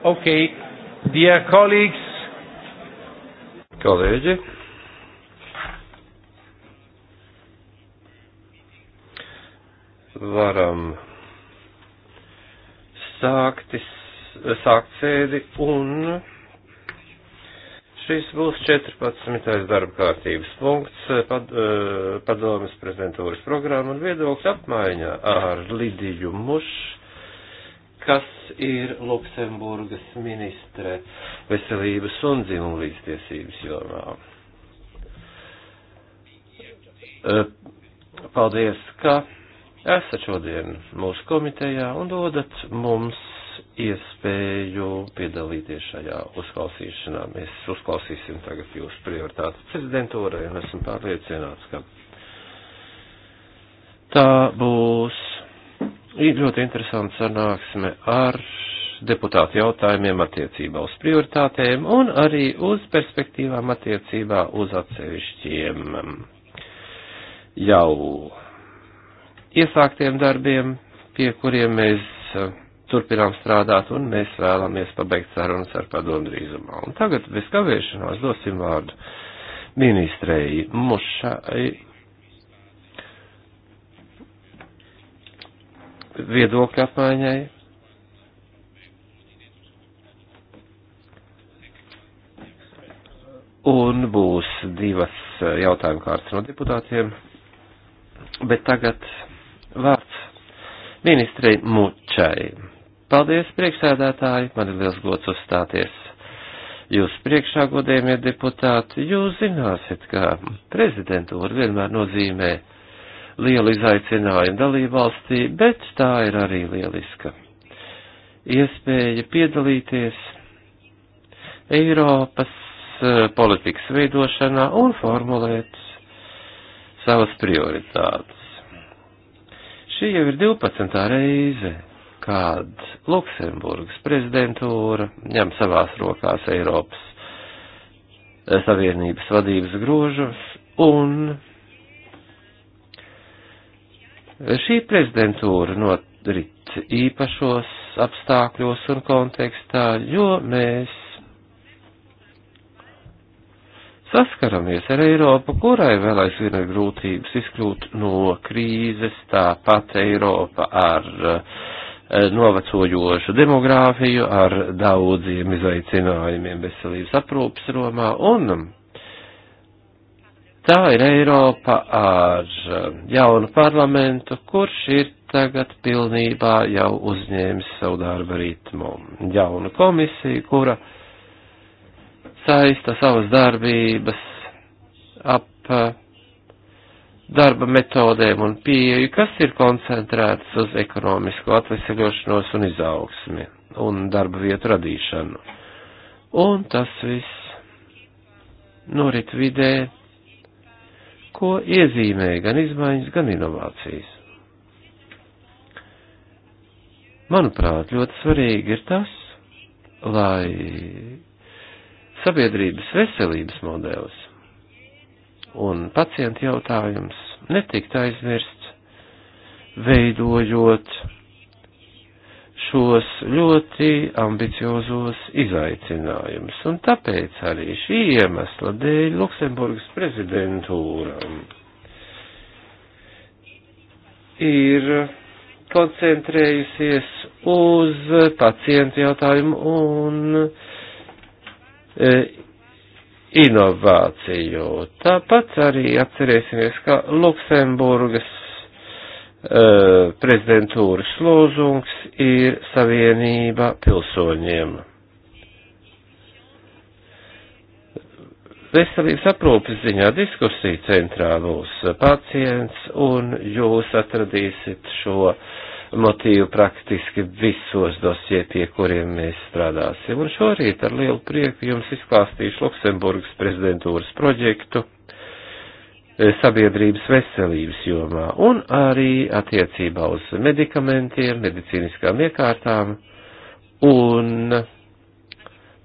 Okay. Dear colleagues. Kolēģi. Varam sākt, sākt sēdi un šis būs 14. darba kārtības punkts pad, eh, padomas prezidentūras programma un viedokļu apmaiņā ar Lidiju Mušu kas ir Luksemburgas ministre veselības un dzimumu līdztiesības jomā. E, paldies, ka esat šodien mūsu komitejā un dodat mums iespēju piedalīties šajā uzklausīšanā. Mēs uzklausīsim tagad jūsu prioritātes prezidentūrai un esam pārliecināts, ka tā būs Ir ļoti interesanta sanāksme ar deputātu jautājumiem attiecībā uz prioritātēm un arī uz perspektīvām attiecībā uz atsevišķiem jau iesāktiem darbiem, pie kuriem mēs turpinām strādāt un mēs vēlamies pabeigt sarunas ar padomu drīzumā. Un tagad bez kavēšanās dosim vārdu ministrei Mušai viedokļu apmaiņai. Un būs divas jautājuma kārtas no deputātiem. Bet tagad vārds ministrei Mučai. Paldies, priekšsēdētāji, man ir liels gods uzstāties. Jūs priekšā godējumie deputāti, jūs zināsiet, ka prezidentūra vienmēr nozīmē liela izaicinājuma dalībvalstī, bet tā ir arī lieliska iespēja piedalīties Eiropas eh, politikas veidošanā un formulēt savas prioritātes. Šī jau ir 12. reize, kad Luksemburgas prezidentūra ņem savās rokās Eiropas eh, Savienības vadības grožus un Šī prezidentūra norit īpašos apstākļos un kontekstā, jo mēs saskaramies ar Eiropu, kurai vēl aizvien ir grūtības izkļūt no krīzes, tāpat Eiropa ar eh, novecojošu demogrāfiju, ar daudziem izaicinājumiem veselības aprūpas Romā un Tā ir Eiropa ar um, jaunu parlamentu, kurš ir tagad pilnībā jau uzņēmis savu darba ritmu. Jauna komisija, kura saista savas darbības ap uh, darba metodēm un pieeju, kas ir koncentrētas uz ekonomisko atveseļošanos un izaugsmi un darba vietu radīšanu. Un tas viss norit vidē ko iezīmē gan izmaiņas, gan inovācijas. Manuprāt, ļoti svarīgi ir tas, lai sabiedrības veselības modelis un pacienta jautājums netikt aizmirsts, veidojot šos ļoti ambiciozos izaicinājumus. Un tāpēc arī šī iemesla dēļ Luksemburgas prezidentūra ir koncentrējusies uz pacientu jautājumu un e, inovāciju. Tāpat arī atcerēsimies, ka Luksemburgas Eh, prezidentūras lūzungs ir savienība pilsoņiem. Veselības aprūpes ziņā diskusija centrā būs pacients, un jūs atradīsiet šo motīvu praktiski visos dosie, pie kuriem mēs strādāsim. Un šorīt ar lielu prieku jums izklāstīšu Luksemburgas prezidentūras projektu Eh, sabiedrības veselības jomā un arī attiecībā uz medikamentiem, medicīniskām iekārtām un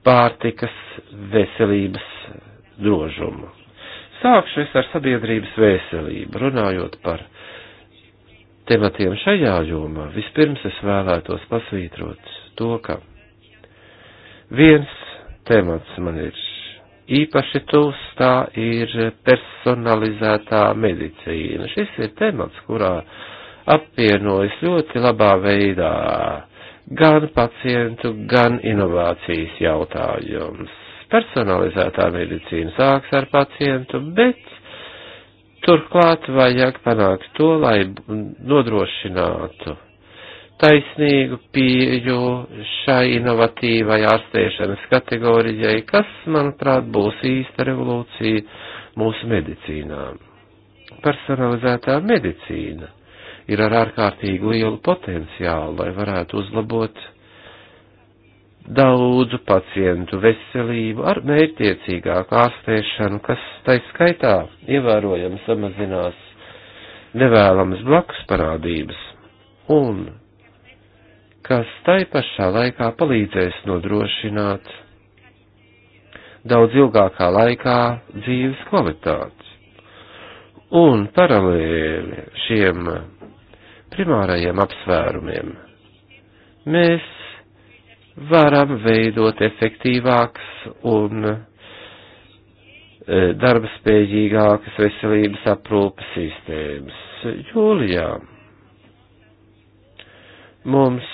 pārtikas veselības drošumu. Sākšu es ar sabiedrības veselību, runājot par tematiem šajā jomā. Vispirms es vēlētos pasvītrot to, ka viens temats man ir īpaši tuvs tā ir personalizētā medicīna. Šis ir temats, kurā apvienojas ļoti labā veidā gan pacientu, gan inovācijas jautājums. Personalizētā medicīna sāks ar pacientu, bet turklāt vajag panākt to, lai nodrošinātu taisnīgu pieju šai inovatīvai ārstēšanas kategorijai, kas, manuprāt, būs īsta revolūcija mūsu medicīnā. Personalizētā medicīna ir ar ārkārtīgi lielu potenciālu, lai varētu uzlabot daudzu pacientu veselību ar mērķtiecīgāku ārstēšanu, kas tai skaitā ievērojami samazinās nevēlamas blakus parādības un kas tai pašā laikā palīdzēs nodrošināt daudz ilgākā laikā dzīves kvalitātes. Un paralēli šiem primārajiem apsvērumiem mēs varam veidot efektīvāks un e, darba spējīgākas veselības aprūpas sistēmas. Jūlijā mums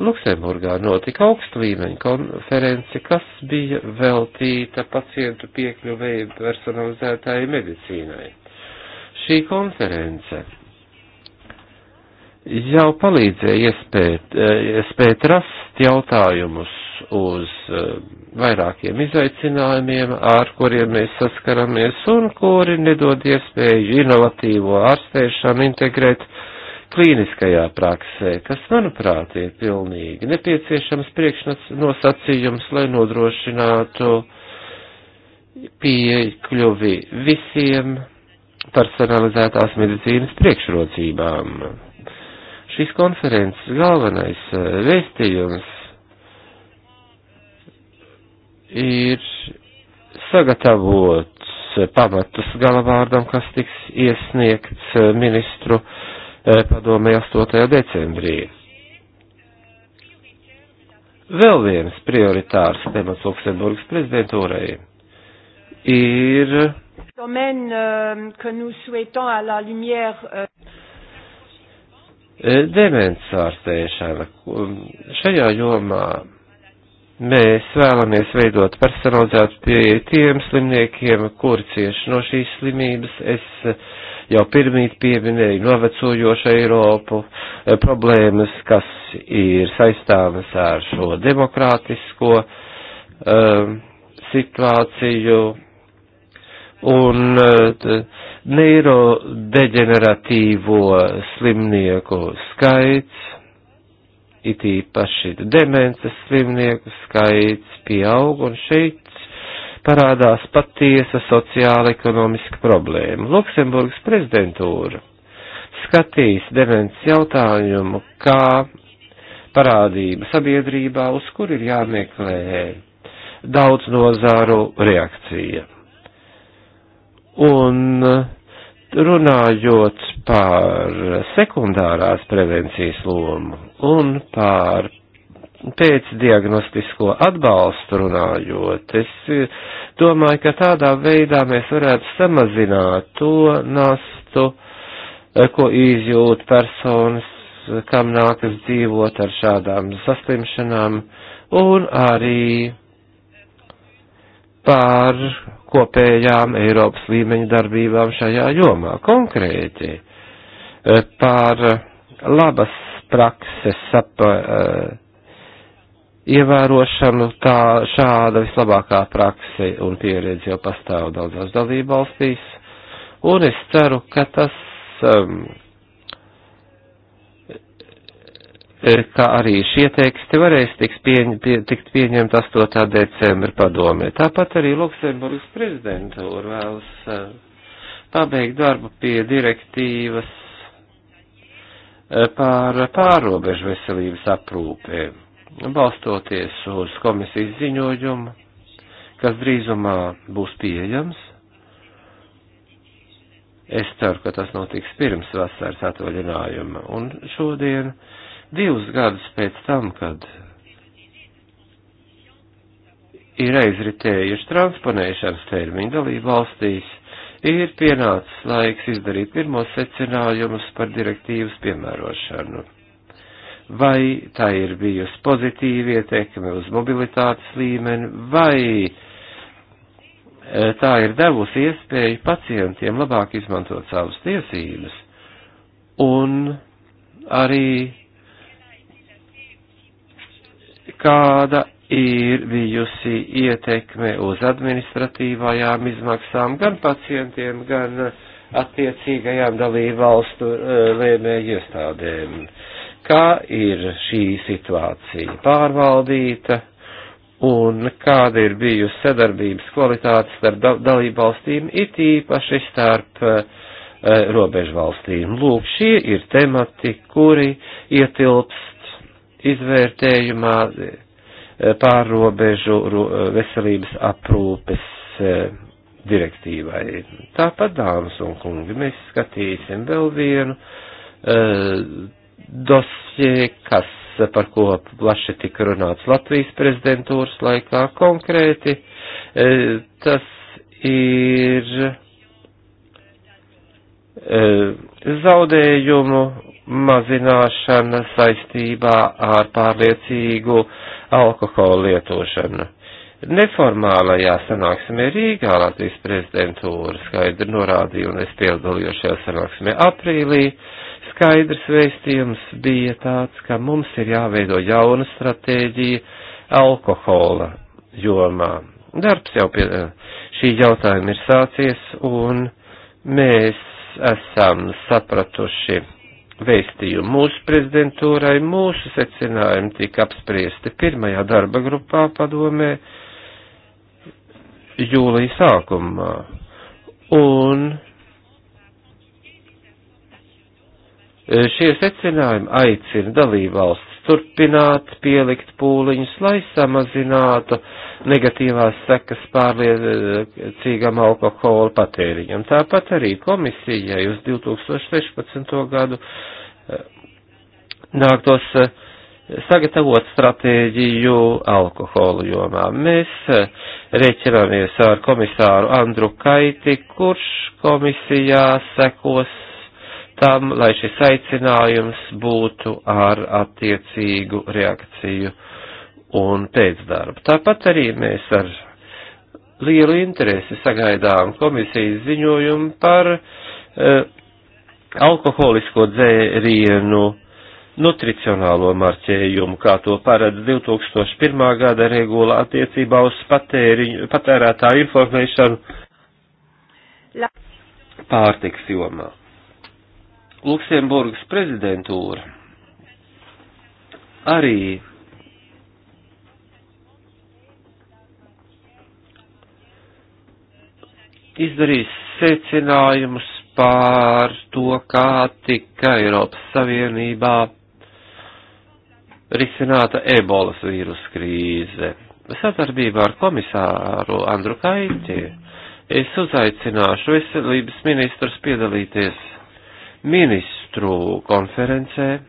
Luksemburgā notika augsta līmeņa konference, kas bija veltīta pacientu piekļuvēju personalizētāju medicīnai. Šī konference jau palīdzēja iespēt, eh, iespēt rast jautājumus uz eh, vairākiem izaicinājumiem, ar kuriem mēs saskaramies un kuri nedod iespēju inovatīvo ārstēšanu integrēt uh, klīniskajā praksē, kas, manuprāt, ir pilnīgi nepieciešams priekšnosacījums, lai nodrošinātu piekļuvi visiem personalizētās medicīnas priekšrocībām. Šīs konferences galvenais eh, vēstījums ir sagatavot pamatus galavārdam, kas tiks iesniegts eh, ministru uh, E, padomē 8. decembrī. Vēl viens prioritārs temats Luksemburgas prezidentūrai ir e, e- demens ārstēšana. Um, šajā jomā mēs vēlamies veidot personalizētu pieeju tiem slimniekiem, kuri cieši no šīs slimības. Es jau pirmīt pieminēju novecojošu Eiropu, e, problēmas, kas ir saistāmas ar šo demokrātisko um, situāciju un uh, neirodeģeneratīvo slimnieku skaits, it īpaši demences slimnieku skaits pieaug, un šeit parādās patiesa sociāla ekonomiska problēma. Luksemburgas prezidentūra skatīs demences jautājumu kā parādība sabiedrībā, uz kur ir jāmeklē daudz nozāru reakcija. Un runājot par sekundārās prevencijas lomu un par pēc diagnostisko atbalstu runājot, es eh, domāju, ka tādā veidā mēs varētu samazināt to nastu, eh, ko izjūt personas, eh, kam nākas dzīvot ar šādām saslimšanām, un arī pār kopējām Eiropas līmeņa darbībām šajā jomā, konkrēti pār labas prakses ap, ievērošanu tā šāda vislabākā prakse un pieredze jau pastāv daudzās dalībvalstīs, un es ceru, ka tas, um, ka arī šie teksti varēs tikt, pieņ, pie, tikt pieņemt 8. decembra padomē. Tāpat arī Luksemburgas prezidentūra vēlas uh, pabeigt darbu pie direktīvas uh, par pārobežu veselības aprūpēm balstoties uz komisijas ziņojumu, kas drīzumā būs pieejams. Es ceru, ka tas notiks pirms vasaras atvaļinājuma. Un šodien, divus gadus pēc tam, kad ir aizritējuši transponēšanas termiņu dalību valstīs, ir pienācis laiks izdarīt pirmos secinājumus par direktīvas piemērošanu vai tā ir bijusi pozitīva ietekme uz mobilitātes līmeni, vai eh, tā ir devusi iespēju pacientiem labāk izmantot savas tiesības, un arī kāda ir bijusi ietekme uz administratīvajām izmaksām gan pacientiem, gan attiecīgajām dalībvalstu eh, lēmēju iestādēm. Uh, kā ir šī situācija pārvaldīta un kāda ir bijusi sadarbības kvalitāte starp dalību valstīm, it īpaši starp uh, robežu valstīm. Lūk, šie ir temati, kuri ietilpst izvērtējumā eh, pārrobežu veselības aprūpes direktīvai. Tāpat, dāmas un kungi, mēs skatīsim vēl vienu dosie, kas par ko plaši tika runāts Latvijas prezidentūras laikā konkrēti, e, tas ir e, zaudējumu mazināšana saistībā ar pārliecīgu alkoholu lietošanu. Neformālajā sanāksmē Rīgā Latvijas prezidentūra skaidri norādīja, un es piedalījos šajā sanāksmē aprīlī, uh, skaidrs vēstījums bija tāds, ka mums ir jāveido jauna stratēģija alkohola jomā. Darbs jau pie šī jautājuma ir sācies, un mēs esam sapratuši vēstījumu mūsu prezidentūrai, mūsu secinājumi tika apspriesti pirmajā darba grupā padomē jūlija sākumā. Un E, šie secinājumi aicina dalībvalstis turpināt pielikt pūliņus, lai samazinātu negatīvās sekas pārliecīgam alkohola patēriņam. Tāpat arī komisijai uz 2016. gadu e, nāktos e, sagatavot stratēģiju alkoholu jomā. Mēs rēķināmies ar komisāru Andru Kaiti, kurš komisijā sekos tam, lai šis aicinājums būtu ar attiecīgu reakciju un pēcdarbu. Tāpat arī mēs ar lielu interesi sagaidām komisijas ziņojumu par eh, alkoholisko dzērienu nutricionālo marķējumu, kā to paredz 2001. gada regula attiecībā uz patēriņu, patērētāju informēšanu pārtiks jomā. Luksemburgas prezidentūra arī izdarīs secinājumus pār to, kā tika Eiropas Savienībā risināta ebolas vīrusa krīze. Sadarbībā ar komisāru Andru Kaiti es uzaicināšu veselības ministrus piedalīties ministru konferencē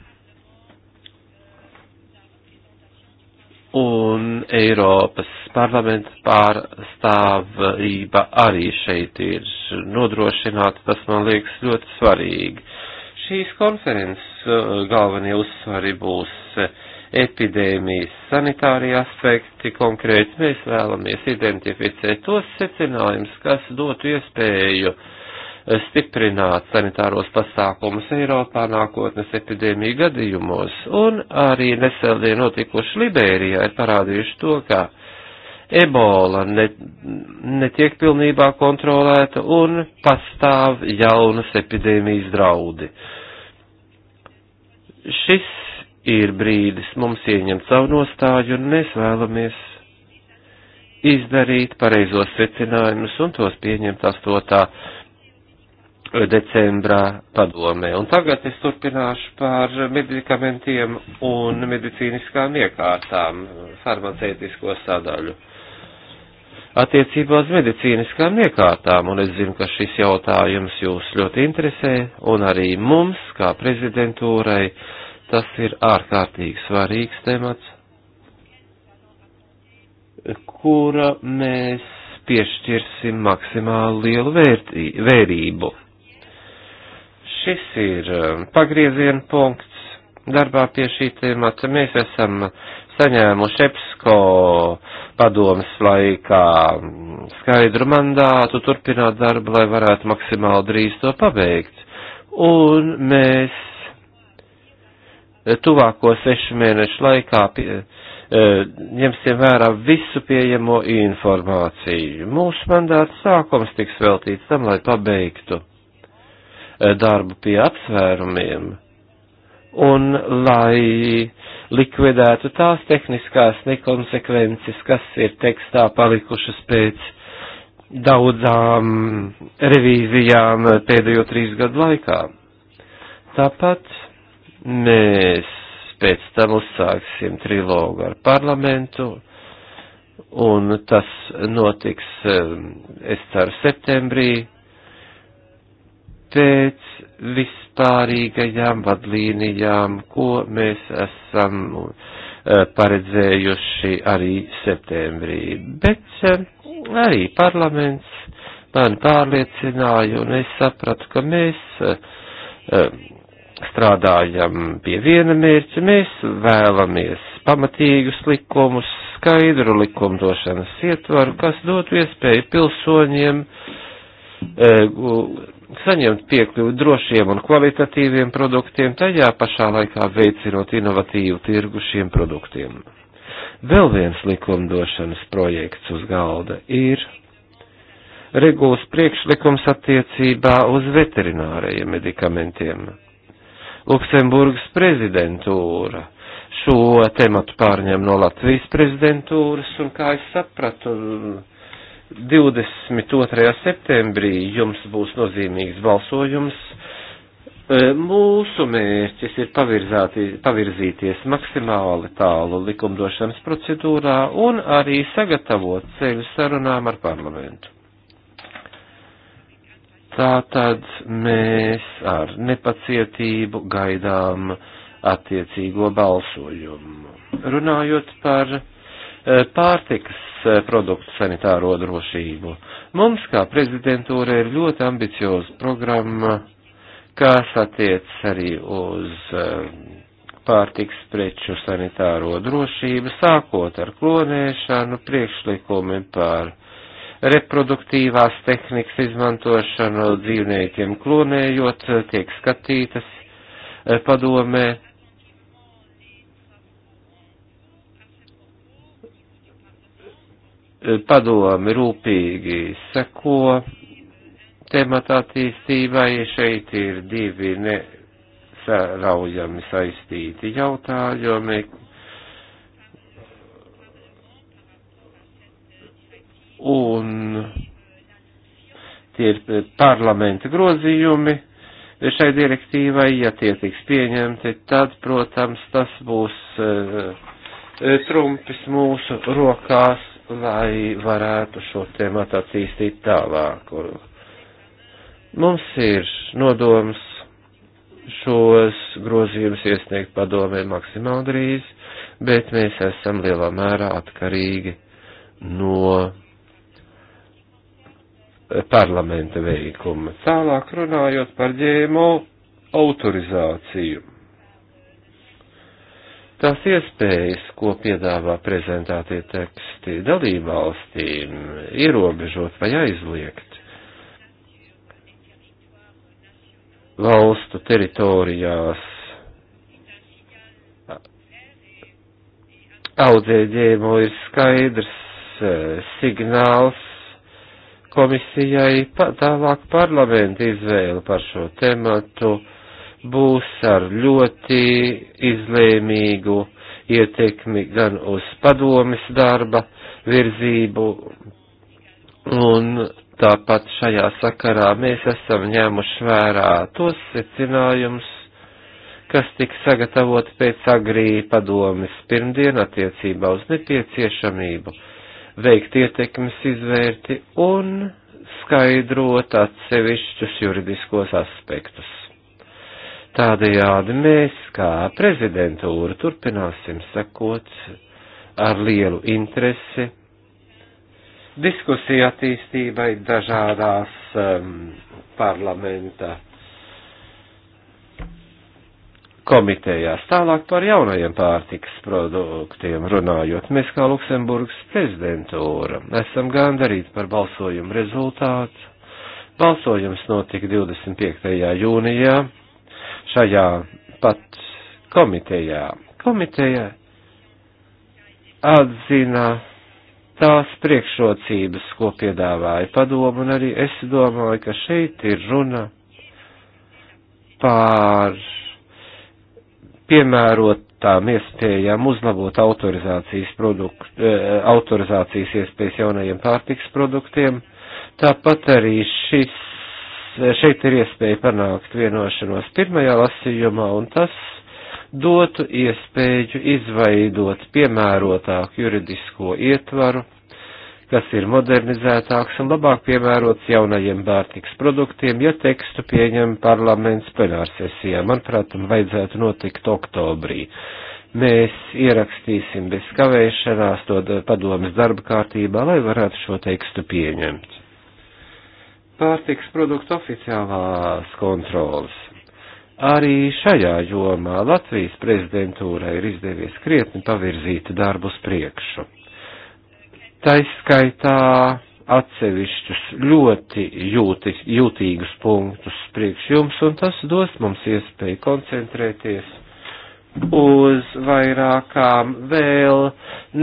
un Eiropas parlamenta pārstāvība arī šeit ir nodrošināta, tas man liekas ļoti svarīgi. Šīs konferences uh, galvenie uzsvari būs epidēmijas sanitārie aspekti, konkrēti mēs vēlamies identificēt tos secinājumus, kas dotu iespēju uh, stiprināt sanitāros pasākumus Eiropā nākotnes epidēmiju gadījumos, un arī neseldie notikuši Liberijā ir parādījuši to, ka ebola ne, netiek pilnībā kontrolēta un pastāv jaunas epidēmijas draudi. Šis ir brīdis mums ieņemt savu nostāju, un mēs vēlamies izdarīt pareizos secinājumus un tos pieņemt astotā decembrā padomē. Un tagad es turpināšu par medikamentiem un medicīniskām iekārtām, farmaceitisko sadaļu. Attiecībā uz medicīniskām iekārtām, un es zinu, ka šis jautājums jūs ļoti interesē, un arī mums, kā prezidentūrai, tas ir ārkārtīgi svarīgs temats, kura mēs piešķirsim maksimāli lielu vērtī, vērību Šis ir um, pagrieziena punkts darbā pie šī tēmata. Mēs esam saņēmuši EPSCO padomas laikā um, skaidru mandātu turpināt darbu, lai varētu maksimāli drīz to pabeigt. Un mēs eh, tuvāko sešu mēnešu laikā pie, eh, ņemsim vērā visu pieejamo informāciju. Mūsu mandāta sākums tiks veltīts tam, lai pabeigtu Eh, darbu pie apsvērumiem un lai likvidētu tās tehniskās nekonsekvences, kas ir tekstā palikušas pēc daudzām revīzijām pēdējo trīs gadu laikā. Tāpat mēs pēc tam uzsāksim trilogu ar parlamentu, un tas notiks, eh, es ceru, septembrī, pēc vispārīgajām vadlīnijām, ko mēs esam eh, paredzējuši arī septembrī. Bet eh, arī parlaments mani pārliecināja, un es sapratu, ka mēs eh, strādājam pie viena mērķa, mēs vēlamies pamatīgus likumus, skaidru likumdošanas ietvaru, kas dotu iespēju pilsoņiem saņemt piekļuvi drošiem un kvalitatīviem produktiem, tajā pašā laikā veicinot inovatīvu tirgu šiem produktiem. Vēl viens likumdošanas projekts uz galda ir regulas priekšlikums attiecībā uz veterinārajiem medikamentiem. Luksemburgas prezidentūra šo tematu pārņem no Latvijas prezidentūras, un kā es sapratu, 22. septembrī jums būs nozīmīgs balsojums. E, mūsu mērķis ir pavirzīties maksimāli tālu likumdošanas procedūrā un arī sagatavot ceļu sarunām ar parlamentu. Tātad mēs ar nepacietību gaidām attiecīgo balsojumu. Runājot par Eh, pārtikas eh, produktu sanitāro drošību. Mums, kā prezidentūra, ir ļoti ambicioza programma, kas attiec arī uz eh, pārtiks preču sanitāro drošību, sākot ar klonēšanu, priekšlikumi par reproduktīvās tehnikas izmantošanu dzīvniekiem klonējot, tiek skatītas padomē Eh, padomi rūpīgi seko temata attīstībai. Šeit ir divi nesaraujami saistīti jautājumi. Un tie ir parlamenta grozījumi šai direktīvai, ja tie tiks pieņemti, tad, protams, tas būs uh, trumpis mūsu rokās lai varētu šo tēmatu attīstīt tālāk. Un mums ir nodoms šos grozījumus iesniegt padomē maksimāli drīz, bet mēs esam lielā mērā atkarīgi no parlamenta veikuma. Tālāk runājot par ģēmo autorizāciju tās iespējas, ko piedāvā prezentātie teksti dalībvalstīm, ierobežot vai aizliegt valstu teritorijās audzēģēmo ir skaidrs eh, signāls komisijai tālāk parlamenta izvēle par šo tematu būs ar ļoti izlēmīgu ietekmi gan uz padomis darba virzību, un tāpat šajā sakarā mēs esam ņēmuši vērā tos secinājumus, kas tika sagatavot pēc agrī padomis pirmdien attiecībā uz nepieciešamību veikt ietekmes izvērti un skaidrot atsevišķus juridiskos aspektus. Tādējādi mēs, kā prezidentūra, turpināsim sekot ar lielu interesi diskusiju attīstībai dažādās um, parlamenta komitejās. Tālāk par jaunajiem pārtikas produktiem runājot, mēs kā Luksemburgas prezidentūra esam gandarīti par balsojumu rezultātu. Balsojums notika 25. jūnijā šajā pat komitejā. Komiteja atzina tās priekšrocības, ko piedāvāja padomu, un arī es domāju, ka šeit ir runa pār piemērotām iespējām uzlabot autorizācijas, produktu, eh, autorizācijas iespējas jaunajiem pārtiks produktiem. Tāpat arī šis šeit ir iespēja panākt vienošanos pirmajā lasījumā, un tas dotu iespēju izveidot piemērotāku juridisko ietvaru, kas ir modernizētāks un labāk piemērots jaunajiem bērtiks produktiem, ja tekstu pieņem parlaments plenārsesijā. Manuprāt, tam vajadzētu notikt oktobrī. Mēs ierakstīsim bez kavēšanās to padomas darba kārtībā, lai varētu šo tekstu pieņemt pārtiks produktu oficiālās kontrolas. Arī šajā jomā Latvijas prezidentūrai ir izdevies krietni pavirzīt darbu uz priekšu. Taiskaitā atsevišķus ļoti jūtis, jūtīgus punktus priekš jums, un tas dos mums iespēju koncentrēties uz vairākām vēl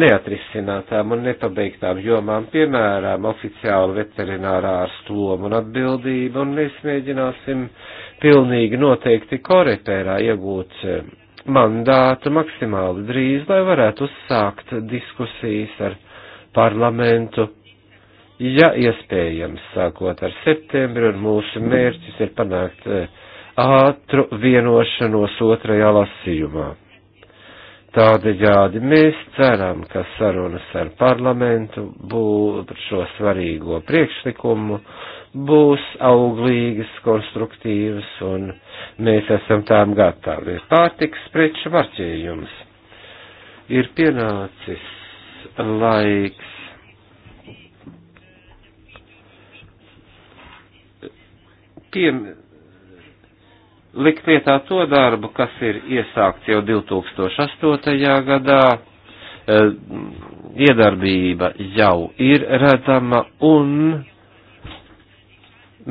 neatrisinātām un nepabeigtām jomām, piemēram, oficiāla veterinārā ārstu loma un atbildība, un mēs mēģināsim pilnīgi noteikti korepērā iegūt eh, mandātu maksimāli drīz, lai varētu uzsākt diskusijas ar parlamentu ja iespējams, sākot ar septembri, un mūsu mērķis ir panākt eh, ātru vienošanos otrajā lasījumā. Tādējādi mēs ceram, ka sarunas ar parlamentu būtu šo svarīgo priekšlikumu būs auglīgas, konstruktīvas, un mēs esam tām gatavi. Pārtiks preču marķējums ir pienācis laiks piemērot likt lietā to darbu, kas ir iesākts jau 2008. gadā. E, iedarbība jau ir redzama un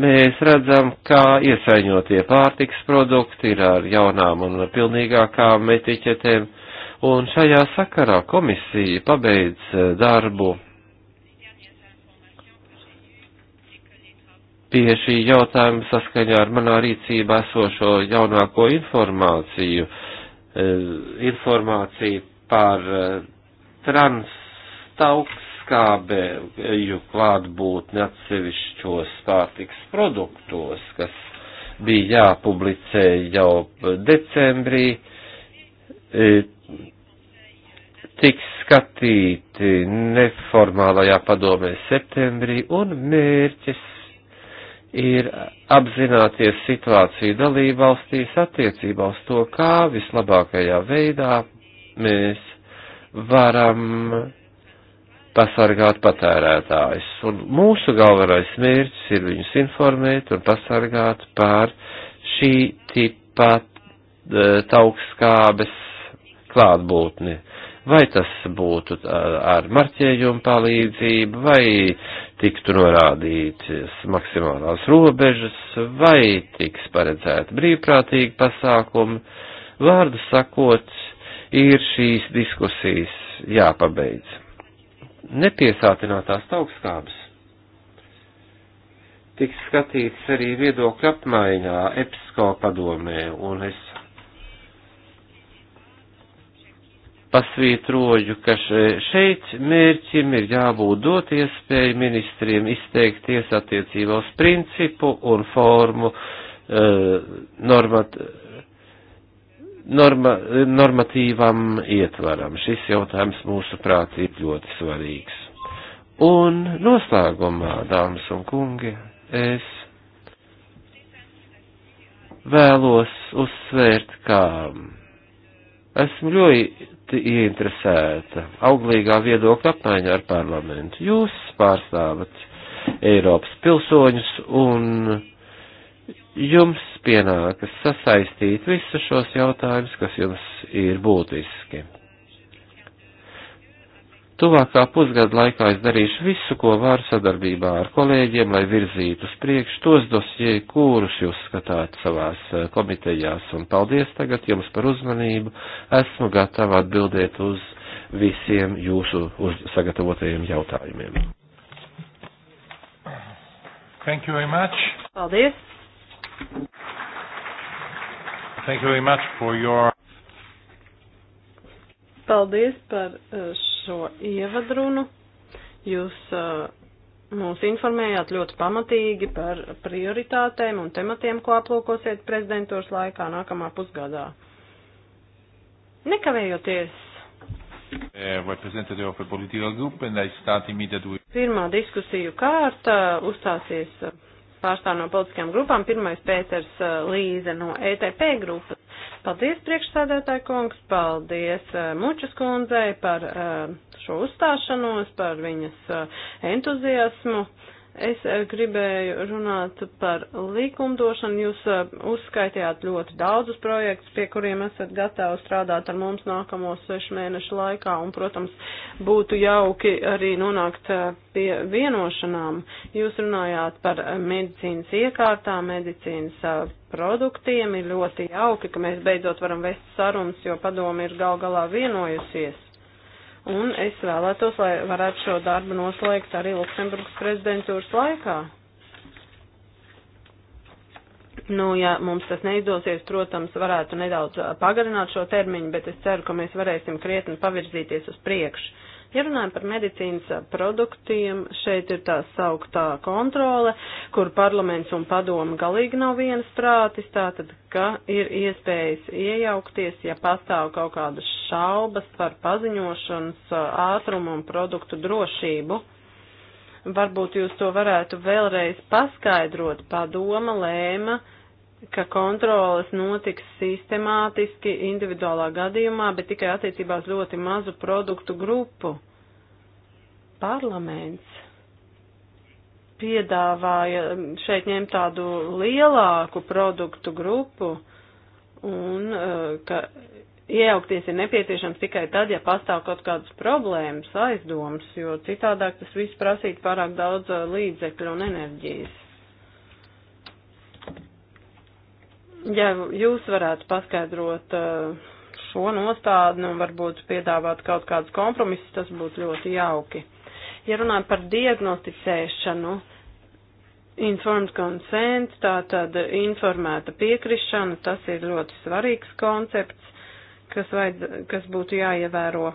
mēs redzam, kā iesaiņotie pārtiks produkti ir ar jaunām un pilnīgākām etiķetēm, un šajā sakarā komisija pabeidz e, darbu pie šī jautājuma saskaņā ar manā rīcībā esošo jaunāko informāciju, e, informāciju par e, transtaukskābēju klātbūtni atsevišķos pārtiks produktos, kas bija jāpublicē jau decembrī, e, tiks skatīti neformālajā padomē septembrī un mērķis ir apzināties situāciju dalībvalstīs attiecībā uz to, kā vislabākajā veidā mēs varam pasargāt patērētājus. Un mūsu galvenais mērķis ir viņus informēt un pasargāt pār šī tipa e, taukskābes klātbūtni. Vai tas būtu e, ar marķējumu palīdzību, vai tiktu norādītas maksimālās robežas, vai tiks paredzēta brīvprātīga pasākuma. Vārdu sakot, ir šīs diskusijas jāpabeidz. Nepiesātinātās augstskābes tiks skatīts arī viedokļu apmaiņā EPSCO padomē, un es pasvītroju, ka šeit mērķim ir jābūt dot iespēju ministriem izteikties attiecībā uz principu un formu eh, normat, norma, normatīvam ietvaram. Šis jautājums mūsu prāti ir ļoti svarīgs. Un noslēgumā, dāmas un kungi, es vēlos uzsvērt, ka esmu ļoti ļoti ieinteresēta auglīgā viedokļa apmaiņa ar parlamentu. Jūs pārstāvat Eiropas pilsoņus un jums pienākas sasaistīt visus šos jautājumus, kas jums ir būtiski. Tuvākā pusgada laikā es darīšu visu, ko varu sadarbībā ar kolēģiem, lai virzītu uz priekšu tos dosie, kurus jūs skatāt savās eh, komitejās. Un paldies tagad jums par uzmanību. Esmu gatava atbildēt uz visiem jūsu uz sagatavotajiem jautājumiem. Thank you very much. Paldies. Thank you very much for your. Paldies par. Uh, šo ievadrunu. Jūs uh, mūs informējāt ļoti pamatīgi par prioritātēm un tematiem, ko aplūkosiet prezidentūras laikā nākamā pusgadā. Nekavējoties. Eh, e Pirmā diskusiju kārta uzstāsies eh, pārstāv no politiskajām grupām. Pirmais Pēters eh, Līze no ETP grupas. Paldies, priekšsēdētāji kungs, paldies eh, Mučas kundzei par eh, šo uzstāšanos, par viņas eh, entuziasmu. Es eh, gribēju runāt par likumdošanu. Jūs eh, uzskaitījāt ļoti daudzus projektus, pie kuriem esat gatavi strādāt ar mums nākamos sešu mēnešu laikā, un, protams, būtu jauki arī nonākt eh, pie vienošanām. Jūs runājāt par medicīnas iekārtām, medicīnas produktiem. Ir ļoti jauki, ka mēs beidzot varam vest sarunas, jo padomi ir gal galā vienojusies. Un es vēlētos, lai varētu šo darbu noslēgt arī Luksemburgas prezidentūras laikā. Nu, ja mums tas neizdosies, protams, varētu nedaudz pagarināt šo termiņu, bet es ceru, ka mēs varēsim krietni pavirzīties uz priekšu. Ja runājam par medicīnas produktiem, šeit ir tā sauktā kontrole, kur parlaments un padoma galīgi nav vienas prātis, tātad, ka ir iespējas iejaukties, ja pastāv kaut kādas šaubas par paziņošanas ātrumu un produktu drošību. Varbūt jūs to varētu vēlreiz paskaidrot, padoma lēma, uh, ka kontrolas notiks sistemātiski individuālā gadījumā, bet tikai attiecībā uz ļoti mazu produktu grupu. Parlaments piedāvāja šeit ņemt tādu lielāku produktu grupu un eh, ka iejaukties ir nepieciešams tikai tad, ja pastāv kaut kādas problēmas, aizdomas, jo citādāk tas viss prasītu pārāk daudz eh, līdzekļu un enerģijas. Ja jūs varētu paskaidrot eh, šo nostādni un varbūt piedāvāt kaut kādus kompromisus, tas būtu ļoti jauki. Ja runājam par diagnosticēšanu, informed consent, tātad informēta piekrišana, tas ir ļoti svarīgs koncepts, kas, vajadz, kas būtu jāievēro.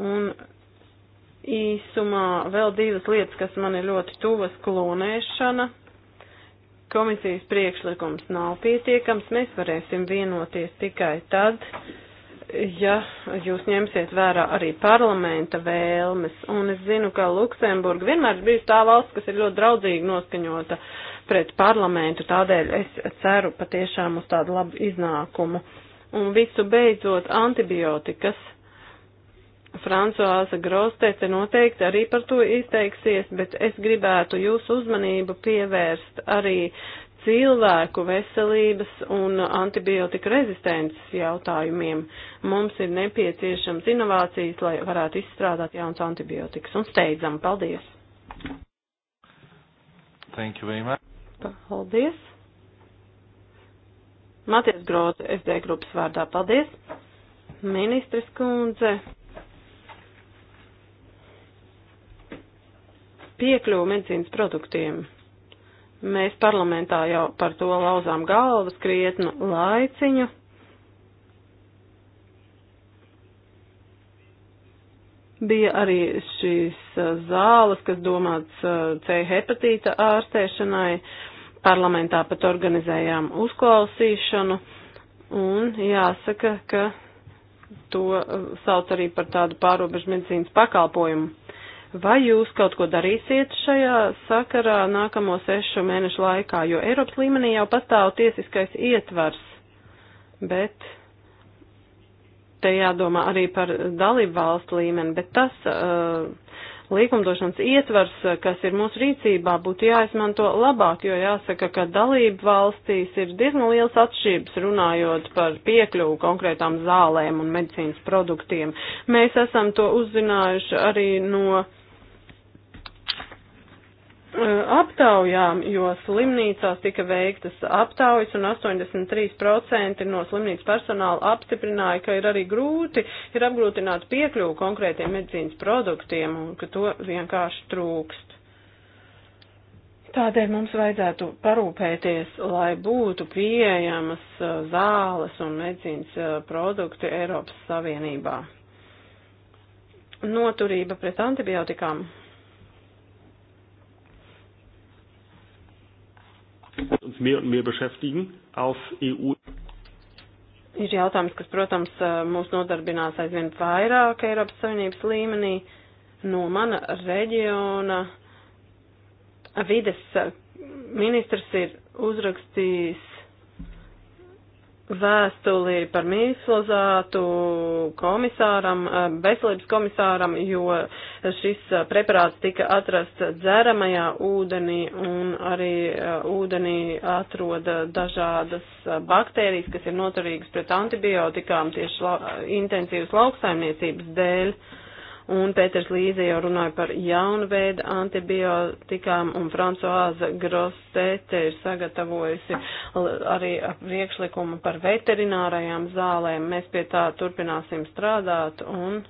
Un īsumā vēl divas lietas, kas man ir ļoti tuvas, klonēšana komisijas priekšlikums nav pietiekams, mēs varēsim vienoties tikai tad, ja jūs ņemsiet vērā arī parlamenta vēlmes. Un es zinu, ka Luksemburga vienmēr ir bijusi tā valsts, kas ir ļoti draudzīgi noskaņota pret parlamentu, tādēļ es ceru patiešām uz tādu labu iznākumu. Un visu beidzot antibiotikas Francoāza Grostete noteikti arī par to izteiksies, bet es gribētu jūsu uzmanību pievērst arī cilvēku veselības un antibiotika rezistences jautājumiem. Mums ir nepieciešams inovācijas, lai varētu izstrādāt jauns antibiotikas. Un steidzam, paldies! Thank you very much. Paldies! Maties Grote, SD grupas vārdā, paldies! Ministres kundze. piekļuvu medicīnas produktiem. Mēs parlamentā jau par to lauzām galvas krietnu laiciņu. Bija arī šīs zāles, kas domāts C hepatīta ārstēšanai. Parlamentā pat organizējām uzklausīšanu. Un jāsaka, ka to sauc arī par tādu pārobežu medicīnas pakalpojumu. Vai jūs kaut ko darīsiet šajā sakarā nākamo sešu mēnešu laikā, jo Eiropas līmenī jau pastāv tiesiskais ietvars, bet te jādomā arī par dalību valstu līmeni, bet tas uh, likumdošanas ietvers, kas ir mūsu rīcībā, būtu jāizmanto labāk, jo jāsaka, ka dalību valstīs ir diezgan liels atšķirības runājot par piekļuvu konkrētām zālēm un medicīnas produktiem. Mēs esam to uzzinājuši arī no Eh, aptaujām, jo slimnīcās tika veiktas aptaujas un 83% no slimnīcas personāla apstiprināja, ka ir arī grūti, ir apgrūtināti piekļuvu konkrētiem medicīnas produktiem un ka to vienkārši trūkst. Tādēļ mums vajadzētu parūpēties, lai būtu pieejamas eh, zāles un medicīnas eh, produkti Eiropas Savienībā. Noturība pret antibiotikām uns mehr und mehr beschäftigen auf EU. Ir jautājums, kas, protams, mūs nodarbinās aizvien vairāk Eiropas Savienības līmenī. No mana reģiona vides ministrs ir uzrakstījis vēstuli par mīslozātu komisāram, eh, veselības komisāram, jo šis eh, preparāts tika atrasts dzeramajā ūdenī un arī eh, ūdenī atroda dažādas baktērijas, kas ir noturīgas pret antibiotikām tieši la intensīvas lauksaimniecības dēļ. Uh, un Pēters Līze jau runāja par jaunu veidu antibiotikām, un Francoāza Grostete ir sagatavojusi arī priekšlikumu par veterinārajām zālēm. Mēs pie tā turpināsim strādāt, un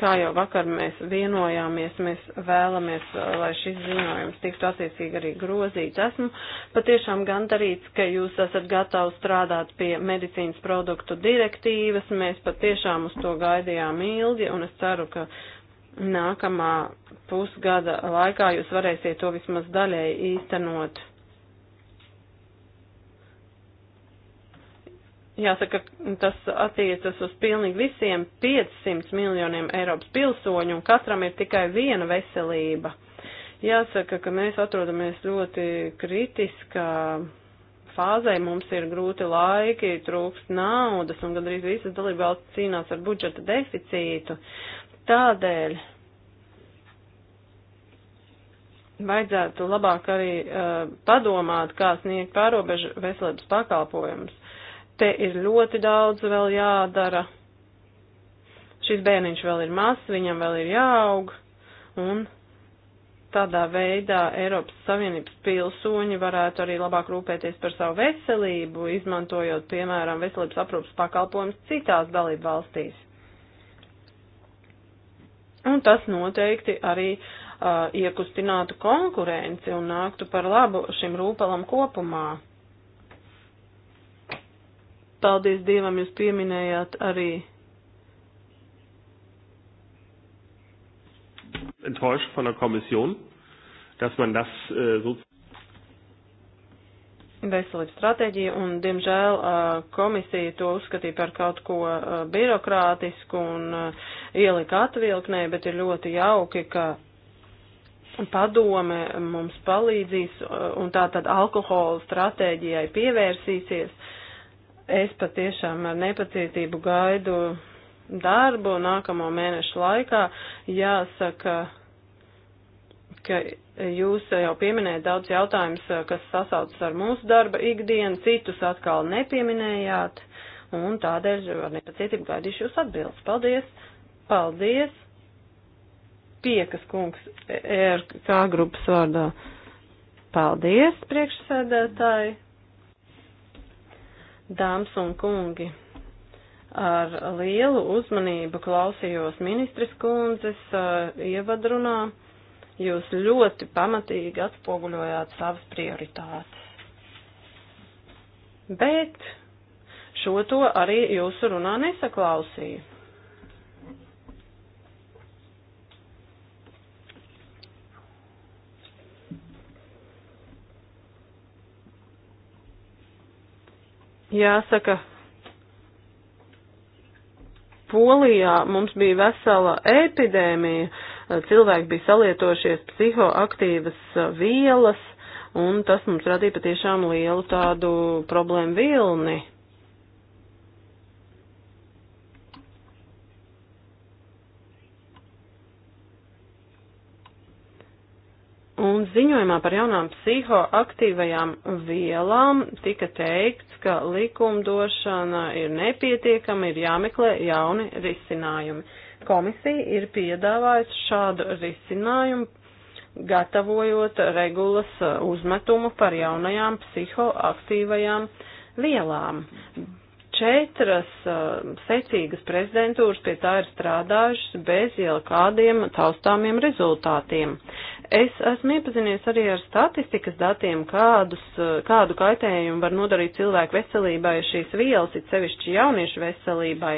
Kā jau vakar mēs vienojāmies, mēs vēlamies, uh, lai šis ziņojums tiktu attiecīgi arī grozīts. Esmu patiešām gandarīts, ka jūs esat gatavi strādāt pie medicīnas produktu direktīvas. Mēs patiešām uz to gaidījām ilgi un es ceru, ka nākamā pusgada laikā jūs varēsiet to vismaz daļēji īstenot. Jāsaka, tas attiecas uz pilnīgi visiem 500 miljoniem Eiropas pilsoņu, un katram ir tikai viena veselība. Jāsaka, ka mēs atrodamies ļoti kritiskā fāzē, mums ir grūti laiki, trūkst naudas, un gandrīz visas dalībvalstis cīnās ar budžeta deficītu. Tādēļ vajadzētu labāk arī uh, padomāt, kā sniegt pārobežu veselības pakalpojumus. Te ir ļoti daudz vēl jādara. Šis bērniņš vēl ir mazs, viņam vēl ir jāaug, un tādā veidā Eiropas Savienības pilsoņi varētu arī labāk rūpēties par savu veselību, izmantojot, piemēram, veselības aprūpas pakalpojumus citās dalību valstīs. Un tas noteikti arī uh, iekustinātu konkurenci un nāktu par labu šim rūpalam kopumā. Paldies Dievam, jūs pieminējāt arī. Enttäuscht von der Kommission, dass man das äh, so. Veselības stratēģija, un, diemžēl, komisija to uzskatīja par kaut ko birokrātisku un ielika atvilknē, bet ir ļoti jauki, ka padome mums palīdzīs un tā tad alkohola stratēģijai pievērsīsies Es patiešām ar nepacietību gaidu darbu nākamo mēnešu laikā. Jāsaka, ka jūs jau pieminējat daudz jautājumus, kas sasaucas ar mūsu darba ikdienu, citus atkal nepieminējāt, un tādēļ ar nepacietību gaidīšu jūs atbildes. Paldies! Paldies! Piekas kungs ERK grupas vārdā. Paldies, priekšsēdētāji! Dāmas un kungi, ar lielu uzmanību klausījos ministres kundzes uh, ievadrunā. Jūs ļoti pamatīgi atspoguļojāt savas prioritātes. Bet šo to arī jūsu runā nesaklausīju. Jāsaka, Polijā mums bija vesela epidēmija, cilvēki bija salietojušies psihoaktīvas vielas, un tas mums radīja patiešām lielu tādu problēmu vilni. Un ziņojumā par jaunām psihoaktīvajām vielām tika teikts, ka likumdošana ir nepietiekama, ir jāmeklē jauni risinājumi. Komisija ir piedāvājusi šādu risinājumu, gatavojot regulas uh, uzmetumu par jaunajām psihoaktīvajām vielām. Četras uh, secīgas prezidentūras pie tā ir strādājušas bez jau kādiem taustāmiem rezultātiem. Es esmu iepazinies arī ar statistikas datiem, kādus, kādu kaitējumu var nodarīt cilvēku veselībai šīs vielas, it sevišķi jauniešu veselībai.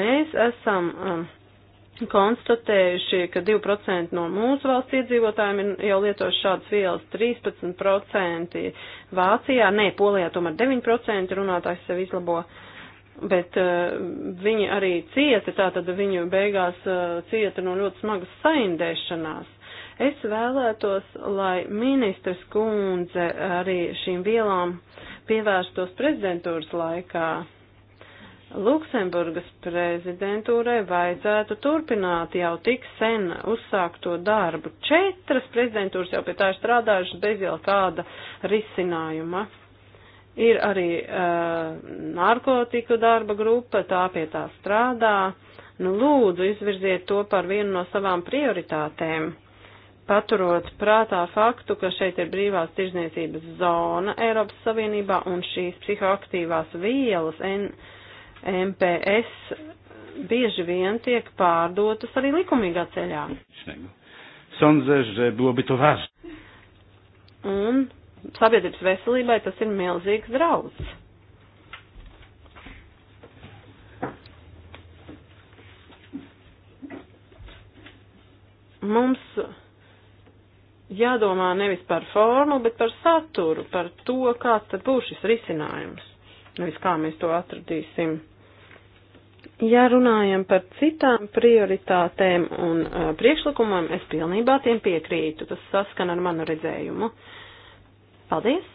Mēs esam um, konstatējuši, ka 2% no mūsu valsts iedzīvotājiem ir jau lietojuši šādas vielas, 13% Vācijā, nē, Polijā tomēr 9% runātājs sev izlabo. Bet uh, viņi arī cieta, tātad viņu beigās uh, cieta no ļoti smagas saindēšanās. Es vēlētos, lai ministrs kundze arī šīm vielām pievērstos prezidentūras laikā. Luksemburgas prezidentūrai vajadzētu turpināt jau tik sen uzsākto darbu. Četras prezidentūras jau pie tā ir strādājušas bez jau kāda risinājuma. Ir arī uh, narkotiku darba grupa, tā pie tā strādā. Nu, lūdzu, izvirziet to par vienu no savām prioritātēm paturot prātā faktu, ka šeit ir brīvās tirzniecības zona Eiropas Savienībā un šīs psihoaktīvās vielas N MPS bieži vien tiek pārdotas arī likumīgā ceļā. Sądzę, że byłoby to ważne. Un sabiedrības veselībai tas ir milzīgs draudz. Mums jādomā nevis par formu, bet par saturu, par to, kāds tad būs šis risinājums, nevis kā mēs to atradīsim. Ja runājam par citām prioritātēm un uh, priekšlikumiem, es pilnībā tiem piekrītu, tas saskan ar manu redzējumu. Paldies!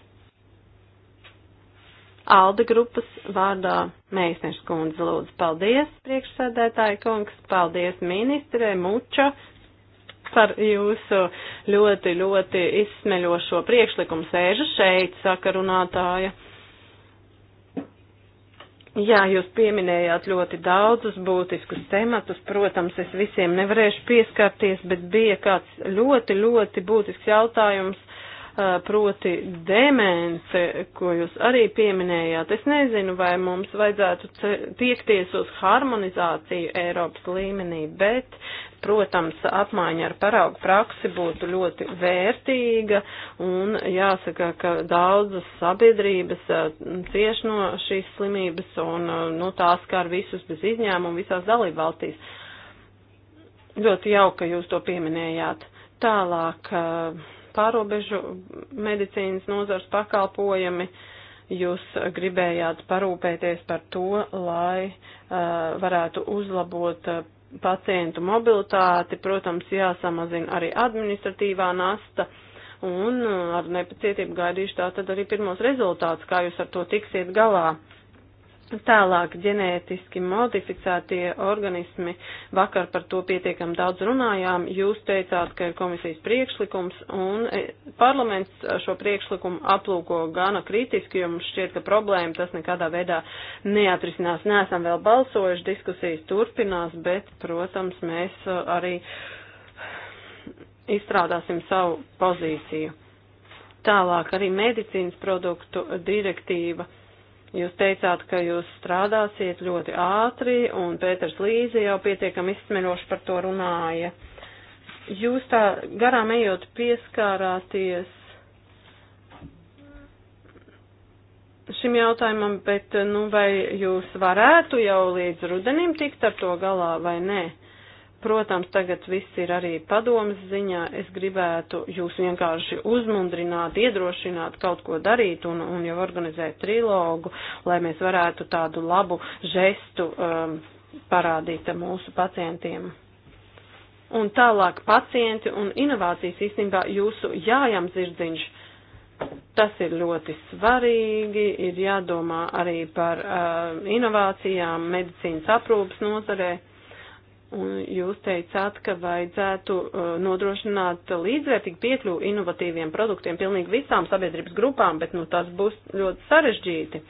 Alda grupas vārdā Meisners kundze lūdzu paldies, priekšsēdētāji kungs, paldies ministrē Muča par jūsu ļoti, ļoti izsmeļošo priekšlikumu. Sēžu šeit, saka runātāja. Jā, jūs pieminējāt ļoti daudzus būtiskus tematus. Protams, es visiem nevarēšu pieskarties, bet bija kāds ļoti, ļoti būtisks jautājums, proti demence, ko jūs arī pieminējāt. Es nezinu, vai mums vajadzētu tiekties uz harmonizāciju Eiropas līmenī, bet Protams, apmaiņa ar paraugu praksi būtu ļoti vērtīga un jāsaka, ka daudzas sabiedrības eh, cieš no šīs slimības un eh, nu, tās kā ar visus bez izņēmumu visās dalībvalstīs. Ļoti jauka, ka jūs to pieminējāt. Tālāk eh, pārobežu medicīnas nozars pakalpojumi. Jūs gribējāt parūpēties par to, lai uh, varētu uzlabot uh, pacientu mobilitāti, protams, jāsamazina arī administratīvā nasta un uh, ar nepacietību gaidīšu tā tad arī pirmos rezultātus, kā jūs ar to tiksiet galā. Tālāk ģenētiski modificētie organismi, vakar par to pietiekam daudz runājām, jūs teicāt, ka ir komisijas priekšlikums un e, parlaments šo priekšlikumu aplūko gana kritiski, jo mums šķiet, ka problēma tas nekādā veidā neatrisinās. Nesam vēl balsojuši, diskusijas turpinās, bet, protams, mēs e, arī izstrādāsim savu pozīciju. Tālāk arī medicīnas produktu direktīva Jūs teicāt, ka jūs strādāsiet ļoti ātri, un Pēters Līze jau pietiekami izsmeļoši par to runāja. Jūs tā garām ejot pieskārāties šim jautājumam, bet, nu, vai jūs varētu jau līdz rudenim tikt ar to galā vai nē? Protams, tagad viss ir arī padomas ziņā. Es gribētu jūs vienkārši uzmundrināt, iedrošināt kaut ko darīt un, un jau organizēt trilogu, lai mēs varētu tādu labu žestu um, parādīt mūsu pacientiem. Un tālāk pacienti un inovācijas īstenībā jūsu jājam zirdziņš. Tas ir ļoti svarīgi, ir jādomā arī par uh, inovācijām medicīnas aprūpas nozarē. Un jūs teicāt, ka vajadzētu uh, nodrošināt līdzvērtīgu piekļuvu inovatīviem produktiem pilnīgi visām sabiedrības grupām, bet nu, tas būs ļoti sarežģīti.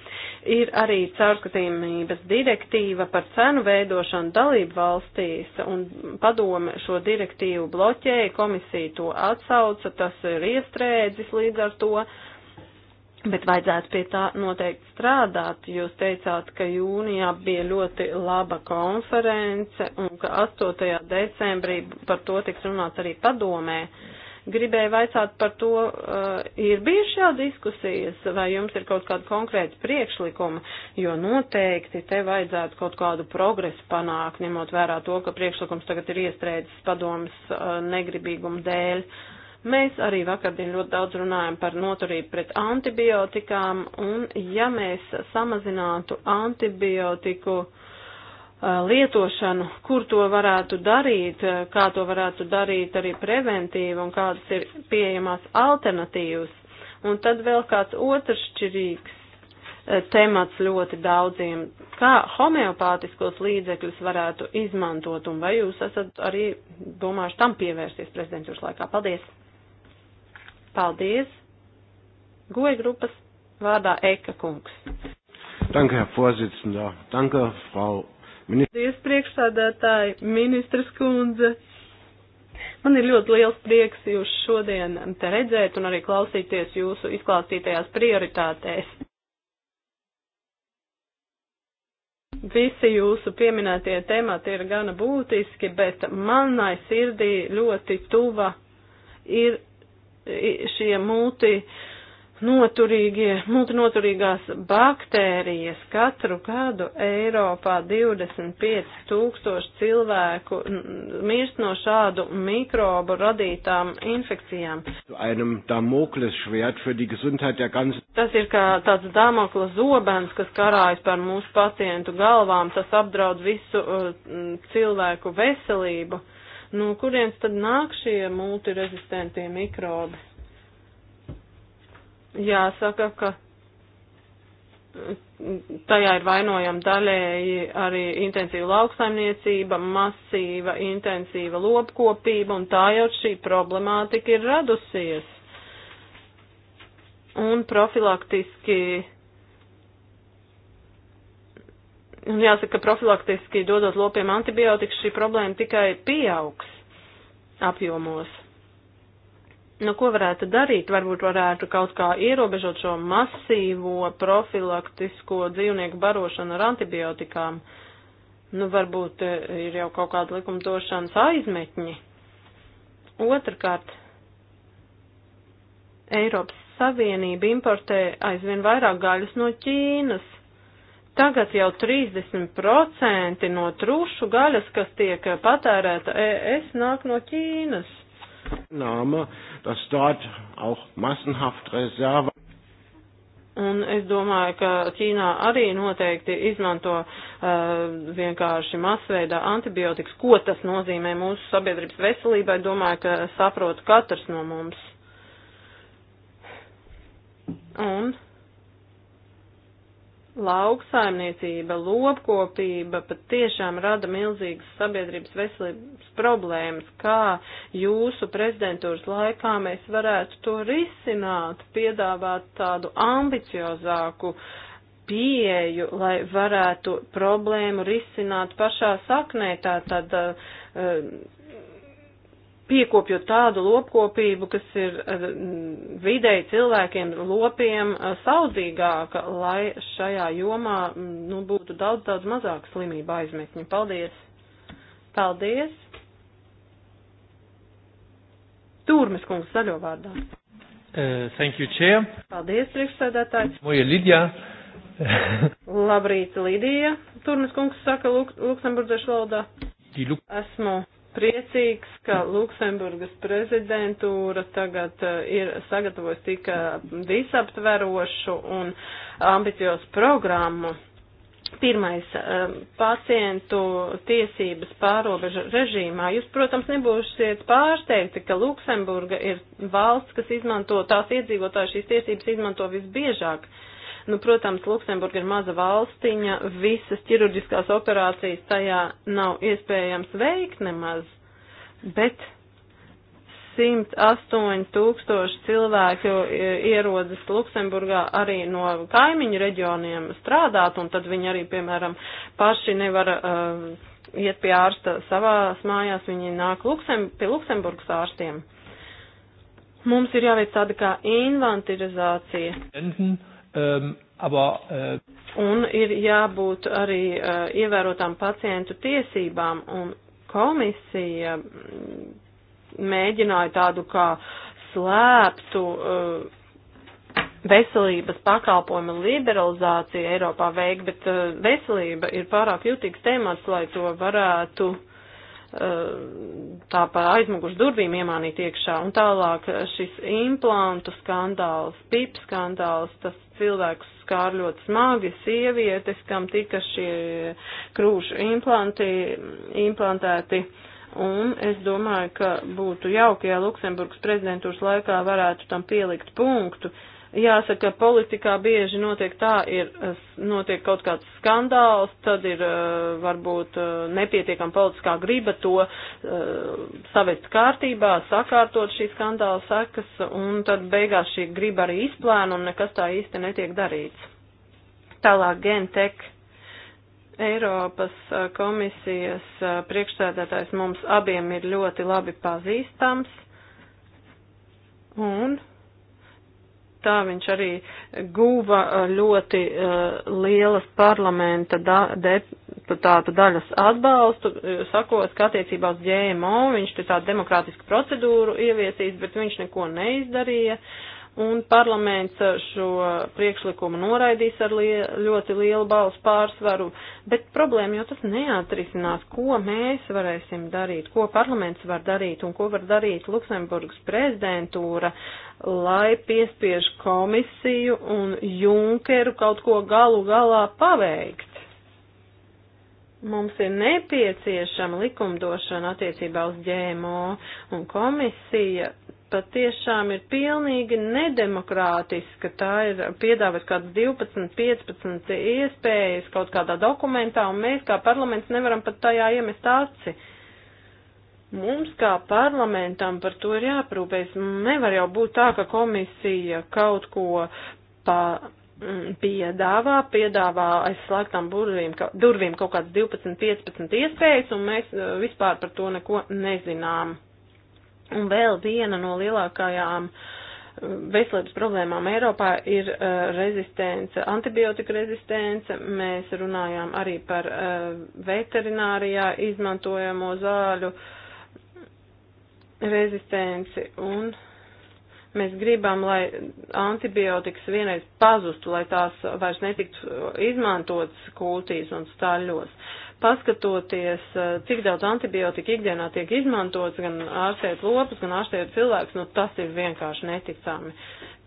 Ir arī caurskatāmības direktīva par cenu veidošanu dalību valstīs, un padome šo direktīvu bloķēja, komisija to atsauca, tas ir iestrēdzis līdz ar to. Uh, Bet vajadzētu pie tā noteikti strādāt. Jūs teicāt, ka jūnijā bija ļoti laba konference un ka 8. decembrī par to tiks runāts arī padomē. Gribēju vaicāt par to, uh, ir bijušas jau diskusijas, vai jums ir kaut kāda konkrēta priekšlikuma, jo noteikti te vajadzētu kaut kādu progresu panākt, ņemot vērā to, ka priekšlikums tagad ir iestrēdzis padomas uh, negribīguma dēļ. Uh, Mēs arī vakardien ļoti daudz runājam par noturību pret antibiotikām, un ja mēs samazinātu antibiotiku uh, lietošanu, kur to varētu darīt, uh, kā to varētu darīt arī preventīvi un kādas ir pieejamās alternatīvas. Un tad vēl kāds otrs šķirīgs uh, temats ļoti daudziem. Kā homeopātiskos līdzekļus varētu izmantot un vai jūs esat arī domājuši tam pievērsties prezidentūras laikā? Paldies! Paldies! Goja grupas vārdā Eka kungs. Danke, Herr Vorsitzender. Danke, Frau Ministra. Paldies, priekšsādātāji, ministras kundze. Man ir ļoti liels prieks jūs šodien te redzēt un arī klausīties jūsu izklāstītajās prioritātēs. Visi jūsu pieminētie temati ir gana būtiski, bet manai sirdī ļoti tuva ir šie multi noturīgie, multinoturīgās baktērijas katru gadu Eiropā 25 tūkstoši cilvēku mirst no šādu mikrobu radītām infekcijām. Tas ir kā tāds damokla zobens, kas karājas par mūsu pacientu galvām, tas apdraud visu uh, cilvēku veselību. Uh, No nu, kurienes tad nāk šie multirezistentie mikrobi? Jāsaka, ka mm, tajā ir vainojama daļēji arī intensīva lauksaimniecība, masīva intensīva lopkopība, un tā jau šī problemātika ir radusies. Un profilaktiski Un jāsaka, profilaktiski dodot lopiem antibiotikas, šī problēma tikai pieaugs apjomos. Nu, ko varētu darīt? Varbūt varētu kaut kā ierobežot šo masīvo profilaktisko dzīvnieku barošanu ar antibiotikām. Nu, varbūt eh, ir jau kaut kāda likumdošanas aizmetņi. Otrakārt, Eiropas Savienība importē aizvien vairāk gaļas no Ķīnas Tagad jau 30% no trušu gaļas, kas tiek patērēta ES, nāk no Ķīnas. Nāma, tas dort auch massenhaft rezerva. Un es domāju, ka Ķīnā arī noteikti izmanto uh, vienkārši masveidā antibiotikas. Ko tas nozīmē mūsu sabiedrības veselībai, domāju, ka saprot katrs no mums. Un lauksaimniecība, lopkopība pat tiešām rada milzīgas sabiedrības veselības problēmas, kā jūsu prezidentūras laikā mēs varētu to risināt, piedāvāt tādu ambiciozāku pieeju, lai varētu problēmu risināt pašā saknē, tātad uh, piekopjot tādu lopkopību, kas ir eh, vidēji cilvēkiem, lopiem eh, saudzīgāka, lai šajā jomā mm, nu, būtu daudz, daudz mazāk slimību aizmetņu. Paldies! Paldies! Tūrmes kungs zaļo vārdā. Uh, thank you, Chair. Paldies, priekšsēdētāji. Moja Lidija. Labrīt, Lidija. Turmes kungs saka Luk Luksemburdzēšu valodā. Esmu priecīgs, ka Luksemburgas prezidentūra tagad eh, ir sagatavojis tik eh, visaptverošu un ambiciozu programmu. Pirmais eh, - pacientu tiesības pārobežu režīmā. Jūs, protams, nebūsiet pārsteigti, ka Luksemburga ir valsts, kas izmanto tās iedzīvotāju šīs tiesības izmanto visbiežāk. Uh, Nu, protams, Luksemburga ir maza valstiņa, visas ķirurģiskās operācijas tajā nav iespējams veikt nemaz, bet 108 tūkstoši cilvēku e, ierodas Luksemburgā arī no kaimiņu reģioniem strādāt, un tad viņi arī, piemēram, paši nevar uh, iet pie ārsta savās mājās, viņi nāk Luksem, pie Luksemburgas ārstiem. Mums ir jāveic tāda kā inventarizācija. Enten. Um, aber, uh, un ir jābūt arī uh, ievērotām pacientu tiesībām, un komisija mm, mēģināja tādu kā slēptu uh, veselības pakalpojumu liberalizāciju Eiropā veikt, bet uh, veselība ir pārāk jūtīgs temats, lai to varētu uh, Eh, tā pa aizmugušu durvīm iemānīt iekšā. Un tālāk eh, šis implantu skandāls, pip skandāls, tas cilvēkus skār ļoti smagi, sievietes, kam tika šie krūšu implanti, implantēti. Un es domāju, ka būtu jauki, ja Luksemburgas prezidentūras laikā varētu tam pielikt punktu. Uh, Jāsaka, politikā bieži notiek tā, ir notiek kaut kāds skandāls, tad ir eh, varbūt eh, nepietiekam politiskā griba to eh, savest kārtībā, sakārtot šī skandāla sekas, un tad beigās šī griba arī izplēna un nekas tā īsti netiek darīts. Tālāk Gentek Eiropas komisijas priekšsēdētājs mums abiem ir ļoti labi pazīstams. Un tā viņš arī guva uh, ļoti uh, lielas parlamenta da, deputātu daļas atbalstu, uh, sakot, ka attiecībā uz GMO viņš tur tādu demokrātisku procedūru ieviesīs, bet viņš neko neizdarīja. Uh, un parlaments šo priekšlikumu noraidīs ar liel, ļoti lielu balsu pārsvaru, bet problēma jau tas neatrisinās, ko mēs varēsim darīt, ko parlaments var darīt un ko var darīt Luksemburgas prezidentūra, lai piespiež komisiju un Junkeru kaut ko galu galā paveikt. Mums ir nepieciešama likumdošana attiecībā uz ģēmo, un komisija patiešām ir pilnīgi nedemokrātiska. Tā ir piedāvāts kāds 12, 15 iespējas kaut kādā dokumentā, un mēs kā parlaments nevaram pat tajā iemest aci. Mums kā parlamentam par to ir jāprūpēs. Nevar jau būt tā, ka komisija kaut ko pa, mm, piedāvā, piedāvā aiz slēgtām durvīm, ka, durvīm kaut kāds 12, 15 iespējas, un mēs eh, vispār par to neko nezinām. Un vēl viena no lielākajām um, veselības problēmām Eiropā ir uh, rezistence, antibiotika rezistence. Mēs runājām arī par uh, veterinārijā izmantojamo zāļu rezistenci un mēs gribam, lai antibiotikas vienreiz pazustu, lai tās vairs netiktu izmantotas kultīs un staļļos paskatoties, eh, cik daudz antibiotika ikdienā tiek izmantots, gan ārstēt lopus, gan ārstēt cilvēks, nu tas ir vienkārši neticami.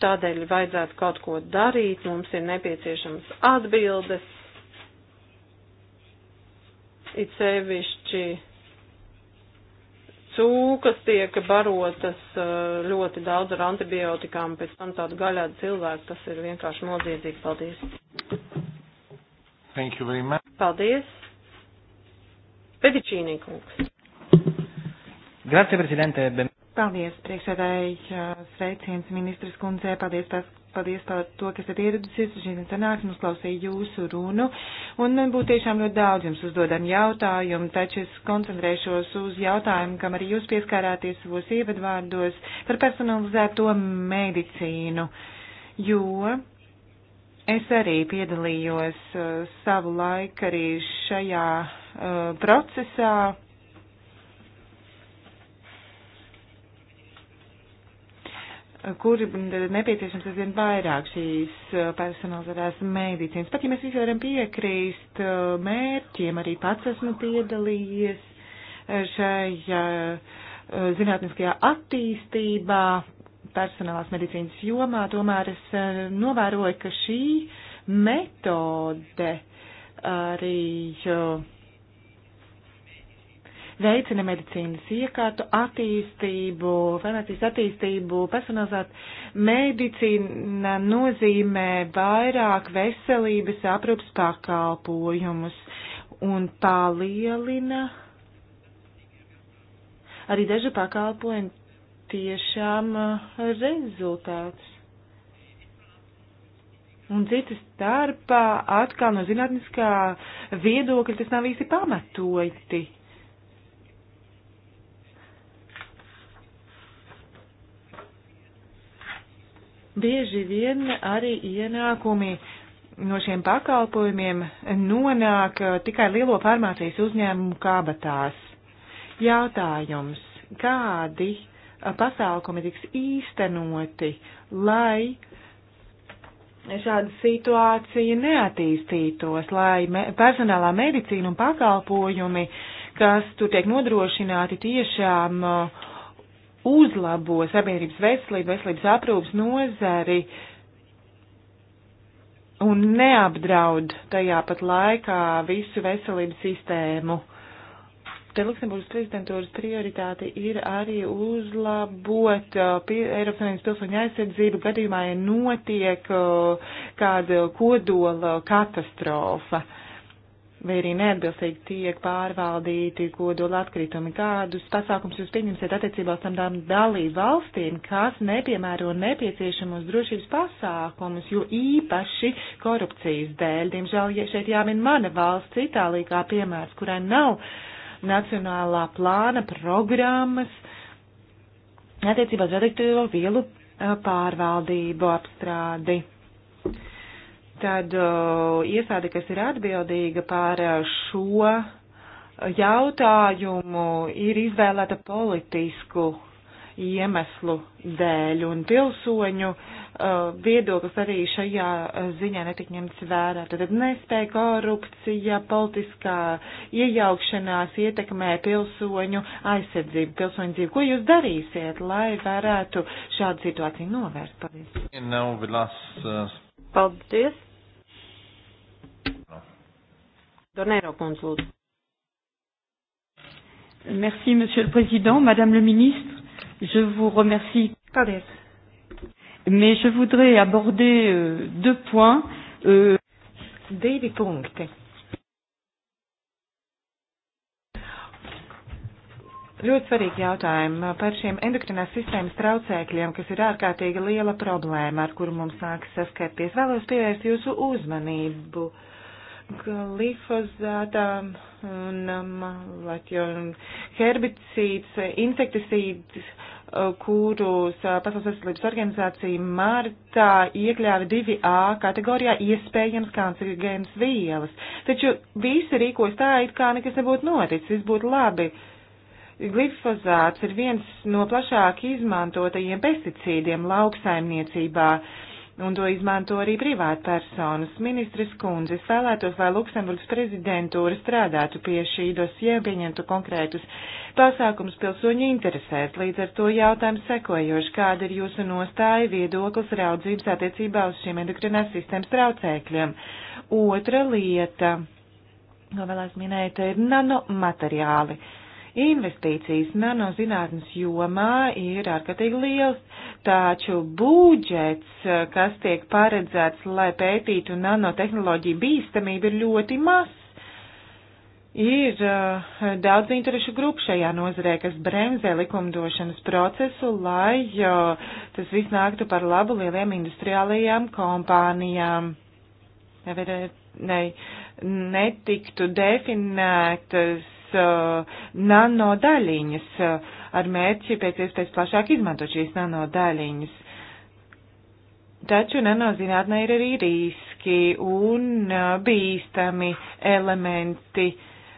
Tādēļ vajadzētu kaut ko darīt, mums ir nepieciešams atbildes, it sevišķi cūkas tiek barotas eh, ļoti daudz ar antibiotikām, pēc tam tāda gaļāda cilvēka, tas ir vienkārši noziedzīgi. Paldies! Thank you very much. Paldies! Pedičīnī kungs. Grazie, prezidente. Paldies, priekšsēdēji, uh, sveiciens ministras kundzē, paldies, tas, paldies par to, kas esat ieradusies uz šīm sanāksmēm, uzklausīju jūsu runu, un man uh, būtu tiešām ļoti daudz jums uzdodam jautājumu, taču es koncentrēšos uz jautājumu, kam arī jūs pieskārāties savos ievadvārdos par personalizēto medicīnu, jo Es arī piedalījos uh, savu laiku arī šajā uh, procesā. kuri nepieciešams aizvien vairāk šīs eh, personalizētās medicīnas. Pat ja mēs visi varam piekrīst mērķiem, arī pats esmu piedalījies šajā zinātniskajā attīstībā, personālās medicīnas jomā, tomēr es eh, novēroju, ka šī metode arī veicina medicīnas iekārtu attīstību, farmācijas attīstību, personalizēt. Medicīna nozīmē vairāk veselības aprūpas pakalpojumus un palielina arī dažu pakalpojumu tiešām eh, rezultātus. Un citas starpā atkal no zinātniskā viedokļa tas nav īsti pamatoti. Bieži vien arī ienākumi no šiem pakalpojumiem nonāk eh, tikai lielo farmācijas uzņēmumu kabatās. Jautājums, kādi pasākumi tiks īstenoti, lai šāda situācija neattīstītos, lai me, personālā medicīna un pakalpojumi, kas tur tiek nodrošināti, tiešām uh, uzlabo sabiedrības veselību, veselības aprūpas nozari un neapdraud tajā pat laikā visu veselības sistēmu. Tad Luksemburgas prezidentūras prioritāte ir arī uzlabot uh, pie, Eiropas Savienības pilsoņu aizsardzību gadījumā, ja notiek uh, kāda kodola katastrofa vai arī neatbilstīgi tiek pārvaldīti kodola atkritumi. Kādus pasākums jūs pieņemsiet attiecībā uz tām dalību valstīm, kas nepiemēro nepieciešamos drošības pasākumus, jo īpaši korupcijas dēļ, diemžēl, ja šeit jāmin mana valsts Itālija kā piemērs, kurai nav nacionālā plāna programmas attiecībā uz radioaktīvo vielu pārvaldību apstrādi. Tad iestāde, kas ir atbildīga par šo jautājumu, ir izvēlēta politisku iemeslu dēļ, un pilsoņu uh, viedoklis arī šajā uh, ziņā netika ņemts vērā. Tad nespēja korupcija, politiskā iejaukšanās ietekmē pilsoņu aizsardzību, pilsoņu dzīvi. Ko jūs darīsiet, lai varētu šādu situāciju novērst? Paldies! Uh, Paldies! Donēro kundze, lūdzu. Merci, Monsieur le Président, Madame le Ministre. Je vous remercie. Paldies. Mais je voudrais aborder euh, deux points. Euh... Divi punkti. Ļoti svarīgi jautājumi uh, par šiem endokrinās sistēmas traucēkļiem, kas ir ārkārtīgi liela problēma, ar kuru mums nāks saskarties. Vēlos pievērst jūsu uzmanību glifozātā un um, laķi un herbicīds, uh, insekticīds kurus Pasaules veselības organizācija martā iekļāva 2A kategorijā iespējams kancerigēnas vielas. Taču visi rīkojas tā, it kā nekas nebūtu noticis, viss būtu labi. Glifozāts ir viens no plašāk izmantotajiem pesticīdiem lauksaimniecībā. Uh, un to izmanto arī privātpersonas. Ministres kundze, es vēlētos, lai Luksemburgas prezidentūra strādātu pie šī dosie, pieņemtu konkrētus pasākums pilsoņu interesēs. Līdz ar to jautājums sekojoši, kāda ir jūsu nostāja viedoklis raudzības attiecībā uz šiem endokrinās sistēmas traucēkļiem? Otra lieta, ko vēlēs minēt, ir nanomateriāli. materiāli Investīcijas nanozinātnes jomā ir ārkārtīgi liels, taču budžets, kas tiek paredzēts, lai pētītu nanotehnoloģiju bīstamību, ir ļoti mazs. Ir uh, daudz interešu grupu šajā nozarē, kas bremzē likumdošanas procesu, lai uh, tas viss nāktu par labu lieliem industriālajām kompānijām. Nevar, ne, netiktu definētas uh, nanodaļiņas uh, ar mērķi pēc iespējas plašāk izmantot šīs nanodaļiņas. Taču nanozinātnē ir arī riski un uh, bīstami elementi.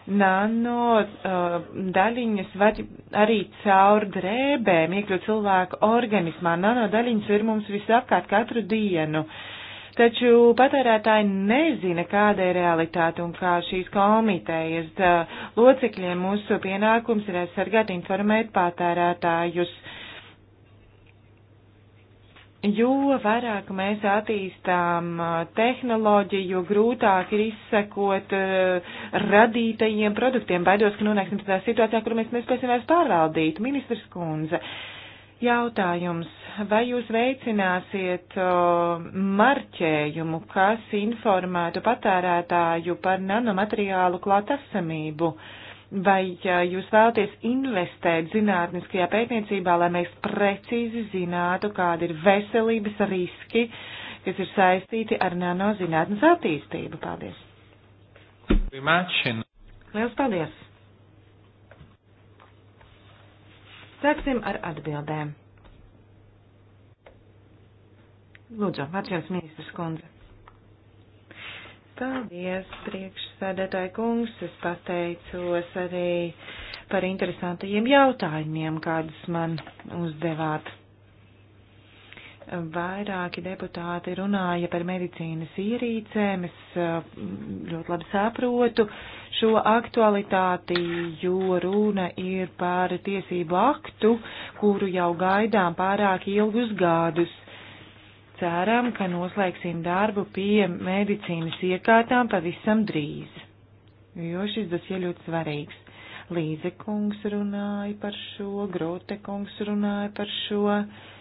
Nano uh, daļiņas var arī caur drēbēm iekļūt cilvēku organismā. Nano daļiņas ir mums visapkārt katru dienu. Uh, Taču patērētāji nezina, kāda ir realitāte un kā šīs komitejas uh, locekļiem mūsu pienākums ir aizsargāt, informēt patērētājus. Jo vairāk mēs attīstām uh, tehnoloģiju, jo grūtāk ir izsekot uh, radītajiem produktiem. Baidos, ka nonāksim tādā situācijā, kur mēs nespēsim vairs pārvaldīt. Ministrs Kunze, Jautājums, vai jūs veicināsiet uh, marķējumu, kas informētu patērētāju par nanomateriālu klātesamību? Vai uh, jūs vēlaties investēt zinātniskajā pētniecībā, lai mēs precīzi zinātu, kādi ir veselības riski, kas ir saistīti ar nanozinātnes attīstību? Paldies! Liels paldies! Sāksim ar atbildēm. Lūdzu, atvērts ministrs kundze. Paldies, priekšsēdētāji kungs. Es pateicos arī par interesantajiem jautājumiem, kādus man uzdevāt. Vairāki deputāti runāja par medicīnas ierīcēm. Es eh, ļoti labi saprotu šo aktualitāti, jo runa ir par tiesību aktu, kuru jau gaidām pārāk ilgus gadus. Ceram, ka noslēgsim darbu pie medicīnas iekārtām pavisam drīz, jo šis dosie ļoti svarīgs. Līze kungs runāja par šo, Grote kungs runāja par šo. Uh,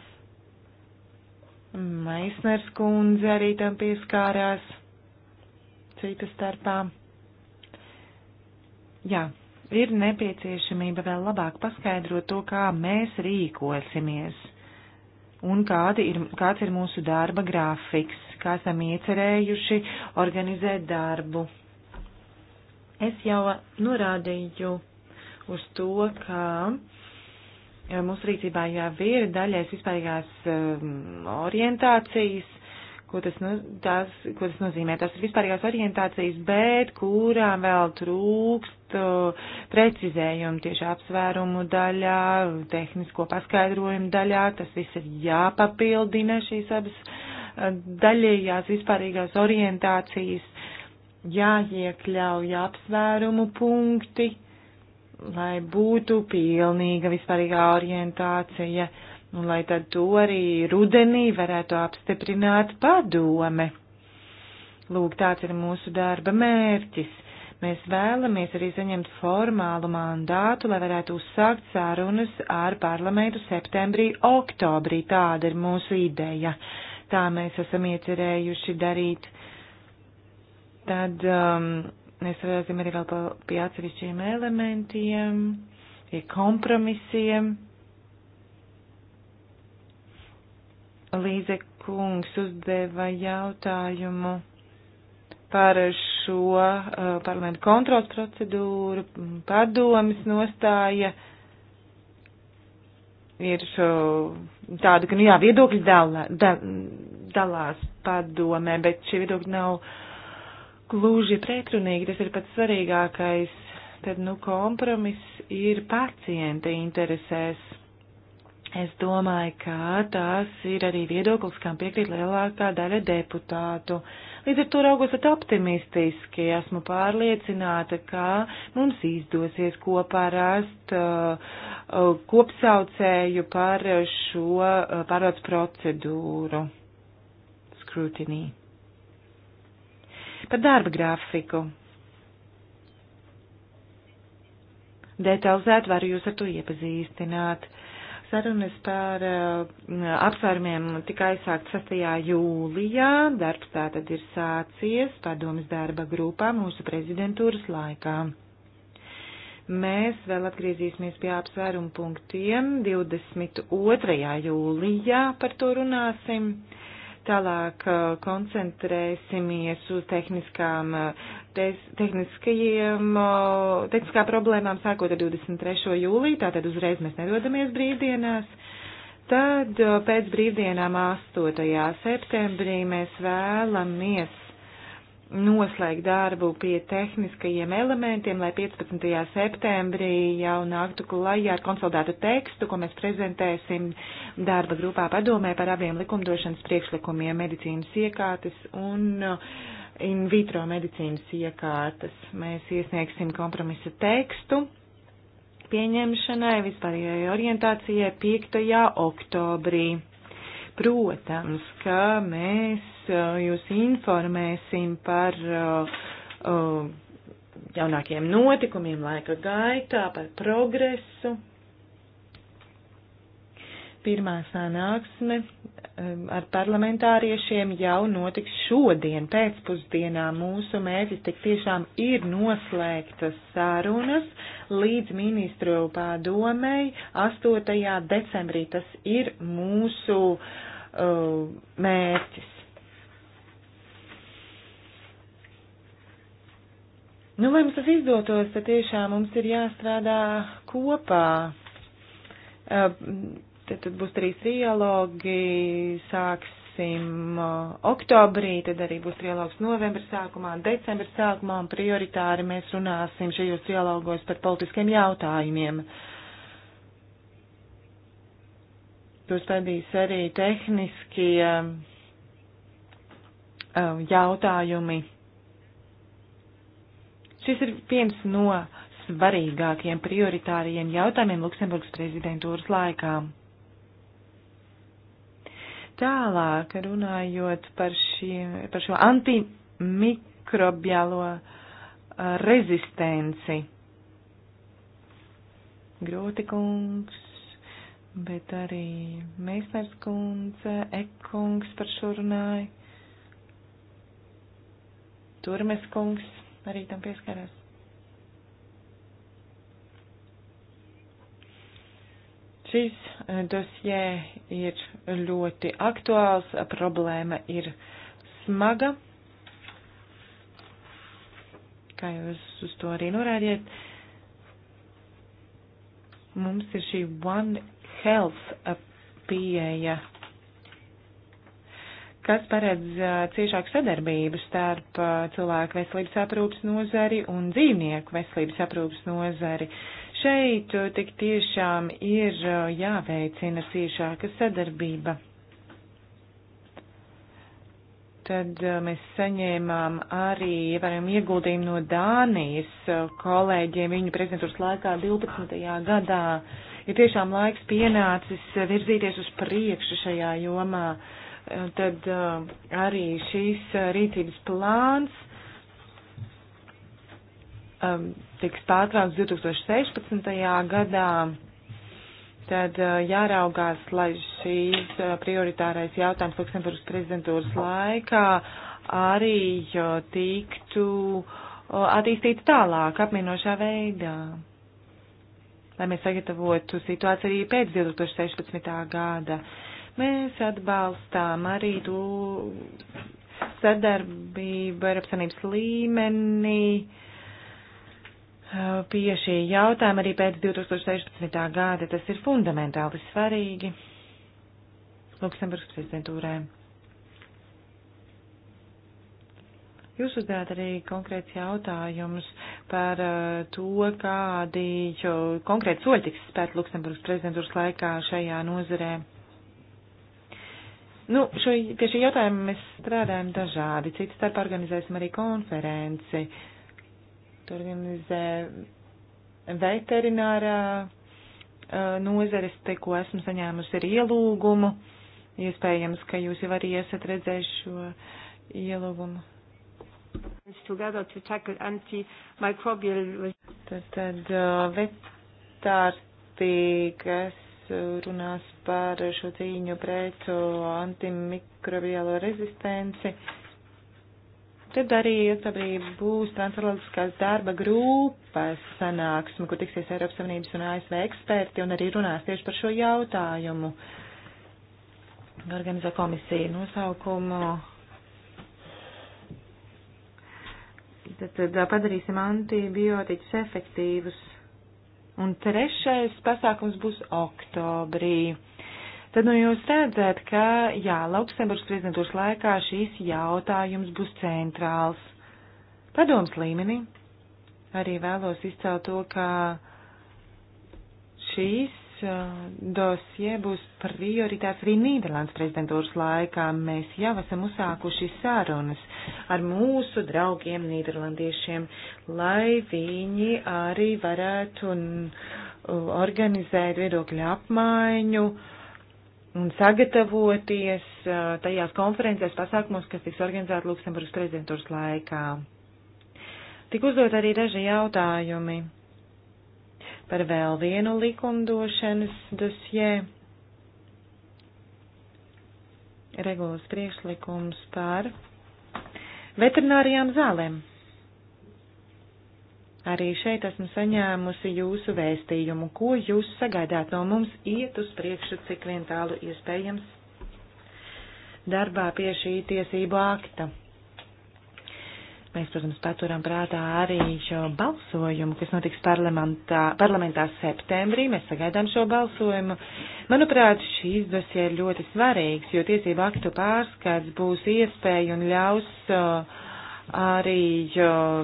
Maisners kundze arī tam pieskārās citu starpā. Jā, ir nepieciešamība vēl labāk paskaidrot to, kā mēs rīkosimies un kādi ir, kāds ir mūsu darba grafiks, kā esam iecerējuši organizēt darbu. Es jau norādīju uz to, ka Mūsu rīcībā jau ir daļais vispārīgās um, orientācijas, ko tas, nu, tās, ko tas nozīmē. Tas ir vispārīgās orientācijas, bet kurām vēl trūkst uh, precizējumu tieši apsvērumu daļā, tehnisko paskaidrojumu daļā. Tas viss ir jāpapildina šīs abas uh, daļējās vispārīgās orientācijas, jāiekļauj apsvērumu punkti lai būtu pilnīga vispārīgā orientācija, un lai tad to arī rudenī varētu apstiprināt padome. Lūk, tāds ir mūsu darba mērķis. Mēs vēlamies arī saņemt formālu mandātu, lai varētu uzsākt sarunas ar parlamentu septembrī, oktobrī. Tāda ir mūsu ideja. Tā mēs esam iecerējuši darīt. Tad um, mēs redzam arī vēl pie atsevišķiem elementiem, pie kompromisiem. Līze kungs uzdeva jautājumu par šo uh, parlamentu kontrols procedūru, padomas nostāja. Ir šo, tāda, ka, nu jā, viedokļi dalā, da, dalās padomē, bet šie viedokļi nav uh, gluži pretrunīgi, tas ir pats svarīgākais, tad, nu, kompromis ir pacienta interesēs. Es domāju, ka tas ir arī viedoklis, kam piekrīt lielākā daļa deputātu. Līdz ar to raugos at optimistiski, esmu pārliecināta, ka mums izdosies kopā rast uh, uh kopsaucēju par šo uh, pārāds procedūru skrutinī. Par darba grafiku. Detalizēt varu jūs ar to iepazīstināt. Sarunas par uh, apsvērumiem tika aizsākt 6. jūlijā. Darbs tātad ir sācies padomas darba grupā mūsu prezidentūras laikā. Mēs vēl atgriezīsimies pie apsvērumu punktiem. 22. jūlijā par to runāsim. Uh, Tālāk uh, koncentrēsimies uz tehniskām, uh, tes, tehniskajiem, uh, tehniskā problēmām sākot ar 23. jūliju, tātad uzreiz mēs nedodamies brīvdienās. Tad pēc brīvdienām 8. septembrī mēs vēlamies noslēgt darbu pie tehniskajiem elementiem, lai 15. septembrī jau nāktu klajā ar konsolidētu tekstu, ko mēs prezentēsim darba grupā padomē par abiem likumdošanas priekšlikumiem medicīnas iekārtas un uh, in vitro medicīnas iekārtas. Mēs iesniegsim kompromisa tekstu pieņemšanai vispārējai orientācijai 5. oktobrī. Protams, ka mēs Uh, jūs informēsim par uh, uh, jaunākiem notikumiem laika gaitā, par progresu. Pirmā sanāksme um, ar parlamentāriešiem jau notiks šodien pēcpusdienā. Mūsu mērķis tik tiešām ir noslēgtas sarunas līdz ministru pārdomei 8. decembrī. Tas ir mūsu uh, mērķis. Nu, lai mums tas izdotos, tad tiešām mums ir jāstrādā kopā. Tad, tad būs trīs trialogi, sāksim oktobrī, tad arī būs trialogs novembra sākumā, decembra sākumā, un prioritāri mēs runāsim šajos trialogos par politiskiem jautājumiem. Tos padīs arī tehniskie jautājumi Šis ir viens no svarīgākajiem prioritāriem jautājumiem Luksemburgas prezidentūras laikā. Tālāk runājot par, šie, par šo antimikrobiālo rezistenci. Grūti kungs, bet arī Meisners kundze, Ekungs par šo runāja. Turmes kungs arī tam pieskarās. Šis eh, dosjē ir ļoti aktuāls, problēma ir smaga, kā jūs uz to arī norādiet. Mums ir šī One Health pieeja kas paredz ciešāku sadarbību starp cilvēku veselības aprūpas nozari un dzīvnieku veselības aprūpas nozari. Šeit tik tiešām ir jāveicina ciešāka sadarbība. Tad mēs saņēmām arī ievērojami ieguldījumu no Dānijas kolēģiem viņu prezidentūras laikā 12. gadā. Ir tiešām laiks pienācis virzīties uz priekšu šajā jomā. Uh, tad uh, arī šīs uh, rīcības plāns um, tiks pārtraukts 2016. gadā. Tad uh, jāraugās, lai šīs prioritārais jautājums Luksemburgas prezidentūras laikā arī tiktu attīstīta tālāk, apmienošā veidā lai mēs sagatavotu situāciju arī pēc 2016. gada. Mēs atbalstām arī to sadarbību Eiropas Sanības līmenī pie šī jautājuma arī pēc 2016. gada. Tas ir fundamentāli svarīgi Luksemburgas prezidentūrai. Jūs uzdevāt arī konkrēts jautājums par to, kādi konkrēti soļi tiks spērt Luksemburgas prezidentūras laikā šajā nozarē. Nu, šo, pie šī jautājuma mēs strādājam dažādi. Cits starp organizēsim arī konferenci. Tur organizē veterinārā nozares, te, ko esmu saņēmusi ar ielūgumu. Iespējams, ka jūs jau arī esat redzējuši šo ielūgumu. Tad, tad vetārti, kas runās par šo cīņu pret antimikrobiālo rezistenci. Tad arī oktobrī būs transatlantiskās darba grupas sanāksme, kur tiksies Eiropas Savienības un ASV eksperti un arī runās tieši par šo jautājumu. Organizē komisija nosaukumu. Tad, tad padarīsim antibiotiķus efektīvus. Un trešais pasākums būs oktobrī tad nu jūs redzat, ka jā, Luksemburgas prezidentūras laikā šīs jautājums būs centrāls. Padoms līmenī arī vēlos izcelt to, ka šīs uh, dosie būs prioritāts arī Nīderlandes prezidentūras laikā. Mēs jau esam uzsākuši sarunas ar mūsu draugiem nīderlandiešiem, lai viņi arī varētu organizēt viedokļu apmaiņu uh, un sagatavoties eh, tajās konferencēs pasākumos, kas tiks organizēti Luksemburgas prezidentūras laikā. Tik uzdot arī daži jautājumi par vēl vienu likumdošanas dosjē. Regulas priekšlikums par veterinārijām zālēm. Arī šeit esmu saņēmusi jūsu vēstījumu, ko jūs sagaidāt no mums iet uz priekšu, cik vien tālu iespējams darbā pie šī tiesību akta. Mēs, protams, paturam prātā arī šo balsojumu, kas notiks parlamentā, parlamentā septembrī. Mēs sagaidām šo balsojumu. Manuprāt, šīs dosie ir ļoti svarīgs, jo tiesību aktu pārskats būs iespēja un ļaus uh, arī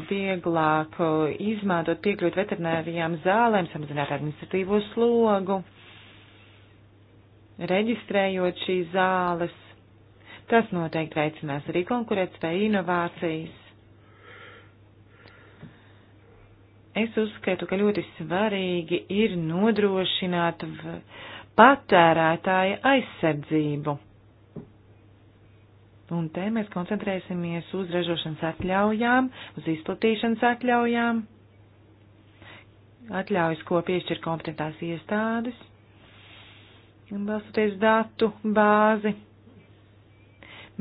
vieglāk izmantot piekļūt veterinārijām zālēm, samazināt administratīvo slogu, reģistrējot šīs zāles. Tas noteikti veicinās arī konkurētspēju inovācijas. Es uzskatu, ka ļoti svarīgi ir nodrošināt patērētāja aizsardzību Un te mēs koncentrēsimies uz ražošanas atļaujām, uz izplatīšanas atļaujām, atļaujas, ko piešķir kompetentās iestādes, balstoties datu bāzi.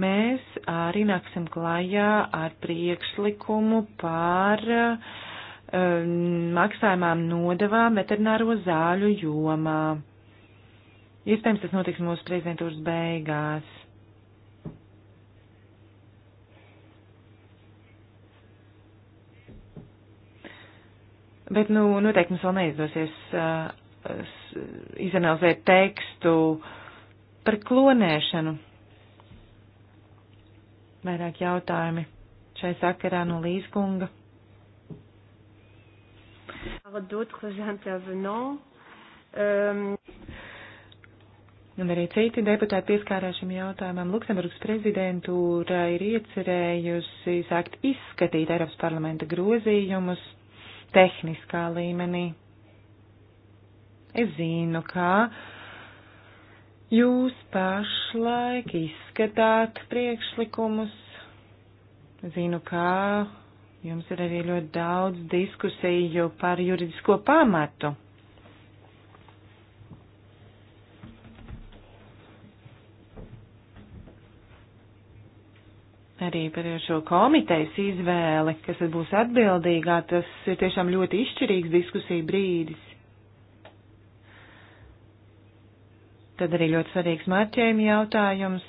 Mēs arī nāksim klajā ar priekšlikumu par um, maksājumām nodevām veterināro zāļu jomā. Iespējams, tas notiks mūsu prezidentūras beigās Bet, nu, noteikti mums vēl neizdosies uh, izanalizēt tekstu par klonēšanu. Vairāk jautājumi šai sakarā no Līskunga. Euh, Un arī citi deputāti pieskārās šim jautājumam. Luksemburgas prezidentūra ir iecerējusi sākt izskatīt Eiropas parlamenta grozījumus tehniskā līmenī. Es zinu, kā jūs pašlaik izskatāt priekšlikumus. Zinu, kā jums ir arī ļoti daudz diskusiju par juridisko pamatu arī par šo komitejas izvēli, kas būs atbildīgā, tas ir tiešām ļoti izšķirīgs diskusija brīdis. Tad arī ļoti svarīgs marķējuma jautājums.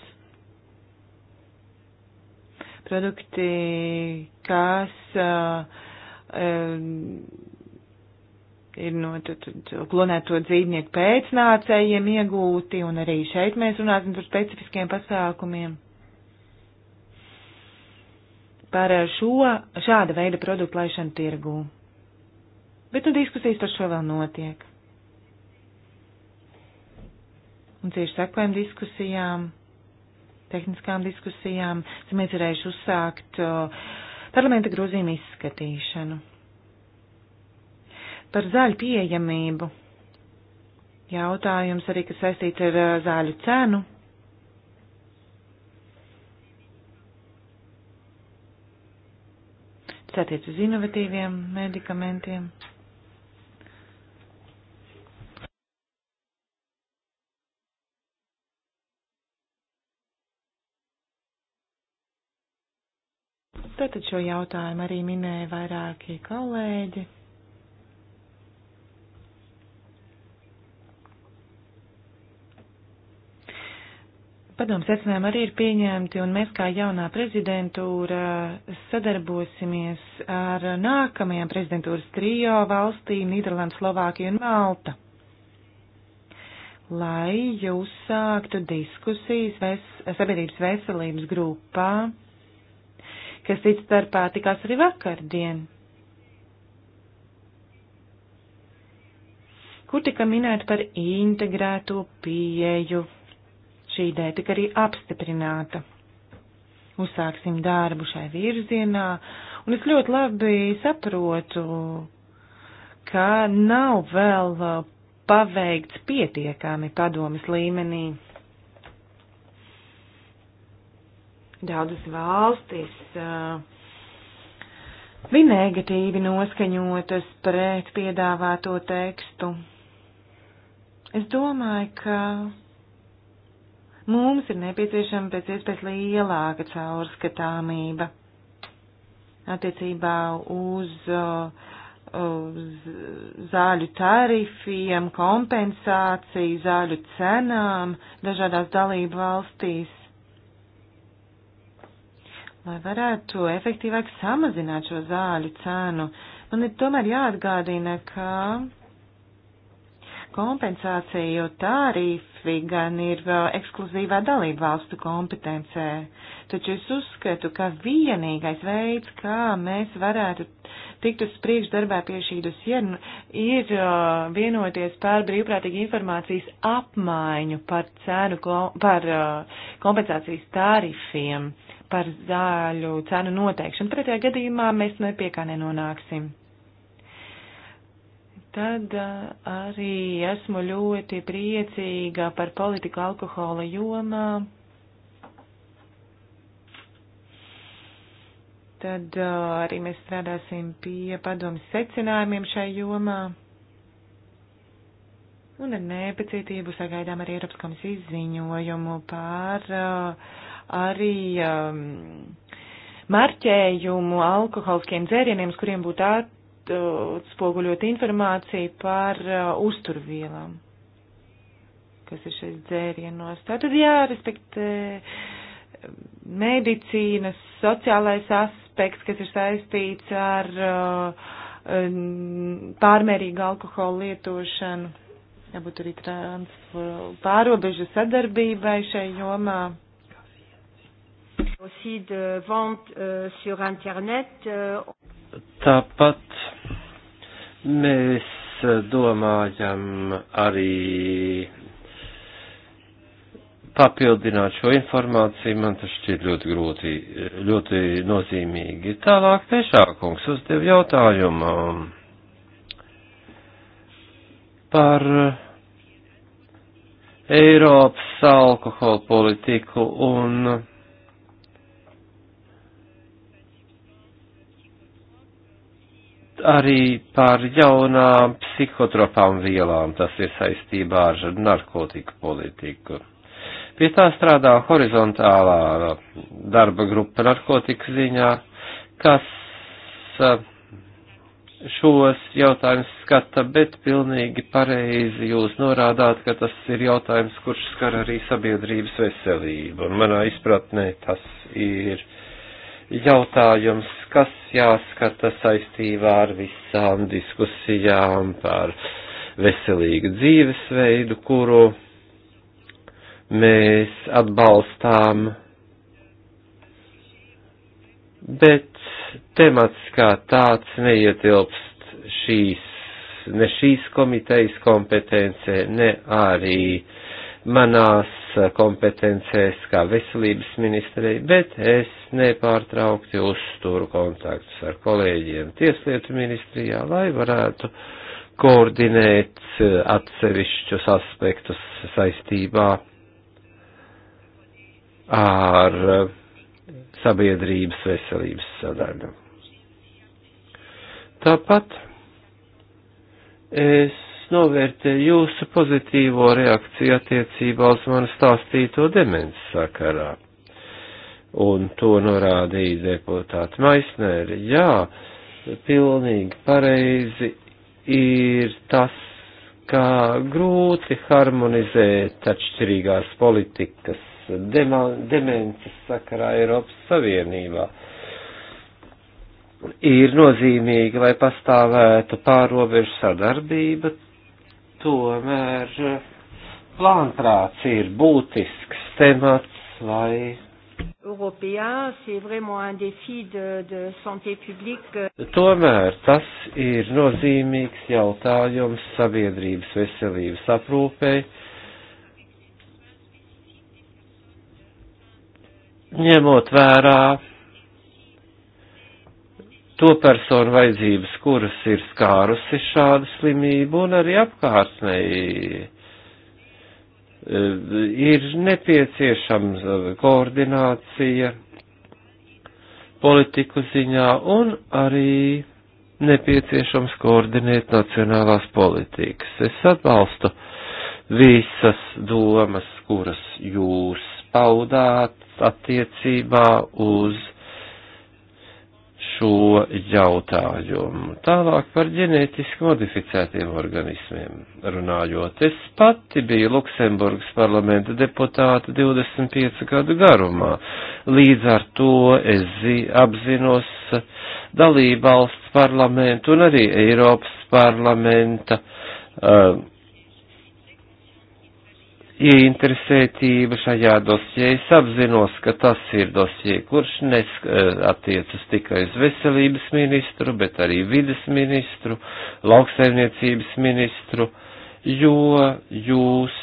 Produkti, kas uh, uh, ir no klonēto dzīvnieku pēcnācējiem iegūti, un arī šeit mēs runāsim par specifiskiem pasākumiem par eh, šo šāda veida produktu laišanu tirgū. Bet nu diskusijas par šo vēl notiek. Un cieši sekojam diskusijām, tehniskām diskusijām, esam iecerējuši uzsākt parlamenta grozījumu izskatīšanu. Par zāļu pieejamību jautājums arī, kas saistīts ar eh, zāļu cenu. Tas attiec uz inovatīviem medikamentiem. Tātad šo jautājumu arī minēja vairāki kolēģi. Padoms secinājumi arī ir pieņemti, un mēs kā jaunā prezidentūra sadarbosimies ar nākamajām prezidentūras trijo valstīm Nīderlanda, Slovākija un Malta, lai uzsāktu diskusijas ves, sabiedrības veselības grupā, kas cits starpā tikās arī vakardien. Kur tika minēta par integrēto pieeju Šī ideja tika arī apstiprināta. Uzsāksim darbu šai virzienā, un es ļoti labi saprotu, ka nav vēl uh, paveikts pietiekami padomas līmenī. Daudzas valstis uh, bija negatīvi noskaņotas pret piedāvāto tekstu. Es domāju, ka Mums ir nepieciešama pēc iespējas lielāka caurskatāmība attiecībā uz, uh, uz zāļu tarifiem, kompensāciju zāļu cenām dažādās dalību valstīs, lai varētu efektīvāk samazināt šo zāļu cenu. Man ir tomēr jāatgādina, ka kompensācija, jo tārifi gan ir ekskluzīvā dalību valstu kompetencē. Taču es uzskatu, ka vienīgais veids, kā mēs varētu tikt uz priekšdarbā pie šī dosieru, nu, ir vienoties par brīvprātīgu informācijas apmaiņu par cenu, par kompensācijas tarifiem, par zāļu cenu noteikšanu. Pretējā gadījumā mēs nepiekā nenonāksim tad uh, arī esmu ļoti priecīga par politiku alkohola jomā. Tad uh, arī mēs strādāsim pie padomas secinājumiem šai jomā. Un ar nepacietību sagaidām arī Eiropas komisijas ziņojumu par uh, arī um, marķējumu alkoholiskiem dzērieniem, uz kuriem būtu at atspoguļot uh, informāciju par uh, uzturvielām, kas ir šeit dzērienos. Tātad jārespektē uh, medicīnas, sociālais aspekts, kas ir saistīts ar uh, pārmērīgu alkoholu lietošanu. Jābūt arī uh, pārobežu sadarbībai šai jomā aussi de vente euh, sur Internet. Euh... Tāpat mēs domājam arī papildināt šo informāciju, man tas šķiet ļoti grūti, ļoti nozīmīgi. Tālāk tiešākungs uzdev jautājumu par Eiropas alkohola politiku un arī par jaunām psihotropām vielām, tas ir saistībā ar narkotiku politiku. Pie tā strādā horizontālā darba grupa narkotiku ziņā, kas šos jautājumus skata, bet pilnīgi pareizi jūs norādāt, ka tas ir jautājums, kurš skar arī sabiedrības veselību, un manā izpratnē tas ir jautājums, kas jāskata saistībā ar visām diskusijām par veselīgu dzīvesveidu, kuru mēs atbalstām, bet temats kā tāds neietilpst šīs, ne šīs komitejas kompetencē, ne arī manās Eh, kompetencēs kā veselības ministrei, bet es nepārtraukti uzturu kontaktus ar kolēģiem tieslietu ministrijā, lai varētu koordinēt eh, atsevišķus aspektus saistībā ar eh, sabiedrības veselības sadaļu. Tāpat es novērtēju jūsu pozitīvo reakciju attiecībā uz manu stāstīto demences sakarā. Un to norādīja deputāta Maisnēra. Jā, pilnīgi pareizi ir tas, kā grūti harmonizēt atšķirīgās politikas demences sakarā Eiropas Savienībā. Ir nozīmīgi, lai pastāvētu pārobežu sadarbība, tomēr eh, plānprāts ir būtisks temats, lai. Europejā, c'est vraiment un défi de, de santé publique. Tomēr tas ir nozīmīgs jautājums sabiedrības veselības aprūpei. Ņemot vērā to personu vajadzības, kuras ir skārusi šādu slimību, un arī apkārtnei eh, ir nepieciešama eh, koordinācija politiku ziņā un arī nepieciešams koordinēt nacionālās politikas. Es atbalstu visas domas, kuras jūs paudāt attiecībā uz šo jautājumu. Tālāk par ģenētiski modificētiem organismiem runājot. Es pati biju Luksemburgas parlamenta deputāta 25 gadu garumā. Līdz ar to es apzinos dalību valsts parlamentu un arī Eiropas parlamenta uh, ieinteresētība šajā dosjē. Es apzinos, ka tas ir dosjē, kurš neatiecas eh, tikai uz veselības ministru, bet arī vides ministru, lauksaimniecības ministru, jo jūs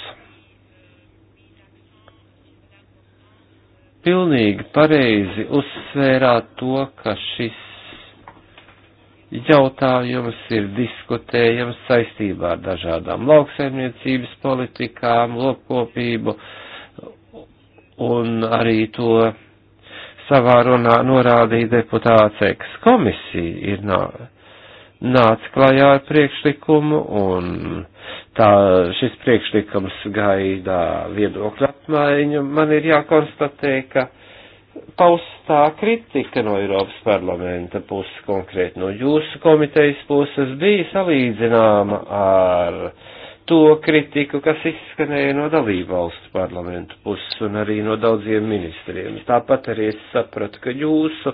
pilnīgi pareizi uzsvērāt to, ka šis jautājums ir diskutējams saistībā ar dažādām lauksaimniecības politikām, lopkopību un arī to savā runā norādīja deputāts eks komisija ir nā, nāc klajā ar priekšlikumu un tā šis priekšlikums gaidā viedokļu apmaiņu. Man ir jākonstatē, ka paustā kritika no Eiropas parlamenta puses, konkrēti no jūsu komitejas puses, bija salīdzināma ar to kritiku, kas izskanēja no dalību valstu parlamentu puses un arī no daudziem ministriem. Tāpat arī es sapratu, ka jūsu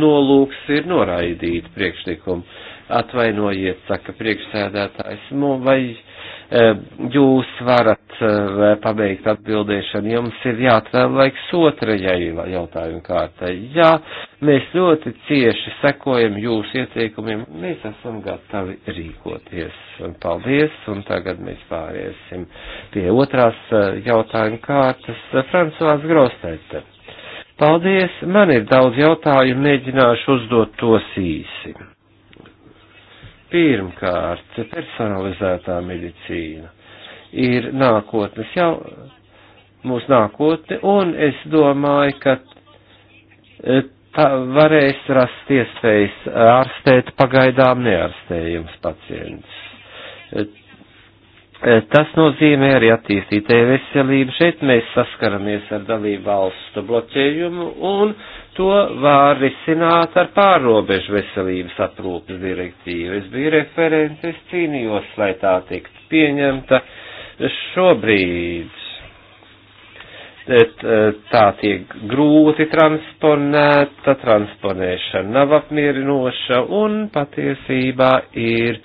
nolūks ir noraidīt priekšlikumu. Atvainojiet, saka priekšsēdētājs, nu, vai Eh, jūs varat eh, pabeigt atbildēšanu, jums ir jāatvēl laiks otrajai jautājumu kārtai. Jā, mēs ļoti cieši sekojam jūsu ieteikumiem, mēs esam gatavi rīkoties. Paldies, un tagad mēs pāriesim pie otrās eh, jautājuma kārtas. Francoās Grostete. Paldies, man ir daudz jautājumu, mēģināšu uzdot tos īsi. Pirmkārt, personalizētā medicīna ir nākotnes jau mūsu nākotne, un es domāju, ka e, tā varēs rast iespējas ārstēt pagaidām neārstējums pacients. E, Eh, tas nozīmē arī attīstīt e-veselību. Šeit mēs saskaramies ar dalību valstu bloķējumu un to var risināt ar pārrobežu veselības aprūpas direktīvu. Es biju referents, es cīnījos, lai tā tiktu pieņemta. Šobrīd eh, tā tiek grūti transponēta, transponēšana nav apmierinoša un patiesībā ir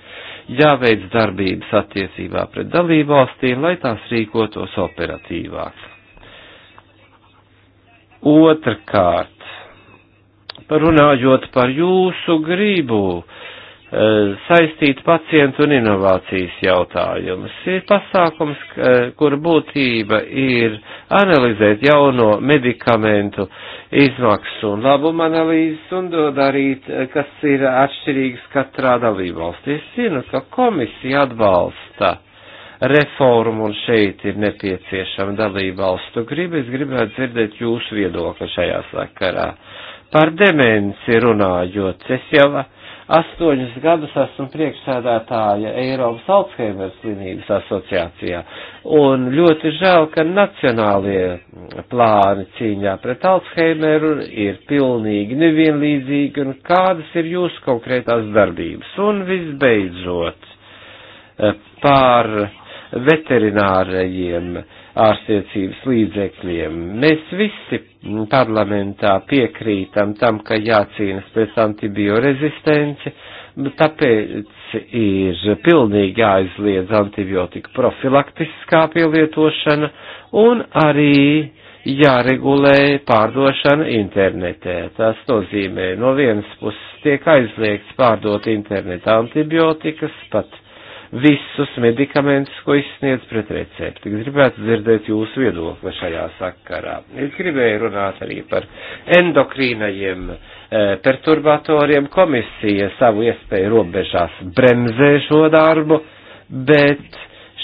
jāveic darbības attiecībā pret dalību valstīm, lai tās rīkotos operatīvāk. Otrkārt, parunājot par jūsu gribu, uh, Eh, saistīt pacientu un inovācijas jautājumus. Ir pasākums, eh, kur būtība ir analizēt jauno medikamentu izmaksu un labumu analīzes un darīt, eh, kas ir atšķirīgs katrā dalībvalstī. Es zinu, ka komisija atbalsta reformu un šeit ir nepieciešama dalībvalstu griba. Es gribētu dzirdēt jūsu viedokli šajā sakarā. Par demenci runājot, es jau Astoņus gadus esmu priekšsēdētāja Eiropas Alzheimer slimības asociācijā. Un ļoti žēl, ka nacionālie plāni cīņā pret Alzheimeru ir pilnīgi nevienlīdzīgi un kādas ir jūsu konkrētās darbības. Un visbeidzot, eh, pār veterinārajiem ārstniecības līdzekļiem. Mēs visi parlamentā piekrītam tam, ka jācīnas pret antibiorezistenci, tāpēc ir pilnīgi jāizliedz antibiotika profilaktiskā pielietošana un arī jāregulē pārdošana internetē. Tas nozīmē, no vienas puses tiek aizliegts pārdot internetā antibiotikas, pat visus medikamentus, ko izsniedz pret recepti. Gribētu dzirdēt jūsu viedokli šajā sakarā. Es gribēju runāt arī par endokrīnajiem e, perturbatoriem. Komisija savu iespēju robežās bremzē šo darbu, bet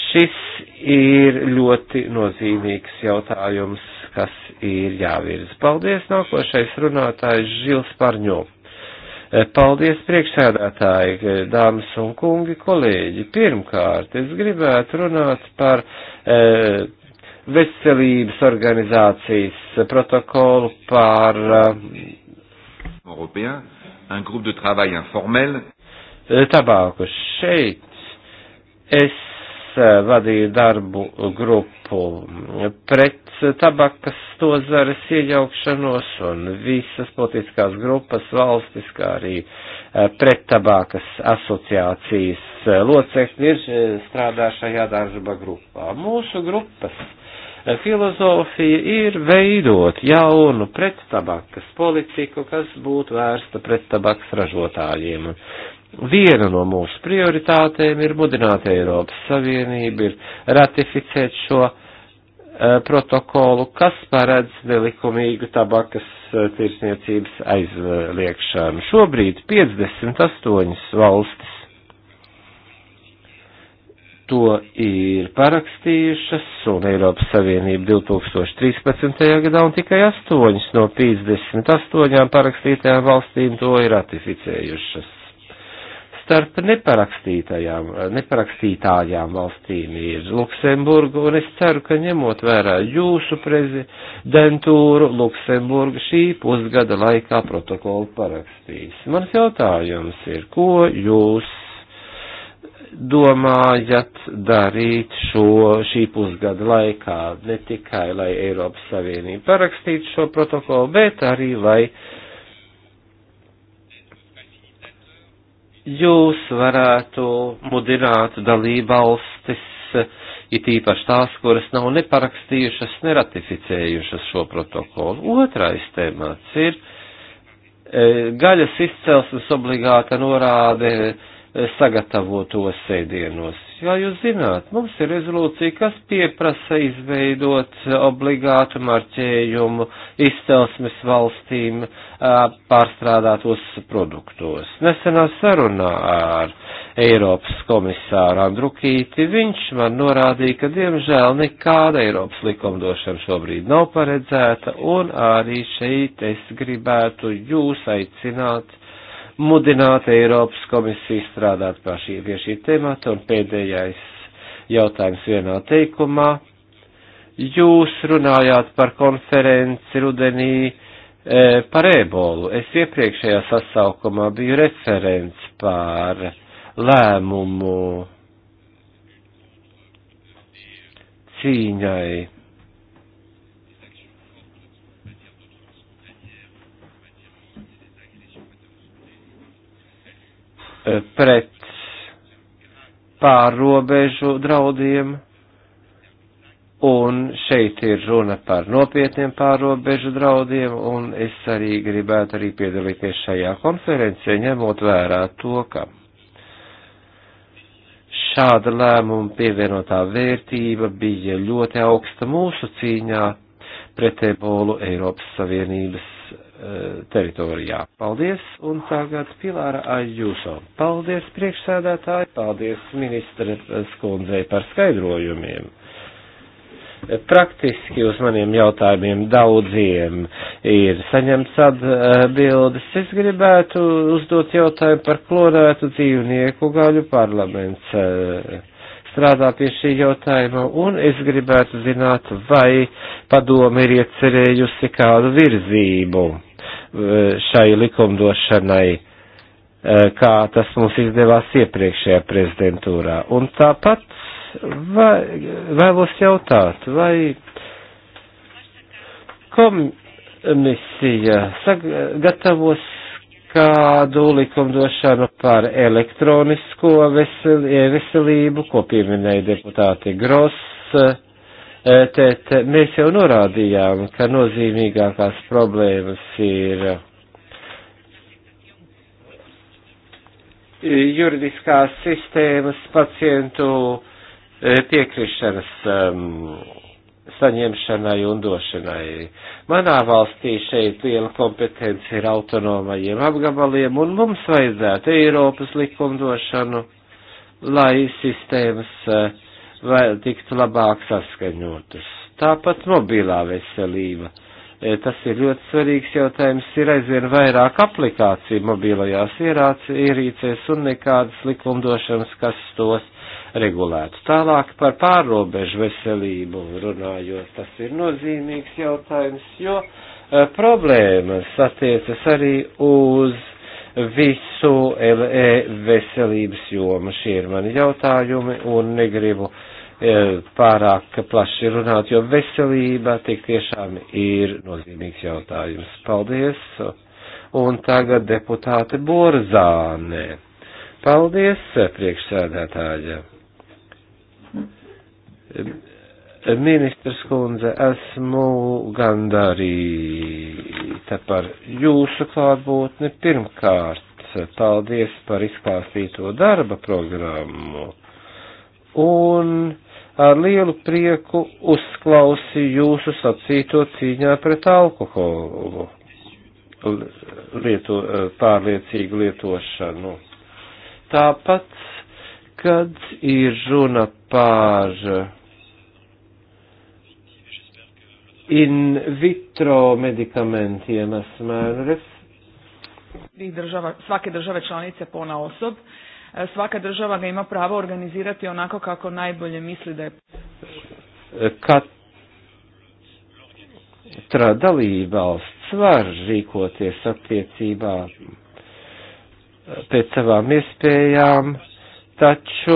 šis ir ļoti nozīmīgs jautājums, kas ir jāvirza. Paldies, nākošais runātājs Žils Parņo. Eh, paldies priekšsēdētāji, eh, dāmas un kungi, kolēģi. Pirmkārt, es gribētu runāt par e, veselības organizācijas protokolu par. Européen, un groupe de travail informel. Tabāku šeit es vadīju darbu grupu pret Eh, tabakas tozares iejaukšanos un visas politiskās grupas valstis, kā arī eh, pret tabakas asociācijas eh, locekļi ir strādā šajā darba grupā. Mūsu grupas filozofija ir veidot jaunu prettabakas politiku, kas būtu vērsta prettabakas ražotājiem. Viena no mūsu prioritātēm ir mudināt Eiropas Savienību, ir ratificēt šo uh, Eh, protokolu, kas paredz nelikumīgu tabakas eh, tirsniecības aizliekšanu. Šobrīd 58 valstis to ir parakstījušas, un Eiropas Savienība 2013. gadā, un tikai 8 no 58 parakstītajām valstīm to ir ratificējušas starp neparakstītājām valstīm ir Luksemburga, un es ceru, ka ņemot vērā jūsu prezidentūru Luksemburga šī pusgada laikā protokolu parakstīs. Mans jautājums ir, ko jūs domājat darīt šo šī pusgada laikā, ne tikai lai Eiropas Savienība parakstītu šo protokolu, bet arī lai jūs varētu mudināt dalībvalstis, it īpaši tās, kuras nav neparakstījušas, neratificējušas šo protokolu. Otrais temats ir e, gaļas izcelsmes obligāta norāde sagatavotos sēdienos. Kā jūs zināt, mums ir rezolūcija, kas pieprasa izveidot obligātu marķējumu izcelsmes valstīm pārstrādātos produktos. Nesenā sarunā ar Eiropas komisāru Andrukīti viņš man norādīja, ka diemžēl nekāda Eiropas likumdošana šobrīd nav paredzēta, un arī šeit es gribētu jūs aicināt mudināt Eiropas komisiju strādāt šī, pie šī temata. Un pēdējais jautājums vienā teikumā. Jūs runājāt par konferenci rudenī e, par ebolu. Es iepriekšējā sasaukumā biju referents par lēmumu cīņai pret pārrobežu draudiem, un šeit ir runa par nopietniem pārrobežu draudiem, un es arī gribētu arī piedalīties šajā konferencē, ņemot vērā to, ka šāda lēmuma pievienotā vērtība bija ļoti augsta mūsu cīņā pret ebolu Eiropas Savienības Eh, teritorijā. Paldies, un tagad Pilāra Aģūso. Paldies, priekšsēdētāji, paldies ministra skundzei par skaidrojumiem. Eh, praktiski uz maniem jautājumiem daudziem ir saņemts atbildes. Es gribētu uzdot jautājumu par klonētu dzīvnieku gaļu parlaments eh, strādā pie šī jautājuma, un es gribētu zināt, vai padome ir iecerējusi kādu virzību eh, šai likumdošanai, eh, kā tas mums izdevās iepriekšējā prezidentūrā. Un tāpat vai, vēlos jautāt, vai komisija sagatavos kādu likumdošanu par elektronisko veselību, ko pieminēja deputāti Gross. E, Tēt, mēs jau norādījām, ka nozīmīgākās problēmas ir e, juridiskās sistēmas pacientu e, piekrišanas um, saņemšanai un došanai. Manā valstī šeit liela kompetence ir autonomajiem apgabaliem, un mums vajadzētu Eiropas likumdošanu, lai sistēmas eh, tiktu labāk saskaņotas. Tāpat mobilā veselība. E, tas ir ļoti svarīgs jautājums. Ir aizvien vairāk aplikāciju mobilajās ierīcēs un nekādas likumdošanas, kas tos regulēts. Tālāk par pārrobežu veselību runājot, tas ir nozīmīgs jautājums, jo e, problēmas attiecas arī uz visu LE veselības jomu. Šie ir mani jautājumi un negribu e, pārāk plaši runāt, jo veselība tik tiešām ir nozīmīgs jautājums. Paldies! Un tagad deputāte Borzāne. Paldies, priekšsēdētāja! Ministrs kundze, esmu gandarīta par jūsu klātbūtni. Pirmkārt, paldies par izklāstīto darba programmu. Un ar lielu prieku uzklausīju jūsu sacīto cīņā pret alkoholu lieto, pārliecīgu lietošanu. Tāpat, kad ir runa par in vitro medikamentijama smanjile. Država, svake države članice pona osob. Svaka država ga ima pravo organizirati onako kako najbolje misli da je. Katra dalībvalsts var rīkoties attiecībā pēc savām iespējām Taču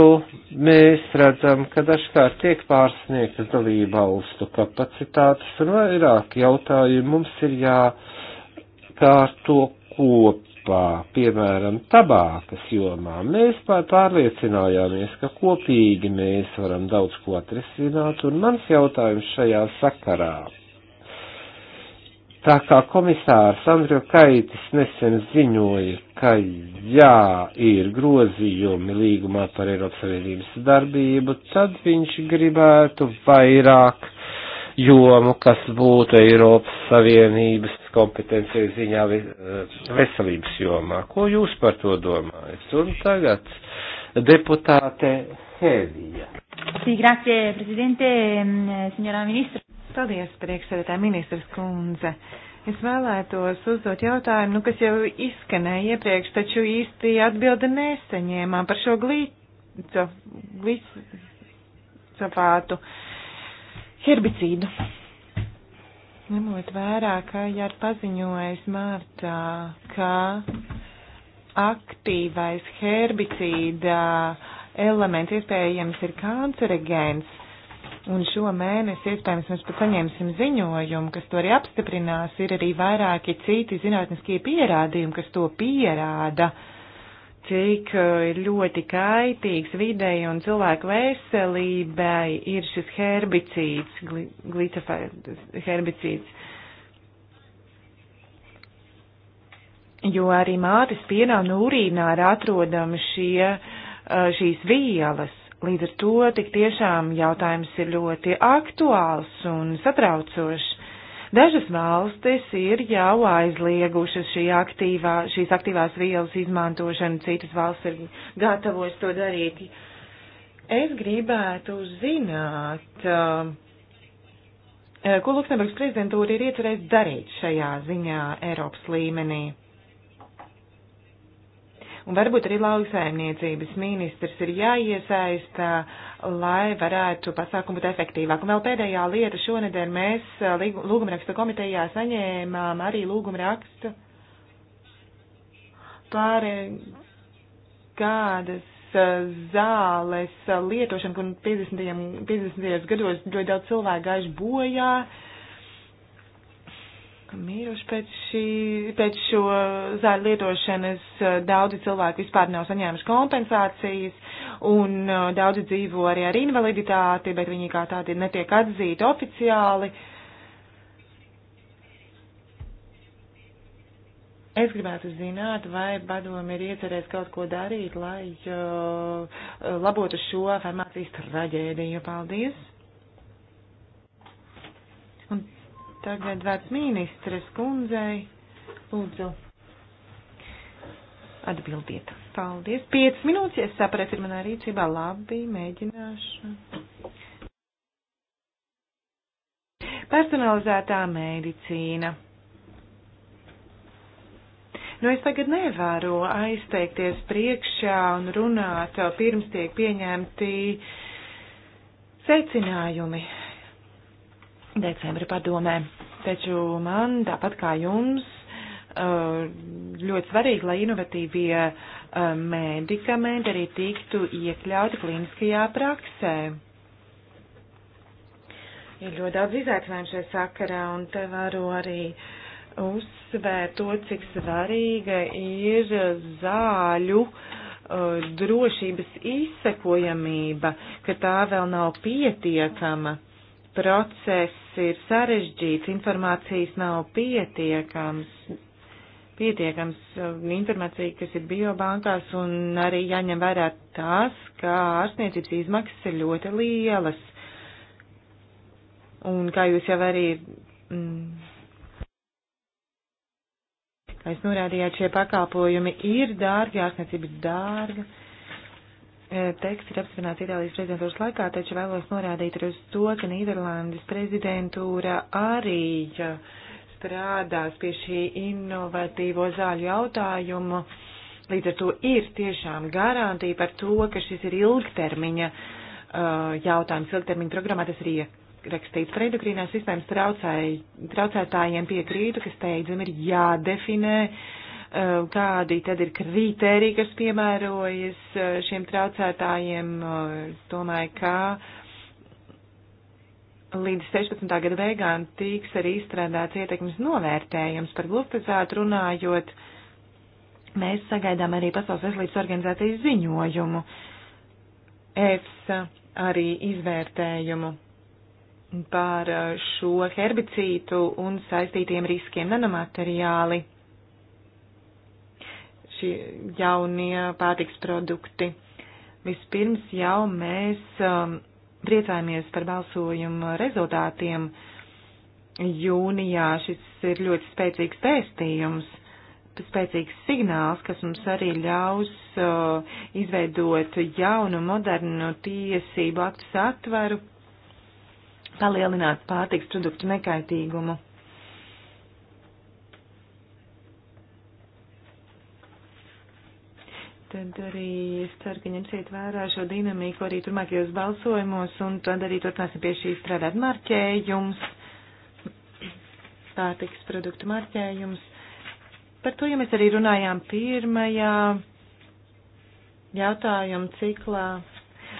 mēs redzam, ka dažkārt tiek pārsniegtas dalība valstu kapacitātes un vairāk jautājumu mums ir jākārto kopā. Piemēram, tabākas jomā mēs pārliecinājāmies, ka kopīgi mēs varam daudz ko atrisināt un mans jautājums šajā sakarā Tā kā komisārs Andriju Kaitis nesen ziņoja, ka jā, ir grozījumi līgumā par Eiropas Savienības darbību, tad viņš gribētu vairāk jomu, kas būtu Eiropas Savienības kompetencija ziņā eh, veselības jomā. Ko jūs par to domājat? Un tagad deputāte Hēvija. Sī, grazie, prezidente, ehm, signora ministra. Paldies, priekšsēdētāja ministras kundze. Es vēlētos uzdot jautājumu, nu, kas jau izskanēja iepriekš, taču īsti atbildi neseņēmām par šo glīcofātu herbicīdu. Ņemot vērā, ka jau ir paziņojis mārtā, ka aktīvais herbicīda elements iespējams ir kancerigēns Un šo mēnesi, iespējams, mēs pat saņemsim ziņojumu, kas to arī apstiprinās. Ir arī vairāki citi zinātniskie pierādījumi, kas to pierāda, cik eh, ļoti kaitīgs videi un cilvēku veselībai ir šis herbicīds, gli, glitofēts herbicīds. Jo arī mātes pienā un urīnā ir atrodami šie, eh, šīs vielas Līdz ar to tik tiešām jautājums ir ļoti aktuāls un satraucošs. Dažas valstis ir jau aizliegušas šī aktīvā, šīs aktīvās vielas izmantošanu, citas valsts ir gatavojas to darīt. Es gribētu zināt, eh, ko Luksemburgas prezidentūra ir iecerējis darīt šajā ziņā Eiropas līmenī. Un varbūt arī lauksaimniecības ministrs ir jāiesaista, lai varētu pasākumu būt efektīvāk. Un vēl pēdējā lieta šonedēļ mēs uh, lūgumrakstu komitejā saņēmām arī lūgumrakstu par uh, kādas uh, zāles lietošanu, kur 50. 50. gados ļoti daudz cilvēku gājuši bojā mīruši pēc, šī, pēc šo zāļu lietošanas. Eh, daudzi cilvēki vispār nav saņēmuši kompensācijas, un eh, daudzi dzīvo arī ar invaliditāti, bet viņi kā tādi netiek atzīti oficiāli. Es gribētu zināt, vai padomi ir iecerējis kaut ko darīt, lai uh, labotu šo farmācijas traģēdiju. Paldies! Un Tagad vērts ministres kundzei. Lūdzu, atbildiet. Paldies. 5 minūtes, ja sapratu, ir manā rīcībā. Labi, mēģināšu. Personalizētā medicīna. Nu, es tagad nevaru aizteikties priekšā un runāt, pirms tiek pieņemti secinājumi decembra padomē. Taču man, tāpat kā jums, eh, ļoti svarīgi, lai inovatīvie eh, medikamenti arī tiktu iekļauti klīniskajā praksē. Ir ļoti daudz izaicinājumu šajā sakarā, un te varu arī uzsvērt to, cik svarīga ir zāļu eh, drošības izsekojamība, ka tā vēl nav pietiekama process ir sarežģīts, informācijas nav pietiekams, pietiekams um, informācija, kas ir biobankās, un arī jāņem vērā tās, ka ārstniecības izmaksas ir ļoti lielas. Un kā jūs jau arī. Mm, kā jūs norādījāt, šie pakalpojumi ir dārgi, ārstniecība ir dārga. E, teksts ir apstiprināts Itālijas prezidentūras laikā, taču vēlos norādīt arī uz to, ka Nīderlandes prezidentūra arī strādās pie šī innovatīvo zāļu jautājumu. Līdz ar to ir tiešām garantija par to, ka šis ir ilgtermiņa uh, jautājums, ilgtermiņa programmā tas ir ierakstīts. Par endokrīnās sistēmas traucē, traucētājiem piekrītu, ka steidzam ir jādefinē uh, Um, kādi tad ir kriteriji, kas piemērojas uh, šiem traucētājiem. Uh, domāju, ka līdz 16. gada beigām tiks arī izstrādāts ietekmes novērtējums par glufizātu runājot. Mēs sagaidām arī Pasaules veselības organizācijas ziņojumu, EFSA arī izvērtējumu par uh, šo herbicītu un saistītiem riskiem nanomateriāli šie jaunie pārtiks produkti. Vispirms jau mēs um, priecājamies par balsojumu rezultātiem. Jūnijā šis ir ļoti spēcīgs pēstījums, spēcīgs signāls, kas mums arī ļaus uh, izveidot jaunu, modernu tiesību aktu satvaru, palielināt pārtiks produktu nekaitīgumu. Tad arī es ceru, ka ņemsiet vērā šo dinamiku arī turmākajos balsojumos un tad arī turpināsim pie šī strādāt marķējums, pārtiks produktu marķējums. Par to jau mēs arī runājām pirmajā jautājuma ciklā.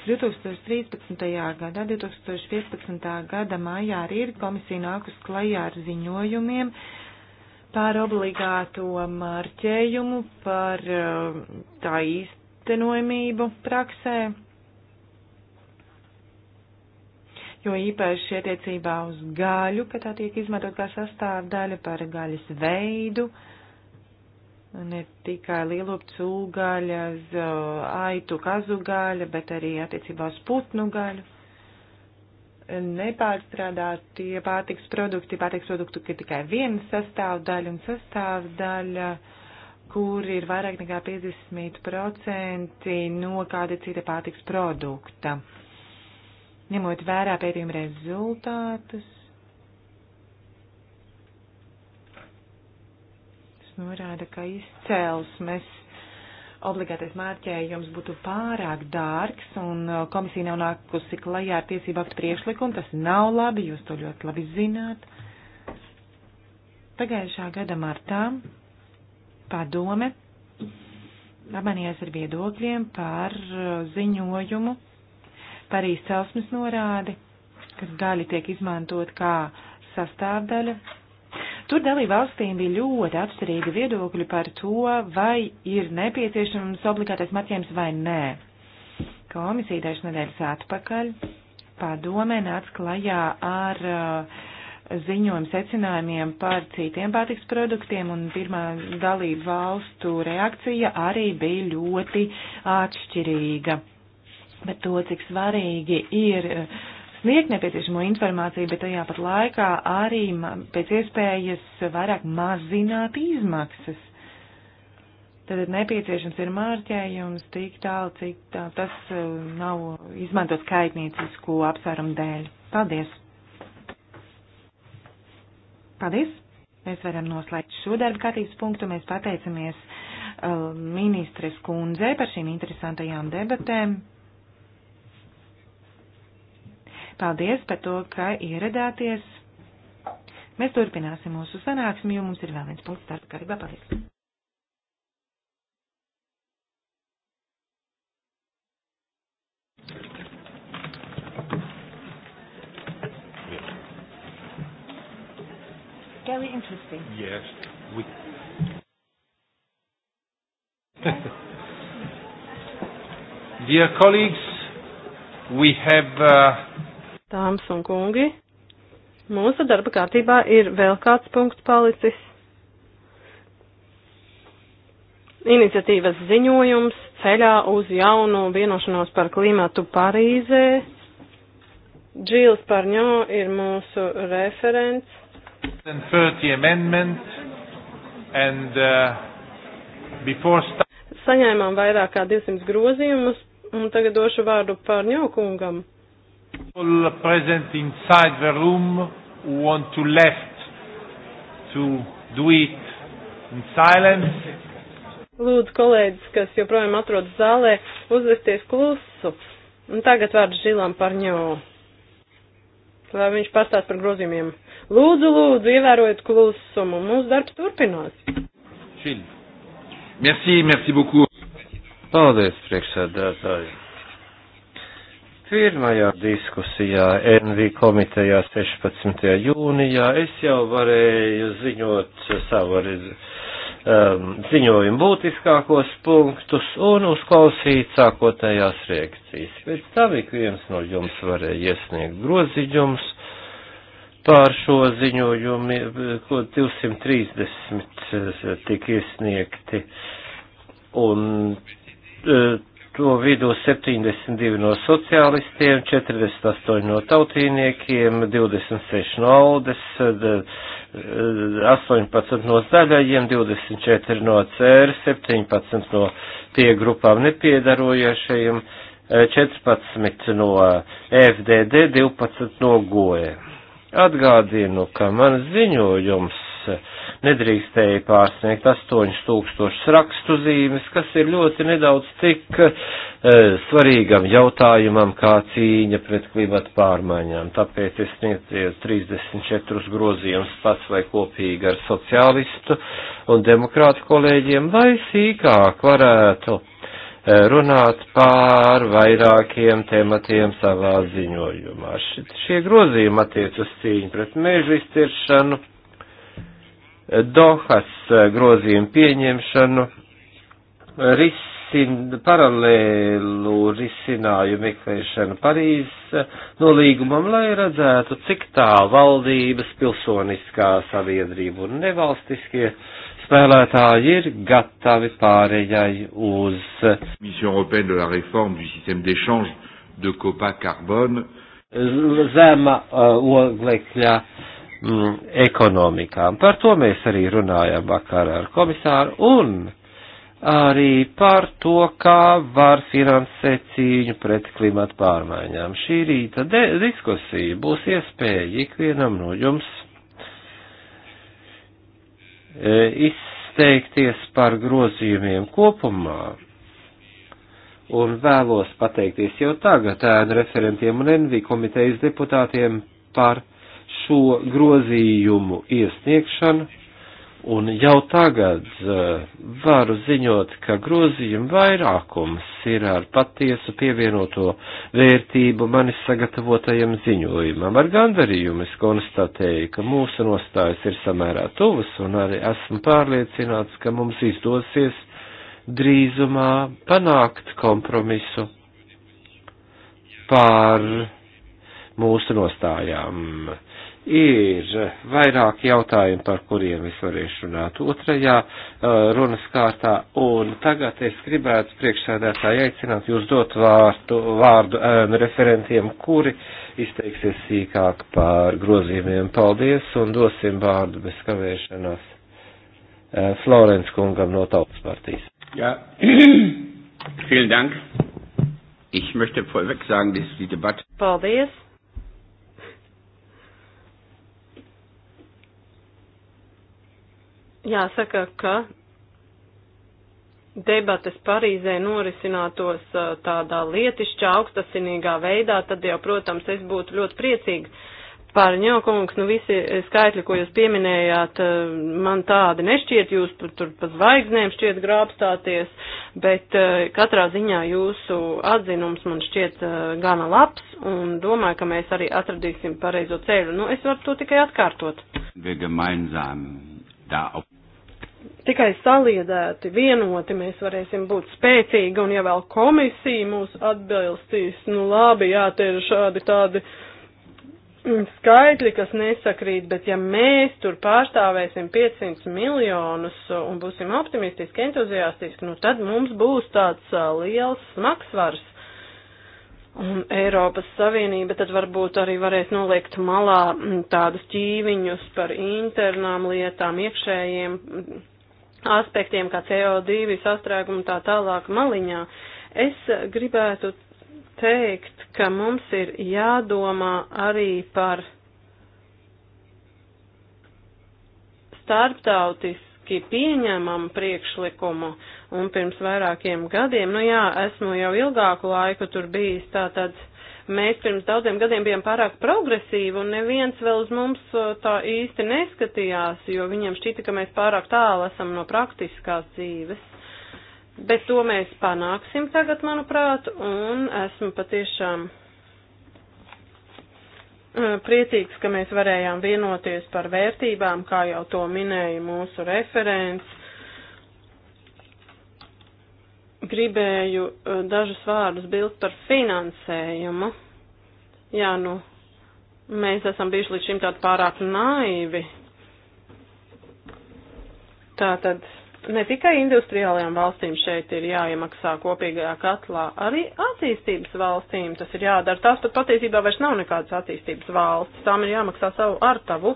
2013. gadā, 2015. gada maijā arī ir komisija nākus klajā ar ziņojumiem par obligāto marķējumu, par eh, tā īstenojamību praksē, jo īpaši attiecībā uz gaļu, ka tā tiek izmantot kā sastāvdaļa par gaļas veidu, ne tikai lielopcūgaļas, eh, aitu kazu gaļa, bet arī attiecībā uz putnu gaļu nepārstrādātie pārtiks produkti. Pārtiks produktu ir tikai viena sastāvdaļa un sastāvdaļa, kur ir vairāk nekā 50% no kāda cita pārtiks produkta. Ņemot vērā pētījuma rezultātus, tas norāda, ka izcelsmes obligātais mārķējums būtu pārāk dārgs un uh, komisija nav nākusi klajā ar tiesību aktu priekšlikumu. Tas nav labi, jūs to ļoti labi zināt. Pagājušā gada martā padome apmainījās ar viedokļiem par uh, ziņojumu par izcelsmes norādi, kas gaļi tiek izmantot kā sastāvdaļa Tur dalību valstīm bija ļoti atšķirīgi viedokļi par to, vai ir nepieciešams obligātais marķējums vai nē. Komisija dažas nedēļas atpakaļ padomē nāca klajā ar uh, ziņojumu secinājumiem par citiem pārtiks produktiem, un pirmā dalību valstu reakcija arī bija ļoti atšķirīga. Bet to, cik svarīgi ir uh, sniegt nepieciešamo informāciju, bet tajā pat laikā arī pēc iespējas vairāk mazināt izmaksas. Tad nepieciešams ir mārķējums tik tālu, cik tā, tas eh, nav izmantot kaitniecisko apsvērumu dēļ. Paldies! Paldies! Mēs varam noslēgt šo darba kārtības punktu. Mēs pateicamies uh, ministres kundzei par šīm interesantajām debatēm. Paldies par to, ka ieradāties. Mēs turpināsim mūsu sanāksmi, jo mums ir vēl viens punkts starta kārībā palikt. Very interesting. Yes. We Dear colleagues, we have uh, Tāms un kungi, mūsu darba kārtībā ir vēl kāds punkts palicis. Iniciatīvas ziņojums ceļā uz jaunu vienošanos par klimatu Parīzē. Džils Parņo ir mūsu referents. And 30 amendment and uh, before start... Saņēmām vairāk kā 200 grozījumus un tagad došu vārdu Parņo kungam. All present inside the room who want to left to do it in silence. Lūdzu, kolēģis, kas joprojām atrodas zālē, uzvesties klusu. Un tagad vārds Žilam Parņo. Lai viņš pastāst par grozījumiem. Lūdzu, lūdzu, ievērojiet klusumu. Mūsu darbs turpinās. Žil. Merci, merci beaucoup. Paldies, priekšsēdētāji. Pirmajā diskusijā NV komitejā 16. jūnijā es jau varēju ziņot savu um, ziņojumu būtiskākos punktus un uzklausīt sākotējās reakcijas. Pēc tam ik viens no jums varēja iesniegt groziņums pār šo ziņojumu, ko 230 tika iesniegti. Un uh, to vidū 72 no sociālistiem, 48 no tautīniekiem, 26 no Aldes, 18 no zaļajiem, 24 no CR, 17 no pie grupām nepiedarojošajiem, 14 no FDD, 12 no GOE. Atgādinu, ka man ziņojums nedrīkstēja pārsniegt 8000 rakstu zīmes, kas ir ļoti nedaudz tik e, svarīgam jautājumam kā cīņa pret klimatu pārmaiņām. Tāpēc es sniedzu 34 grozījumus pats vai kopīgi ar sociālistu un demokrātu kolēģiem, lai sīkāk varētu eh, runāt pār vairākiem tematiem savā ziņojumā. Šie grozījumi attiec uz cīņu pret mežu izciršanu, Dohas eh, grozījumu pieņemšanu risin, paralēlu risinājumu meklēšanu Parīzes eh, nolīgumam, lai redzētu, cik tā valdības, pilsoniskā sabiedrība un nevalstiskie spēlētāji ir gatavi pārējai uz. Eh, Mission européenne de la réforme du système d'échange de COPA carbone. Zema uh, oglekļa uh, mm, ekonomikām. Par to mēs arī runājām vakar ar komisāru un arī par to, kā var finansēt cīņu pret klimatu pārmaiņām. Šī rīta diskusija būs iespēja ikvienam no jums e, izteikties par grozījumiem kopumā un vēlos pateikties jau tagad ēnu referentiem un NV komitejas deputātiem par šo grozījumu iesniegšanu, un jau tagad eh, varu ziņot, ka grozījumu vairākums ir ar patiesu pievienoto vērtību manis sagatavotajam ziņojumam. Ar gandarījumu es konstatēju, ka mūsu nostājas ir samērā tuvas, un arī esmu pārliecināts, ka mums izdosies drīzumā panākt kompromisu pār mūsu nostājām ir vairāki jautājumi, par kuriem es varēšu runāt otrajā uh, runas kārtā, un tagad es gribētu priekšsēdētāji aicināt jūs dot vārdu, vārdu ēnu referentiem, kuri izteiksies sīkāk par grozījumiem. Paldies, un dosim vārdu bez kavēšanās Florence kungam no Tautas partijas. Jā, vielen dank. Ich möchte vorweg sagen, dass die Debatte. Paldies. Jāsaka, ka debates Parīzē norisinātos tādā lietišķā, augstasinīgā veidā, tad jau, protams, es būtu ļoti priecīga. Pārņokungs, nu visi skaitļi, ko jūs pieminējāt, man tādi nešķiet, jūs tur pa zvaigznēm šķiet grābstāties, bet katrā ziņā jūsu atzinums man šķiet gana labs un domāju, ka mēs arī atradīsim pareizo ceļu. Nu, es varu to tikai atkārtot. Wir gemeinsam da auf. Tikai saliedēti, vienoti mēs varēsim būt spēcīgi, un ja vēl komisija mūs atbilstīs, nu labi, jā, tie ir šādi tādi mm, skaitļi, kas nesakrīt, bet ja mēs tur pārstāvēsim 500 miljonus un būsim optimistiski, entuziastiski, nu tad mums būs tāds liels smagsvars. Un Eiropas Savienība tad varbūt arī varēs noliekt malā mm, tādus ķīviņus par internām lietām, iekšējiem mm, aspektiem, kā CO2 sastrēgumu tā tālāk maliņā. Es gribētu teikt, ka mums ir jādomā arī par starptautis politiski pieņemamu priekšlikumu. Un pirms vairākiem gadiem, nu jā, esmu jau ilgāku laiku tur bijis, tātad mēs pirms daudziem gadiem bijām pārāk progresīvi un neviens vēl uz mums tā īsti neskatījās, jo viņiem šķita, ka mēs pārāk tālu esam no praktiskās dzīves. Bet to mēs panāksim tagad, manuprāt, un esmu patiešām Eh, priecīgs, ka mēs varējām vienoties par vērtībām, kā jau to minēja mūsu referents. Gribēju eh, dažus vārdus bilst par finansējumu. Jā, nu, mēs esam bijuši līdz šim tādi pārāk naivi. Tātad ne tikai industriālajām valstīm šeit ir jāiemaksā kopīgajā katlā, arī attīstības valstīm tas ir jādara. Tās pat patiesībā vairs nav nekādas attīstības valsts, tām ir jāmaksā savu artavu.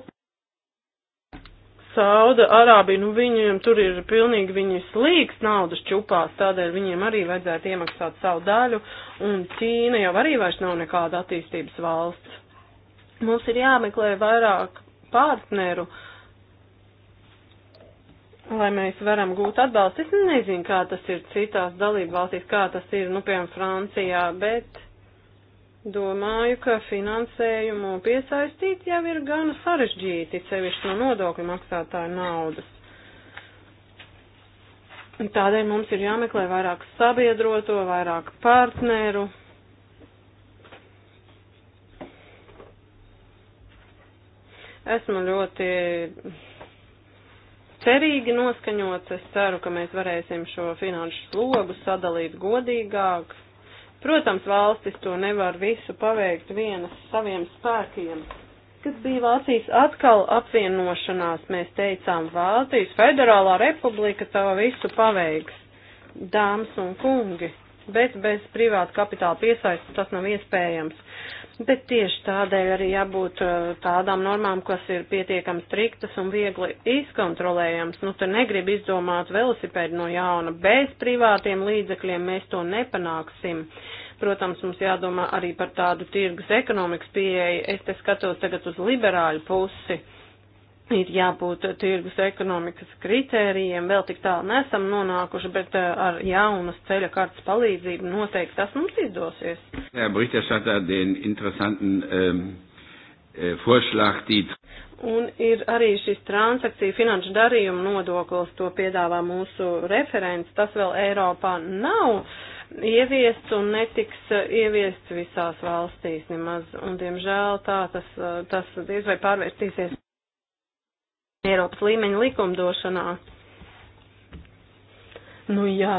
Sauda, Arābija, nu viņiem tur ir pilnīgi viņi slīgs naudas čupās, tādēļ viņiem arī vajadzētu iemaksāt savu daļu, un Ķīna jau arī vairs nav nekāda attīstības valsts. Mums ir jāmeklē vairāk partneru. Uh, lai mēs varam gūt atbalstu. Es nezinu, kā tas ir citās dalību valstīs, kā tas ir, nu, piemēram, Francijā, bet domāju, ka finansējumu piesaistīt jau ir gana sarežģīti, sevišķi no nodokļu maksātāju naudas. Tādēļ mums ir jāmeklē vairāk sabiedroto, vairāk partneru. Esmu ļoti cerīgi noskaņots. Es ceru, ka mēs varēsim šo finanšu slogu sadalīt godīgāk. Protams, valstis to nevar visu paveikt vienas saviem spēkiem. Kad bija Vācijas atkal apvienošanās, mēs teicām, Vācijas federālā republika to visu paveiks. Dāmas un kungi, bet bez privāta kapitāla piesaistas tas nav iespējams. Bet tieši tādēļ arī jābūt uh, tādām normām, kas ir pietiekami striktas un viegli izkontrolējams. Nu, te negrib izdomāt velosipēdu no jauna. Bez privātiem līdzekļiem mēs to nepanāksim. Protams, mums jādomā arī par tādu tirgus ekonomikas pieeju. Es te skatos tagad uz liberāļu pusi ir jābūt tirgus ekonomikas kritērijiem, vēl tik tālu nesam nonākuši, bet eh, ar jaunas ceļa kartas palīdzību noteikti tas mums izdosies. Jā, Brīķešatā, den interesanten um, ähm, äh, vorschlag, die. Un ir arī šis transakciju finanšu darījumu nodoklis, to piedāvā mūsu referents, tas vēl Eiropā nav. Uh, ieviests un netiks äh, ieviests visās valstīs nemaz. Un, diemžēl, tā tas, äh, tas diez vai pārvērstīsies Eiropas līmeņa likumdošanā. Nu jā,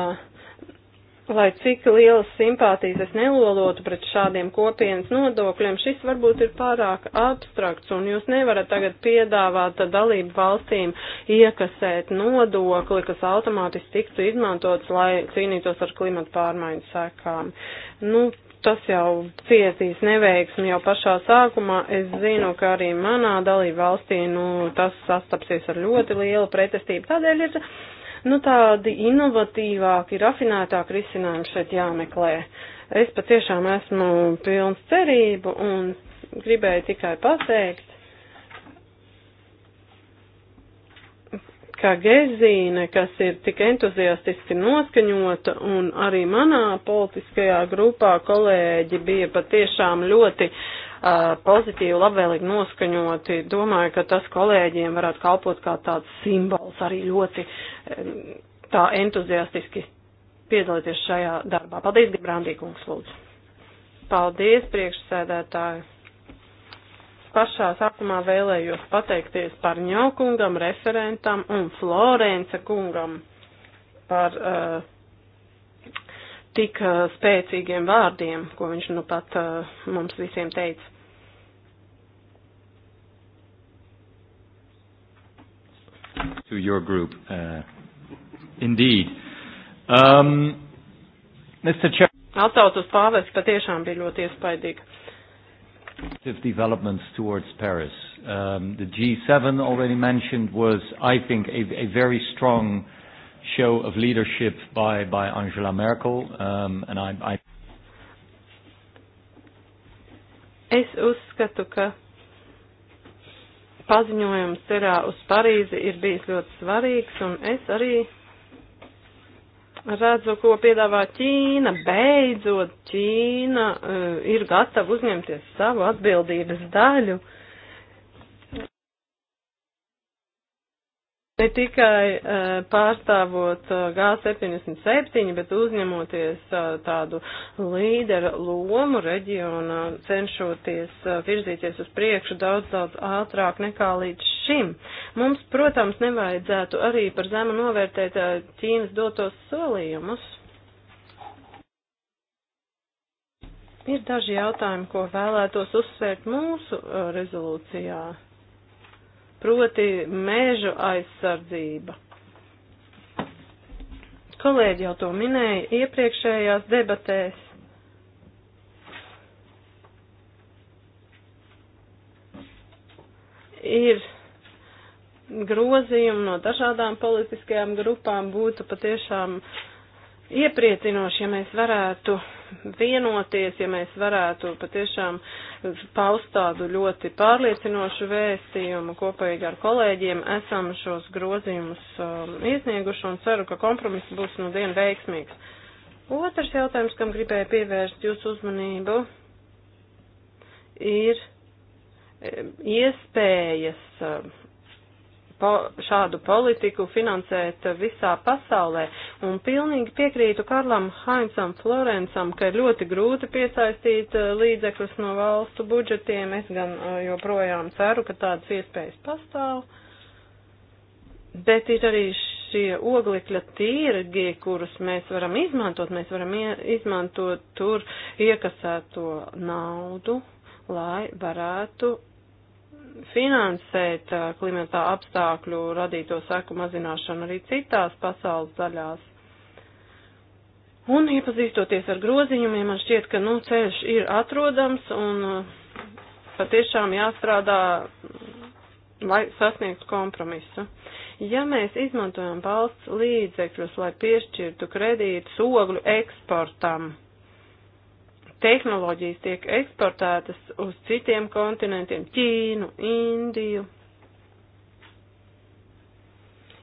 lai cik lielas simpātijas es nelolotu pret šādiem kopienas nodokļiem, šis varbūt ir pārāk abstrakts un jūs nevarat tagad piedāvāt dalību valstīm iekasēt nodokli, kas automātiski tiktu izmantots, lai cīnītos ar klimatu pārmaiņu sekām. Nu, tas jau cietīs neveiksmi jau pašā sākumā. Es zinu, ka arī manā dalība valstī, nu, tas sastapsies ar ļoti lielu pretestību. Tādēļ ir, nu, tādi inovatīvāki, rafinētāki risinājumi šeit jāmeklē. Es patiešām esmu pilns cerību un gribēju tikai pateikt, ka Gezīne, kas ir tik entuziastiski noskaņota, un arī manā politiskajā grupā kolēģi bija patiešām ļoti uh, pozitīvi, labvēlīgi noskaņoti. Domāju, ka tas kolēģiem varētu kalpot kā tāds simbols arī ļoti um, tā entuziastiski piedalīties šajā darbā. Paldies, Gibrandī kungs, lūdzu. Paldies, priekšsēdētāji pašā sākumā vēlējos pateikties par ņaukungam, referentam un Florence kungam par uh, tik uh, spēcīgiem vārdiem, ko viņš nu pat uh, mums visiem teica. To your group, uh, indeed. Um, Mr. Chair. Atcaucas pāvēs patiešām bija ļoti iespaidīga. Developments towards Paris. Um, the G7 already mentioned was, I think, a, a very strong show of leadership by, by Angela Merkel. Um, and I, I Es uzskatu, ka paziņojums cerā uz Parīzi ir bijis ļoti svarīgs, un es arī redzu, ko piedāvā Ķīna. Beidzot, Ķīna uh, ir gatava uzņemties savu atbildības daļu. Uh, Ne tikai e, pārstāvot e, G77, bet uzņemoties e, tādu līderu lomu reģionā, cenšoties virzīties uz priekšu daudz, daudz ātrāk nekā līdz šim. Mums, protams, nevajadzētu arī par zemu novērtēt Ķīnas dotos solījumus. Ir daži jautājumi, ko vēlētos uzsvērt mūsu rezolūcijā proti mēžu aizsardzība. Kolēģi jau to minēja iepriekšējās debatēs. Ir grozījumi no dažādām politiskajām grupām būtu patiešām uh, iepriecinoši, ja mēs varētu vienoties, ja mēs varētu patiešām paust tādu ļoti pārliecinošu vēstījumu kopīgi ar kolēģiem, esam šos grozījumus um, iesnieguši un ceru, ka kompromiss būs nu no dienu veiksmīgs. Otrs jautājums, kam gribēju pievērst jūsu uzmanību, ir um, iespējas. Um, po, šādu politiku finansēt visā pasaulē. Un pilnīgi piekrītu Karlam Hainsam Florencam, ka ir ļoti grūti piesaistīt eh, līdzekļus no valstu budžetiem. Es gan eh, joprojām ceru, ka tādas iespējas pastāv. Bet ir arī šie oglekļa tīrgi, kurus mēs varam izmantot. Mēs varam izmantot tur iekasēto naudu, lai varētu finansēt klimatā apstākļu radīto seku mazināšanu arī citās pasaules daļās. Un iepazīstoties ar groziņumiem, man šķiet, ka nu, ceļš ir atrodams un patiešām jāstrādā, lai sasniegtu kompromisu. Ja mēs izmantojam valsts līdzekļus, lai piešķirtu kredītus ogļu eksportam, tehnoloģijas tiek eksportētas uz citiem kontinentiem - Ķīnu, Indiju.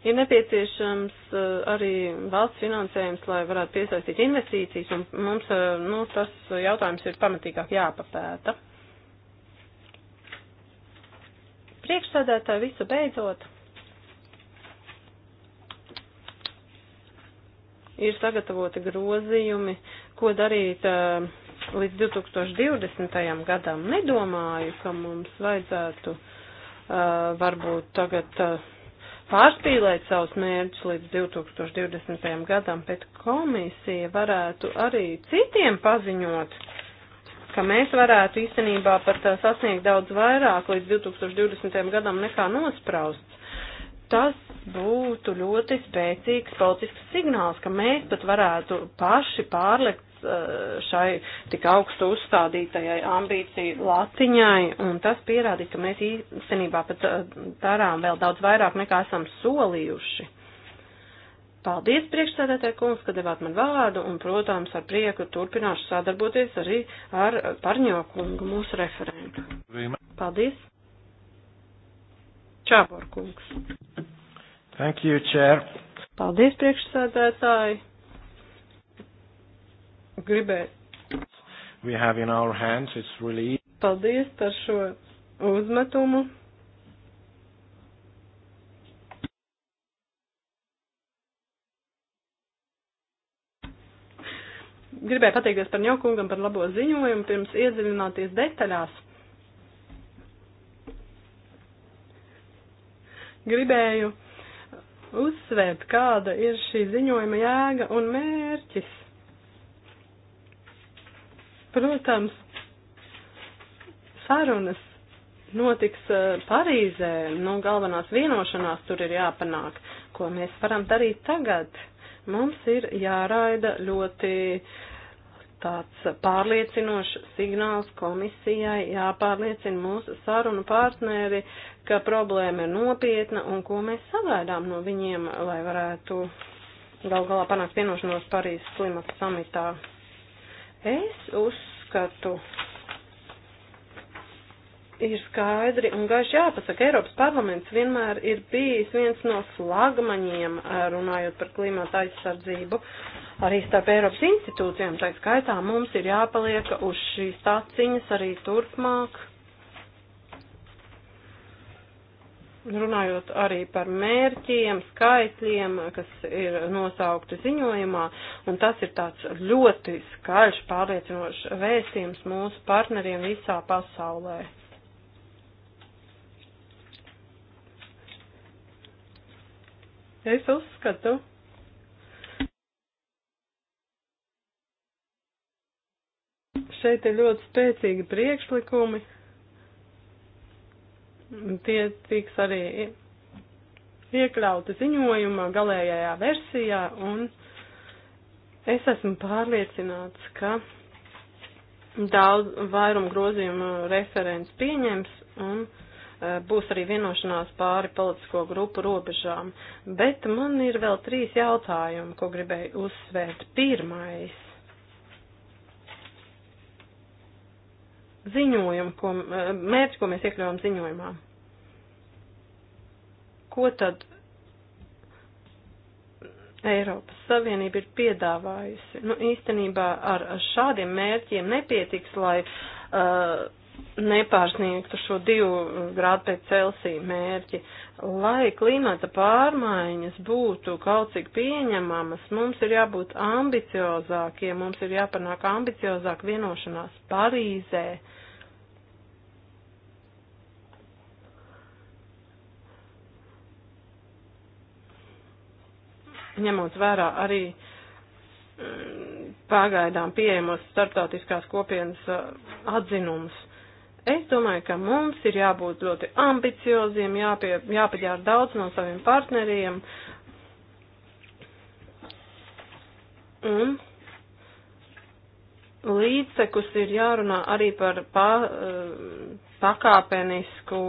Ir nepieciešams eh, arī valsts finansējums, lai varētu piesaistīt investīcijas, un mums eh, nu, tas jautājums ir pamatīgāk jāpapēta. Priekšsēdētāji visu beidzot. ir sagatavoti grozījumi, ko darīt uh, līdz 2020. gadam nedomāju, ka mums vajadzētu uh, varbūt tagad uh, pārspīlēt savus mērķus līdz 2020. gadam, bet komisija varētu arī citiem paziņot, ka mēs varētu īstenībā pat uh, sasniegt daudz vairāk līdz 2020. gadam nekā nosprausts. Tas būtu ļoti spēcīgs politisks signāls, ka mēs pat varētu paši pārlikt Eh, šai tik augstu uzstādītajai ambīciju latiņai, un tas pierādīja, ka mēs īstenībā pat eh, darām vēl daudz vairāk nekā esam solījuši. Paldies priekšsēdētāji kungs, ka devāt man vārdu, un, protams, ar prieku turpināšu sadarboties arī ar Parņokungu, mūsu referentu. Paldies. Čābor kungs. Thank you, chair. Paldies priekšsēdētāji gribēju. We have in our hands, it's really... Paldies par šo uzmetumu. Gribēju pateikties par ņaukungam par labo ziņojumu pirms iedziļināties detaļās. Gribēju uzsvērt, kāda ir šī ziņojuma jēga un mērķis. Protams, sarunas notiks eh, Parīzē, nu, galvenās vienošanās tur ir jāpanāk, ko mēs varam darīt tagad. Mums ir jāraida ļoti tāds pārliecinošs signāls komisijai, jāpārliecina mūsu sarunu partneri, ka problēma ir nopietna un ko mēs sagaidām no viņiem, lai varētu gal galā panākt vienošanos Parīzes klimata samitā. Es uzskatu, ir skaidri un gaiši jāpasaka, Eiropas parlaments vienmēr ir bijis viens no slagmaņiem, eh, runājot par klimata aizsardzību. Arī starp Eiropas institūcijām, tā skaitā, mums ir jāpaliek uz šīs taciņas arī turpmāk. runājot arī par mērķiem, skaitļiem, kas ir nosaukti ziņojumā, un tas ir tāds ļoti skaļš, pārliecinošs vēstījums mūsu partneriem visā pasaulē. Es uzskatu. Šeit ir ļoti spēcīgi priekšlikumi. Tie tiks arī iekļauti ziņojuma galējajā versijā, un es esmu pārliecināts, ka daudz vairumu grozījumu referents pieņems, un e, būs arī vienošanās pāri politisko grupu robežām. Bet man ir vēl trīs jautājumi, ko gribēju uzsvērt. Pirmais ziņojumu, ko, mērķi, ko mēs iekļaujam ziņojumā. Ko tad Eiropas Savienība ir piedāvājusi? Nu, īstenībā ar šādiem mērķiem nepietiks, lai uh, nepārsniegtu šo divu grādu pēc Celsija mērķi. Lai klimata pārmaiņas būtu kaut cik pieņemamas, mums ir jābūt ambiciozākiem, mums ir jāpanāk ambiciozāk vienošanās Parīzē. Ņemot vērā arī mm, pagaidām pieejamos starptautiskās kopienas uh, atzinumus. Es domāju, ka mums ir jābūt ļoti ambicioziem, jāpie, jāpaģēr daudz no saviem partneriem. Un līdzekus ir jārunā arī par pa, eh, pakāpenisku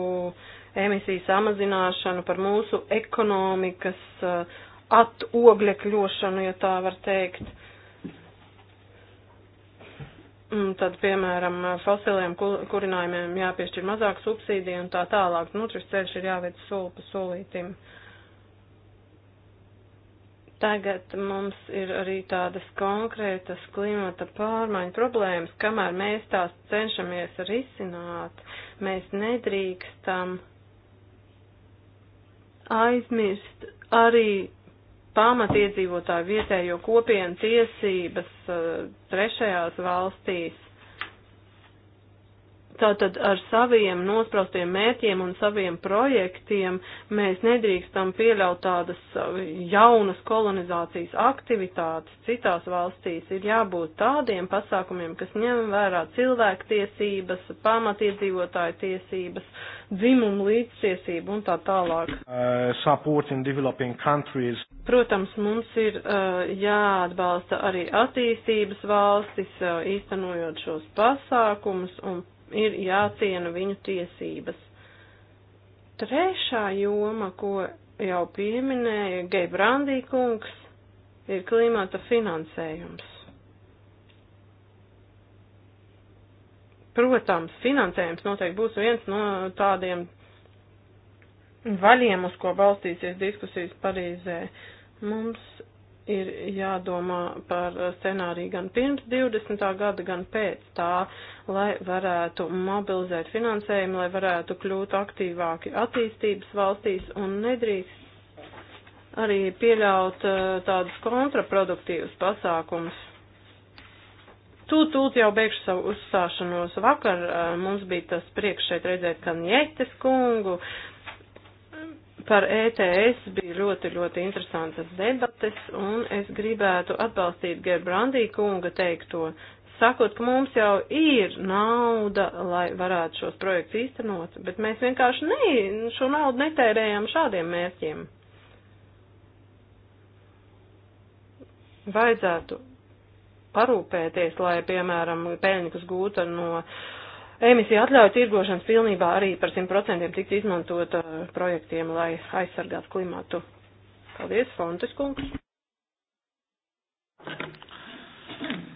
emisiju samazināšanu, par mūsu ekonomikas eh, atogļekļošanu, ja tā var teikt. Mm, tad, piemēram, fosiliem kurinājumiem jāpiešķir mazāk subsīdija un tā tālāk. Nu, šis ceļš ir jāveic soli pa solītim. Tagad mums ir arī tādas konkrētas klimata pārmaiņu problēmas, kamēr mēs tās cenšamies risināt, mēs nedrīkstam aizmirst arī pamatiedzīvotāju vietējo kopienu tiesības eh, trešajās valstīs. Tātad ar saviem nospraustiem mērķiem un saviem projektiem mēs nedrīkstam pieļaut tādas uh, jaunas kolonizācijas aktivitātes citās valstīs. Ir jābūt tādiem pasākumiem, kas ņem vērā cilvēktiesības, pamatiedzīvotāju tiesības, dzimumu līdztiesību un tā tālāk. Uh, Protams, mums ir uh, jāatbalsta arī attīstības valstis, uh, īstenojot šos pasākumus un ir jāciena viņu tiesības. Trešā joma, ko jau pieminēja Geibrandī kungs, ir klimata finansējums. Protams, finansējums noteikti būs viens no tādiem vaļiem, uz ko balstīsies diskusijas Parīzē. Mums ir jādomā par scenāriju gan pirms 20. gada, gan pēc tā. Uh, lai varētu mobilizēt finansējumu, lai varētu kļūt aktīvāki attīstības valstīs un nedrīkst arī pieļaut eh, tādus kontraproduktīvus pasākumus. Tūlīt, tūlīt jau beigšu savu uzstāšanos. Vakar eh, mums bija tas prieks šeit redzēt Kanjetes kungu. Par ETS bija ļoti, ļoti interesantas debates, un es gribētu atbalstīt Gerbrandī kunga teikto sakot, ka mums jau ir nauda, lai varētu šos projektus īstenot, bet mēs vienkārši ne, šo naudu netērējam šādiem mērķiem. Vajadzētu parūpēties, lai, piemēram, peļņa, kas gūta no emisiju atļauju tirgošanas pilnībā arī par 100% tiks izmantota uh, projektiem, lai aizsargātu klimatu. Paldies, Fontes kungs!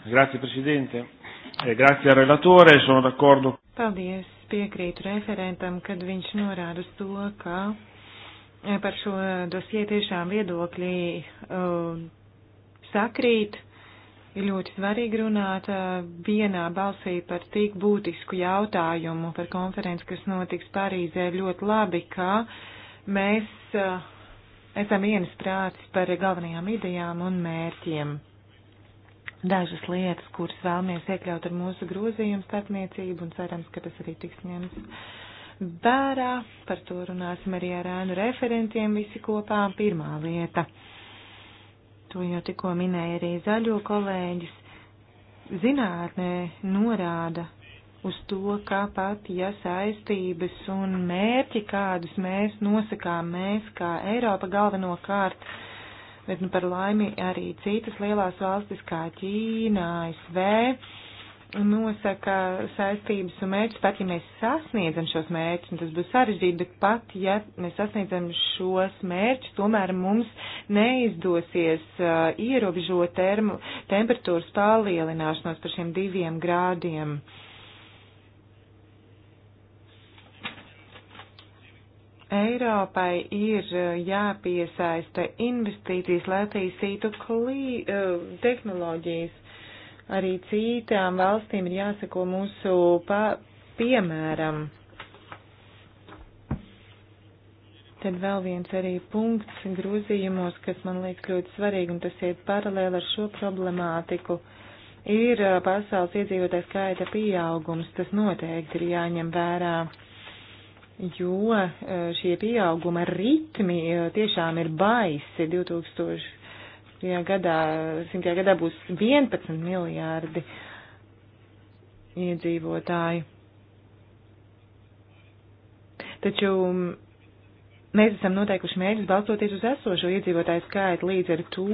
Grazie Presidente, e grazie al relatore, sono d'accordo. Paldies, piekrītu referentam, kad viņš norāda uz to, ka e, par šo dosie tiešām viedokļi uh, sakrīt. Ir ļoti svarīgi runāt uh, vienā balsī par tik būtisku jautājumu par konferenci, kas notiks Parīzē. Ļoti labi, ka mēs uh, esam viensprāts par galvenajām idejām un mērķiem dažas lietas, kuras vēlamies iekļaut ar mūsu grozījumu starpniecību un cerams, ka tas arī tiks ņemts vērā. Par to runāsim arī ar ēnu referentiem visi kopā. Pirmā lieta. To jau tikko minēja arī zaļo kolēģis. Zinātnē norāda uz to, ka pat ja saistības un mērķi, kādus mēs nosakām, mēs kā Eiropa galvenokārt bet nu, par laimi arī citas lielās valstis kā Ķīna, ASV nosaka saistības un mērķus, pat ja mēs sasniedzam šos mērķus, un tas būs sarežģīti, bet pat ja mēs sasniedzam šos mērķus, tomēr mums neizdosies uh, ierobežot termu, temperatūras palielināšanos par šiem diviem grādiem. Uh, Eiropai ir eh, jāpiesaista investīcijas, lai attīstītu klī, eh, tehnoloģijas. Arī citām valstīm ir jāsako mūsu pa, piemēram. Tad vēl viens arī punkts grozījumos, kas man liekas ļoti svarīgi, un tas iet paralēli ar šo problemātiku, ir eh, pasaules iedzīvotāju skaita pieaugums. Tas noteikti ir jāņem vērā jo e, šie pieauguma ritmi e, tiešām ir baisi. 2000. gadā, 100. gadā būs 11 miljārdi iedzīvotāji. Taču mēs esam noteikuši mērķus balstoties uz esošo iedzīvotāju skaitu līdz ar to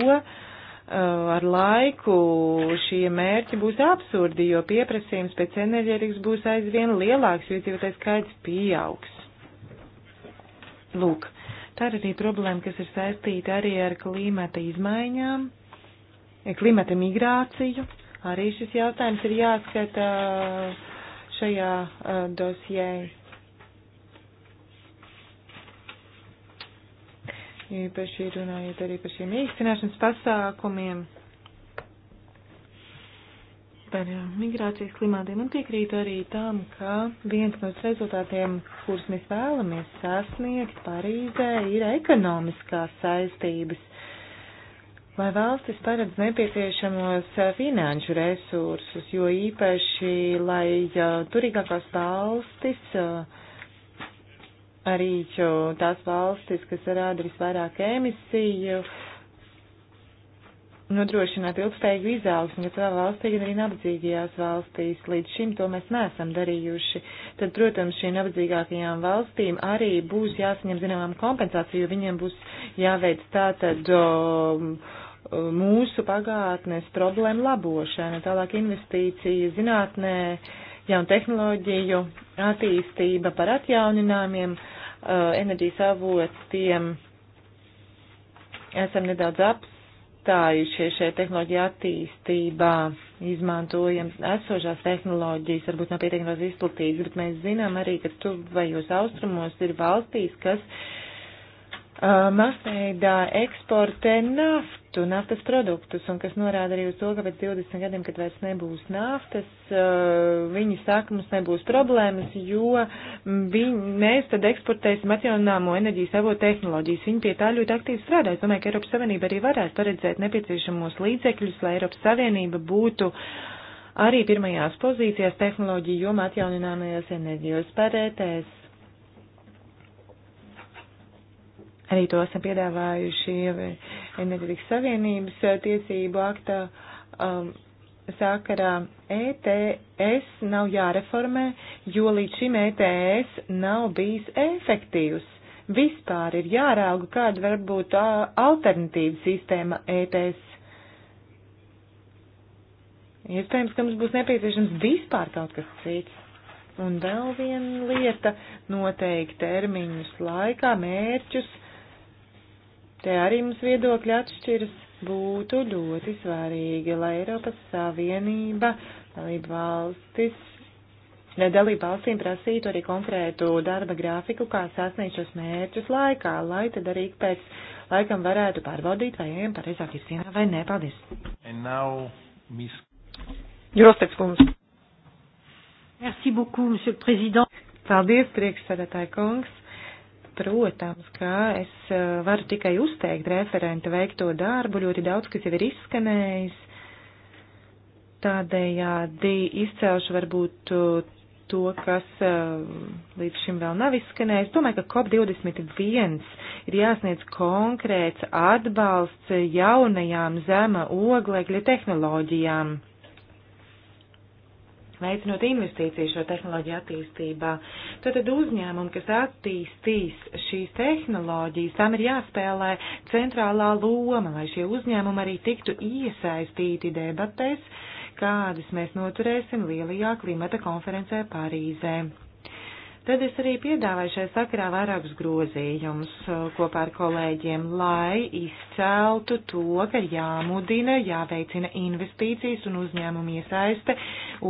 Eh, ar laiku šie mērķi būs absurdi, jo pieprasījums pēc enerģētikas būs aizvien lielāks, jo iedzīvotājs skaits pieaugs. Lūk, tā ir arī problēma, kas ir saistīta arī ar klimata izmaiņām, eh, klimata migrāciju. Arī šis jautājums ir jāskata eh, šajā dosjē. īpaši runājot arī par šiem īstenošanas pasākumiem, par migrācijas klimātiem. Un piekrītu arī tam, ka viens no rezultātiem, kurus mēs vēlamies sasniegt Parīzē, ir ekonomiskās saistības. Lai valstis paredz nepieciešamos finanšu resursus, jo īpaši, lai turīgākās valstis uh, arī tās valstis, kas rāda visvairāk emisiju, nodrošināt ilgspējīgu izaugsmu, gan savā valstī, gan arī nabadzīgajās valstīs. Līdz šim to mēs neesam darījuši. Tad, protams, šīm nabadzīgākajām valstīm arī būs jāsaņem zināmām kompensāciju, jo viņiem būs jāveic tātad o, mūsu pagātnes problēmu labošana, tālāk investīcija zinātnē. Ne jaunu tehnoloģiju attīstība par atjauninājumiem, uh, enerģijas avotiem. Esam nedaudz apstājušies šajā tehnoloģija attīstībā, izmantojam esošās tehnoloģijas, varbūt nav pietiekami daudz izplatītas, bet mēs zinām arī, ka tuvajos austrumos ir valstīs, kas uh, masveidā eksportē naftu citu naftas produktus, un kas norāda arī uz to, ka pēc 20 gadiem, kad vairs nebūs naftas, uh, viņi saka, mums nebūs problēmas, jo mm, viņi, mēs tad eksportēsim atjaunāmo enerģijas avotu tehnoloģijas. Viņi pie tā ļoti aktīvi strādā. Es domāju, ka Eiropas Savienība arī varētu paredzēt nepieciešamos līdzekļus, lai Eiropas Savienība būtu arī pirmajās pozīcijās tehnoloģiju jomā atjauninājumajās enerģijos par ETS Arī to esam piedāvājuši enerģijas savienības eh, tiesību aktā. Um, sakarā ETS nav jāreformē, jo līdz šim ETS nav bijis efektīvs. Vispār ir jārauga, kāda var būt alternatīva sistēma ETS. Iespējams, ka mums būs nepieciešams vispār kaut kas cits. Un vēl viena lieta - noteikti termiņus laikā, mērķus te arī mums viedokļi atšķiras, būtu ļoti svarīgi, lai Eiropas Savienība, dalība valstis, nedalība valstīm prasītu arī konkrētu darba grafiku, kā sasniegt šos mērķus laikā, lai tad arī pēc laikam varētu pārbaudīt, vai ejam pareizā virzienā vai nē. Paldies! Mis... Jurosteks kungs. Merci beaucoup, monsieur le président. Paldies, priekšsēdētāji kungs. Protams, ka es eh, varu tikai uzteikt referenta veikto darbu, ļoti daudz, kas jau ir izskanējis. Tādējādi izcelšu varbūt eh, to, kas eh, līdz šim vēl nav izskanējis. Domāju, ka COP21 ir jāsniedz konkrēts atbalsts jaunajām zema oglekļa tehnoloģijām veicinot investīciju šo tehnoloģiju attīstībā. Tātad uzņēmumi, kas attīstīs šīs tehnoloģijas, tam ir jāspēlē centrālā loma, lai šie uzņēmumi arī tiktu iesaistīti debatēs, kādas mēs noturēsim lielajā klimata konferencē Parīzē. Tad es arī piedāvāju šai sakarā vairākus grozījumus uh, kopā ar kolēģiem, lai izceltu to, ka jāmudina, jāveicina investīcijas un uzņēmumu iesaiste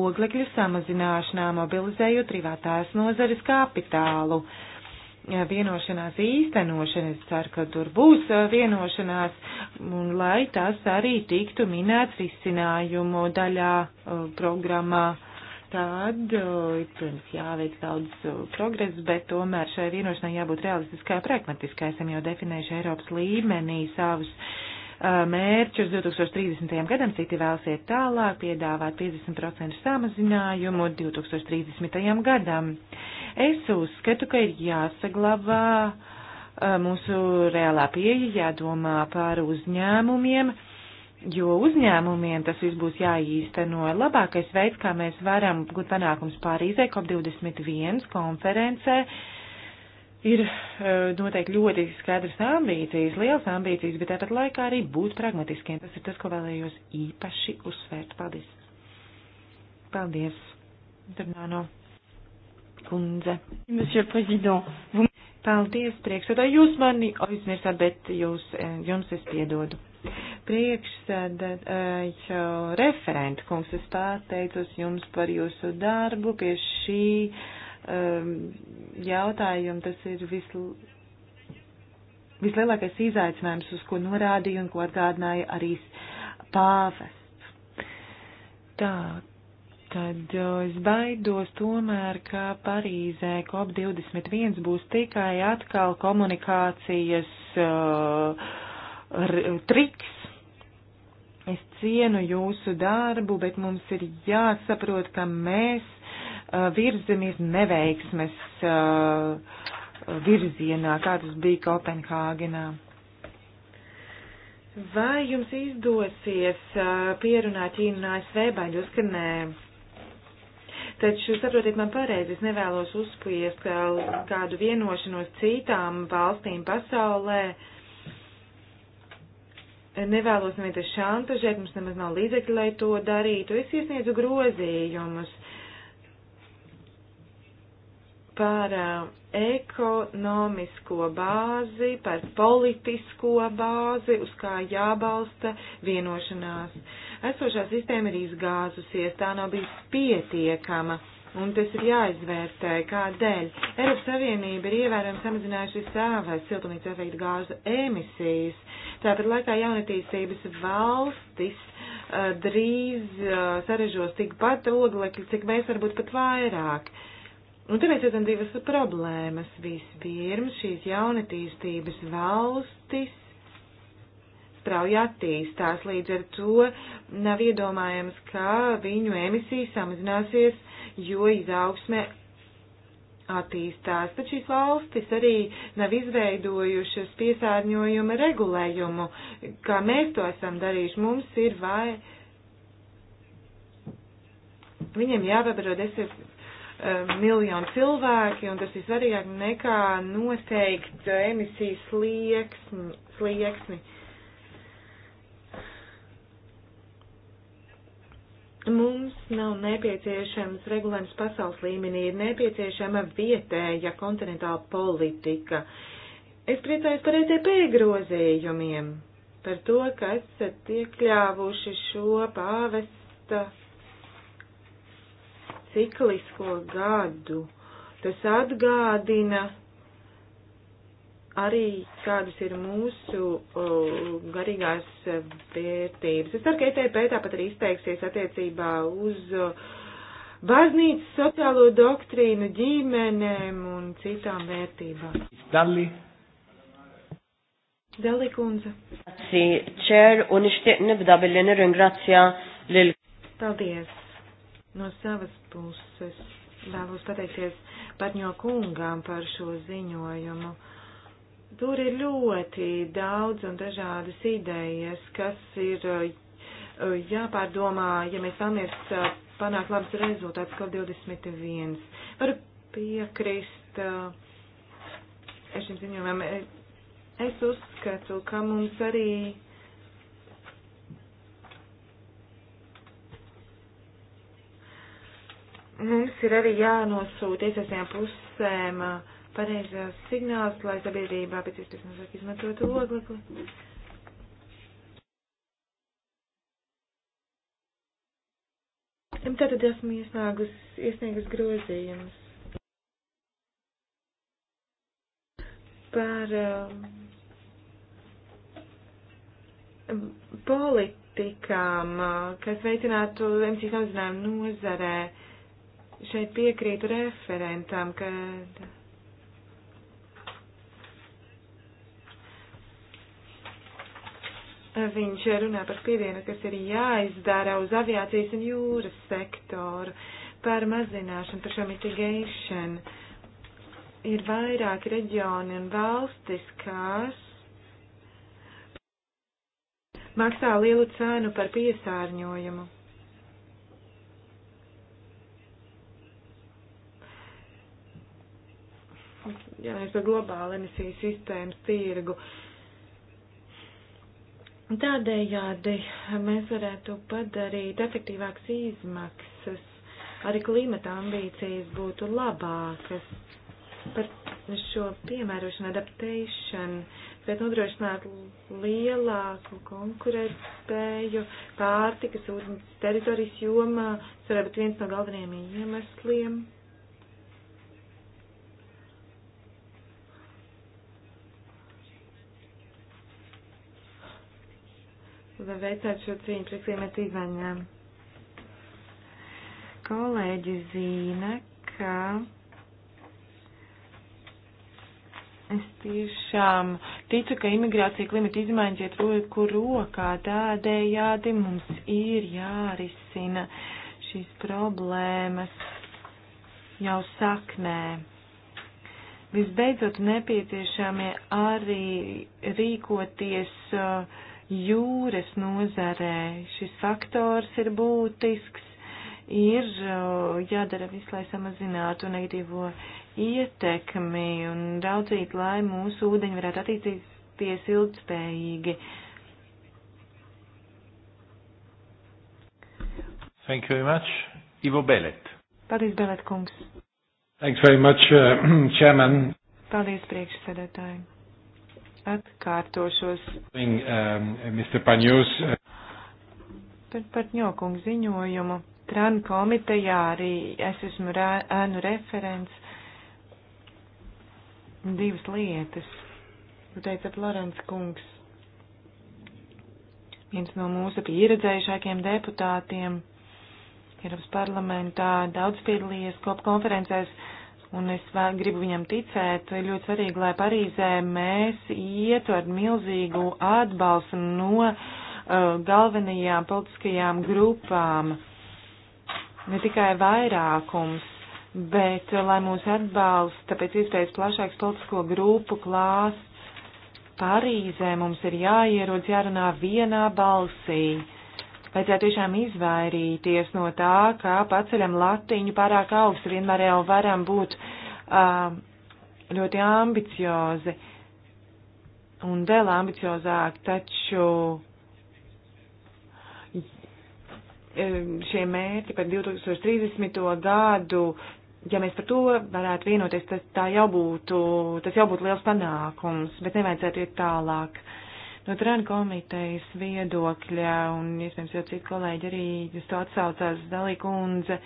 oglekļu samazināšanā, mobilizējot privātās nozares kapitālu uh, vienošanās īstenošana. Es ceru, ka tur būs uh, vienošanās, un lai tas arī tiktu minēts risinājumu daļā programmā tad, protams, jāveic daudz progresu, bet tomēr šai vienošanai jābūt realistiskai un pragmatiskai. Esam jau definējuši Eiropas līmenī savus mērķus 2030. gadam, citi vēlas iet tālāk, piedāvāt 50% samazinājumu 2030. gadam. Es uzskatu, ka ir jāsaglabā mūsu reālā pieeja, jādomā par uzņēmumiem jo uzņēmumiem tas viss būs jāīsteno. Labākais veids, kā mēs varam gūt panākums Pārīzē, COP21 konferencē, ir e, noteikti ļoti skaidrs ambīcijas, liels ambīcijas, bet tāpat laikā arī būt pragmatiskiem. Tas ir tas, ko vēlējos īpaši uzsvērt. Paldies! Paldies, Durnāno kundze. Monsieur Prezident, paldies, priekšsēdā, jūs mani aizmirsāt, bet jūs, e, jums es piedodu. Priekšsēdētāji, referenta kungs, es pateicos jums par jūsu darbu pie šī um, jautājuma. Tas ir visl vislielākais izaicinājums, uz ko norādīja un ko atgādināja arī pāvests. Tā, tad uh, es baidos tomēr, ka Parīzē COP21 būs tikai atkal komunikācijas uh, triks. Es cienu jūsu darbu, bet mums ir jāsaprot, ka mēs uh, virzamies neveiksmes uh, virzienā, kā tas bija Kopenhāgenā. Vai jums izdosies uh, pierunāt Ķīnu un ASV baļus, ka nē? Taču, saprotiet man pareizi, es nevēlos uzspiest kādu vienošanos citām valstīm pasaulē. Uh, nevēlos nevienu šantažēt, mums nemaz nav līdzekļi, lai to darītu. Es iesniedzu grozījumus par ekonomisko bāzi, par politisko bāzi, uz kā jābalsta vienošanās. Esošā sistēma ir izgāzusies, tā nav bijusi pietiekama. Un tas ir jāizvērtē, kādēļ Eiropas Savienība ir ievērojami samazinājusi savas siltumnīca efekta gāzu emisijas. Tāpat laikā jaunatīstības valstis uh, drīz uh, sarežos tikpat oglekļu, cik mēs varbūt pat vairāk. Un te mēs redzam divas problēmas. Vispirms šīs jaunatīstības valstis strauji attīstās, līdz ar to nav iedomājams, ka viņu emisijas samazināsies jo izaugsme attīstās, bet šīs valstis arī nav izveidojušas piesārņojuma regulējumu, kā mēs to esam darījuši. Mums ir vai. Viņiem jāpabaro desmit eh, miljonu cilvēki, un tas ir svarīgāk nekā noteikt emisijas slieksni. slieksni. Mums nav nepieciešams regulējums pasaules līmenī, ir nepieciešama vietēja kontinentāla politika. Es priecājos par ETP grozījumiem, par to, ka esat iekļāvuši šo pāvesta ciklisko gadu. Tas atgādina arī kādas ir mūsu uh, garīgās vērtības. Es ceru, ka ETP tāpat arī izteiksies attiecībā uz uh, baznīcas sociālo doktrīnu, ģimenēm un citām vērtībām. Dalī. Dalī kundze. Paldies. No savas puses vēlos pateikties Patņo kungām par šo ziņojumu Tur ir ļoti daudz un dažādas idejas, kas ir eh, jāpārdomā, ja mēs vēlamies eh, panākt labs rezultāts, kā 21. Varu piekrist eh, šim ziņojumam. Es uzskatu, ka mums arī mums ir arī jānosūta iesaistījām pusēm uh, pareizās signāls, lai sabiedrībā pēc iespējas mazāk izmantotu oglekli. Tātad esmu iesniegus, iesniegus grozījumus par um, um politikām, uh, kas veicinātu emisiju samazinājumu nozarē. Šeit piekrītu referentam, ka Viņš runā par spiedienu, kas ir jāizdara uz aviācijas un jūras sektoru, par mazināšanu, par šo mitigation. Ir vairāki reģioni un valstis, kas maksā lielu cenu par piesārņojumu. ja mēs par globālu emisiju sistēmas tirgu Tādējādi mēs varētu padarīt efektīvākas izmaksas, arī klimata ambīcijas būtu labākas. Par šo piemērošanu, adaptēšanu, bet nodrošināt lielāku konkurētspēju pārtikas un teritorijas jomā, tas varētu būt viens no galvenajiem iemesliem. lai veicētu šo cīņu pret klimatu izmaiņām. Kolēģi zina, ka es tiešām ticu, ka imigrācija klimata izmaiņas iet roku rokā. Tādējādi mums ir jārisina šīs problēmas jau saknē. Visbeidzot, nepieciešami arī rīkoties uh, jūras nozarē. Šis faktors ir būtisks, ir uh, jādara viss, lai samazinātu negatīvo ietekmi un raudzīt, lai mūsu ūdeņi varētu attīstīties ilgspējīgi. Thank you very much. Ivo Belet. Paldies, Belet kungs. Thanks very much, uh, Chairman. Paldies, priekšsēdētāji atkārtošos. Um, par Partņokungu ziņojumu. Tran komitejā arī es esmu ēnu referents. Divas lietas. Jūs teicat, Lorence kungs, viens no mūsu pieredzējušākiem deputātiem Eiropas parlamentā, daudz piedalījies kop konferencēs un es vēl gribu viņam ticēt, ir ļoti svarīgi, lai Parīzē mēs ietu ar milzīgu atbalstu no uh, galvenajām politiskajām grupām. Ne tikai vairākums, bet uh, lai mūs atbalsta pēc iespējas plašāks politisko grupu klāsts Parīzē, mums ir jāierodas jārunā vienā balsī. Vajadzētu tiešām izvairīties no tā, kā paceļam latiņu pārāk augstu, vienmēr jau varam būt uh, ļoti ambiciozi un vēl ambiciozāk, taču um, šie mērķi par 2030. gadu, ja mēs par to varētu vienoties, tas, tā jau būtu, tas jau būtu liels panākums, bet nevajadzētu iet tālāk. Uh, no Trēna komitejas viedokļa, un iespējams jau citi kolēģi arī uz to atsaucās, Dalīkundze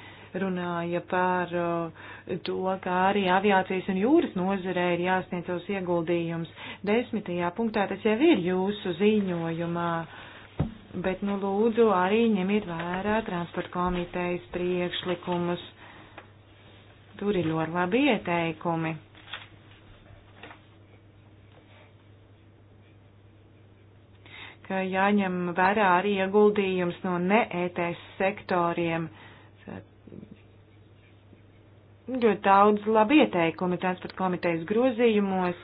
runāja par uh, to, ka arī aviācijas un jūras nozarē ir jāsniedz savus ieguldījums. Desmitajā punktā tas jau ir jūsu ziņojumā. Bet, nu, lūdzu, arī ņemiet vērā transporta komitejas priekšlikumus. Tur ir ļoti labi ieteikumi. ka jāņem vērā arī ieguldījums no ne-ETS sektoriem. Ļoti daudz labi ieteikumi transporta komitejas grozījumos.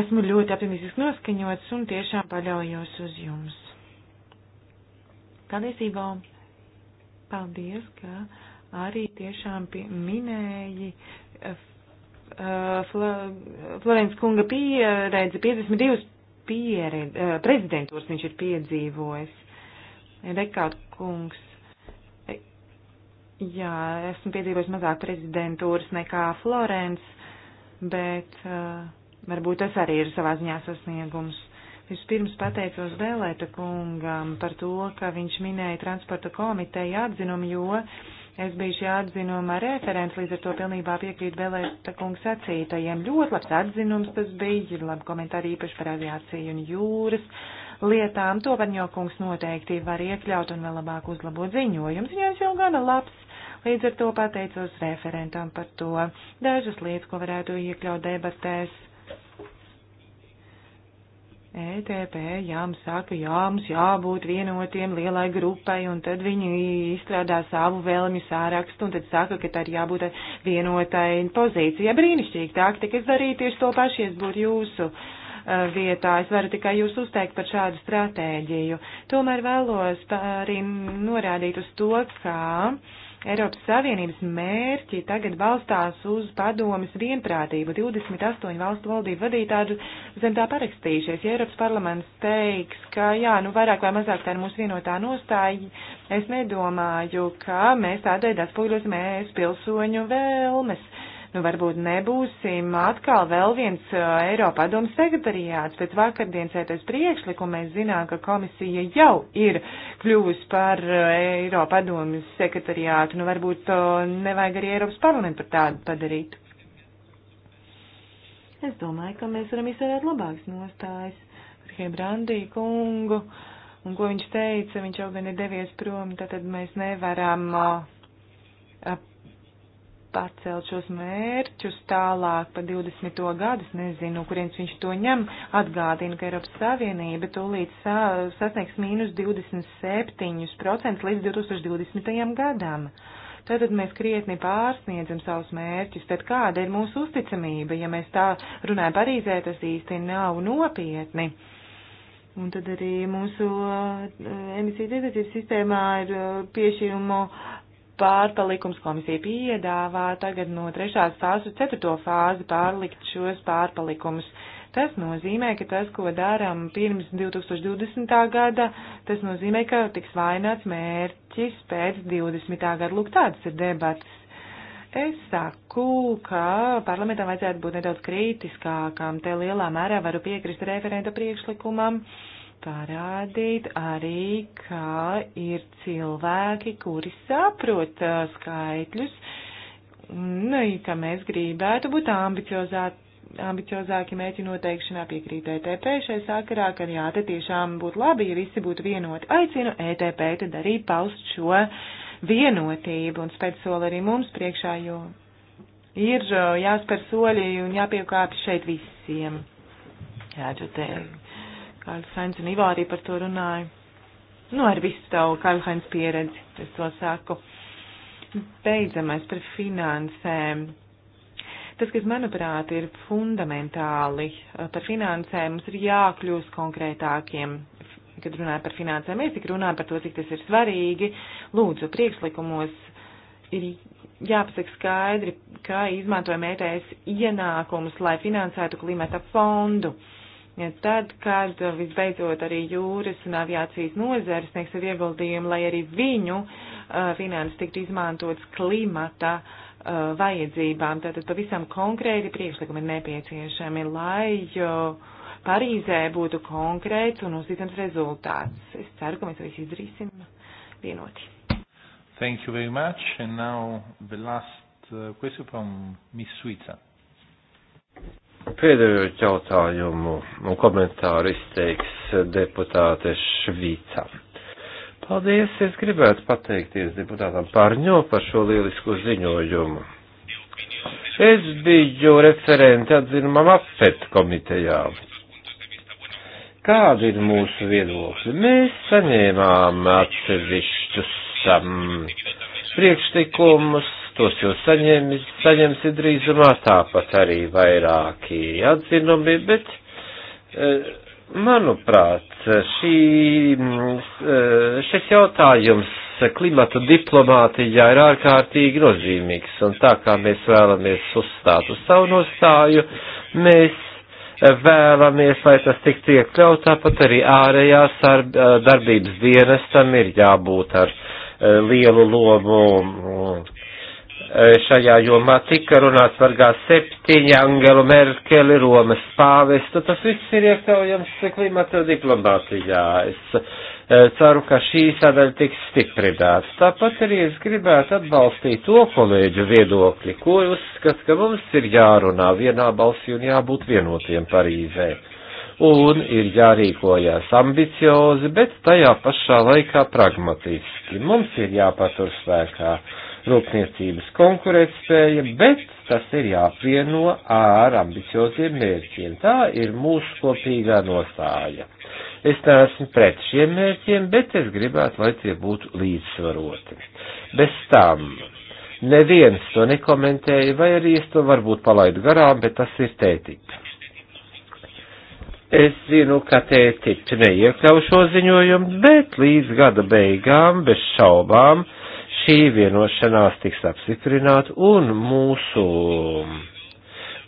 Esmu ļoti optimistiski noskaņots un tiešām paļaujos uz jums. Patiesībā paldies, ka arī tiešām minēji eh, Florence kunga pieredze 52 pieredzi, eh, prezidentūras viņš ir piedzīvojis. Rekārt kungs. E, jā, esmu piedzīvojis mazāk prezidentūras nekā Florence, bet uh, varbūt tas arī ir savā ziņā sasniegums. Vispirms pateicos Bēlēta kungam par to, ka viņš minēja transporta komiteju atzinumu, jo Es biju šī atzinuma referents, līdz ar to pilnībā piekrīt Belēta kungs sacītajiem. Ļoti labs atzinums tas bija, ir labi komentāri īpaši par aviāciju un jūras lietām. To Varņo kungs noteikti var iekļaut un vēl labāk uzlabot ziņojums. Ziņojums jau gana labs, līdz ar to pateicos referentam par to. Dažas lietas, ko varētu iekļaut debatēs, ETP, jā, mums saka, jā, mums jābūt vienotiem lielai grupai, un tad viņi izstrādā savu vēlmju sārakstu, un tad saka, ka tā ir jābūt vienotai pozīcijai. Brīnišķīgi, tā, ka tik es darītu tieši to pašu, ja es būtu jūsu uh, vietā. Es varu tikai jūs uzteikt par šādu stratēģiju. Tomēr vēlos arī norādīt uz to, ka. Uh, Eiropas Savienības mērķi tagad balstās uz padomis vienprātību. 28 valstu valdību vadītāju zem tā parakstījušies. Ja Eiropas parlaments teiks, ka jā, nu vairāk vai mazāk tā ir mūsu vienotā nostāja, es nedomāju, ka mēs tādēļ atspoguļosim ES pilsoņu vēlmes nu varbūt nebūsim atkal vēl viens Eiropā domas sekretariāts. Pēc vakardienas ētais priekšlikuma mēs zinām, ka komisija jau ir kļuvusi par Eiropā domas sekretariātu. Nu varbūt nevajag arī Eiropas parlamentu par tādu padarīt. Es domāju, ka mēs varam izsvērt labākas nostājas ar Hebrandī kungu. Un ko viņš teica, viņš jau gan ir devies prom, tātad mēs nevaram uh, pārcelt šos mērķus tālāk pa 20. gadu, es nezinu, kuriens viņš to ņem, atgādina, ka Eiropas Savienība tūlīt sa sasniegs mīnus 27% līdz 2020. gadam. Tātad mēs krietni pārsniedzam savus mērķus, tad kāda ir mūsu uzticamība, ja mēs tā runājam Parīzē, tas īsti nav nopietni. Un tad arī mūsu eh, emisiju tirdzniecības sistēmā ir eh, piešķīrumu pārpalikums komisija piedāvā tagad no trešās fāzes uz ceturto fāzi pārlikt šos pārpalikumus. Tas nozīmē, ka tas, ko darām pirms 2020. gada, tas nozīmē, ka tiks vaināts mērķis pēc 20. gada. Lūk, tāds ir debats. Es saku, ka parlamentam vajadzētu būt nedaudz kritiskākam. Te lielā mērā varu piekrist referenta priekšlikumam. Uh, parādīt arī, ka ir cilvēki, kuri saprot uh, skaitļus, nu, ka mēs gribētu būt ambiciozāti ambiciozāki mērķi noteikšanā piekrīt ETP šai sakarā, ka jā, te tiešām būtu labi, ja visi būtu vienoti. Aicinu ETP tad arī paust šo vienotību un spēc soli arī mums priekšā, jo ir uh, jāspēr soļi un jāpiekāpj šeit visiem. Jā, džutēji. Kārlis Hainz un Ivā arī par to runāja. Nu, ar visu tavu Kārlis Hainz pieredzi, es to saku. Beidzamais par finansēm. Tas, kas manuprāt ir fundamentāli eh, par finansēm, mums ir jākļūst konkrētākiem. Kad runāju par finansēm, es tik runāju par to, cik tas ir svarīgi. Lūdzu, priekšlikumos ir jāpasaka skaidri, kā izmantojam ETS ienākumus, lai finansētu klimata fondu. Uh, Ja tad, kad visbeidzot arī jūras un aviācijas nozars sniegs savu ieguldījumu, lai arī viņu uh, finanses tiktu izmantotas klimata uh, vajadzībām, tad pavisam konkrēti priekšlikumi ir nepieciešami, lai uh, Parīzē būtu konkrēts un uzticams rezultāts. Es ceru, ka mēs visi izdarīsim vienoti. Thank you very much. And now the last uh, question from Miss Suica. Pēdējo jautājumu un komentāru izteiks deputāte Švīca. Paldies, es gribētu pateikties deputātam Pārņo par šo lielisko ziņojumu. Es biju referenti atzinumam apfet komitejā. Kāda ir mūsu viedokļa? Mēs saņēmām atsevišķus um, priekšlikumus tos jūs saņemis, saņemsiet drīzumā, tāpat arī vairāki atzinumi, bet, eh, manuprāt, šī, eh, šis jautājums klimata diplomātijā ir ārkārtīgi nozīmīgs, un tā kā mēs vēlamies uzstāt uz savu nostāju, mēs vēlamies, lai tas tiktu iekļaut, tāpat arī ārējās eh, darbības dienestam ir jābūt ar lielu lomu Eh, šajā jomā tika runāts par G7, Angelu Merkeli, Romas pāvestu. Tas viss ir iekļaujams klimata diplomātijā. Es eh, ceru, ka šī sadaļa tiks stiprināta. Tāpat arī es gribētu atbalstīt to kolēģu viedokļi, ko uzskata, ka mums ir jārunā vienā balsī un jābūt vienotiem Parīzē. Un ir jārīkojās ambiciozi, bet tajā pašā laikā pragmatiski. Mums ir jāpatur spēkā rūpniecības konkurētspēja, bet tas ir jāapvieno ar ambicioziem mērķiem. Tā ir mūsu kopīgā nostāja. Es neesmu pret šiem mērķiem, bet es gribētu, lai tie būtu līdzsvaroti. Bez tam neviens to nekomentēja, vai arī es to varbūt palaidu garām, bet tas ir tētip. Es zinu, ka tētip neiekļaušo ziņojumu, bet līdz gada beigām bez šaubām šī vienošanās tiks apstiprināta un mūsu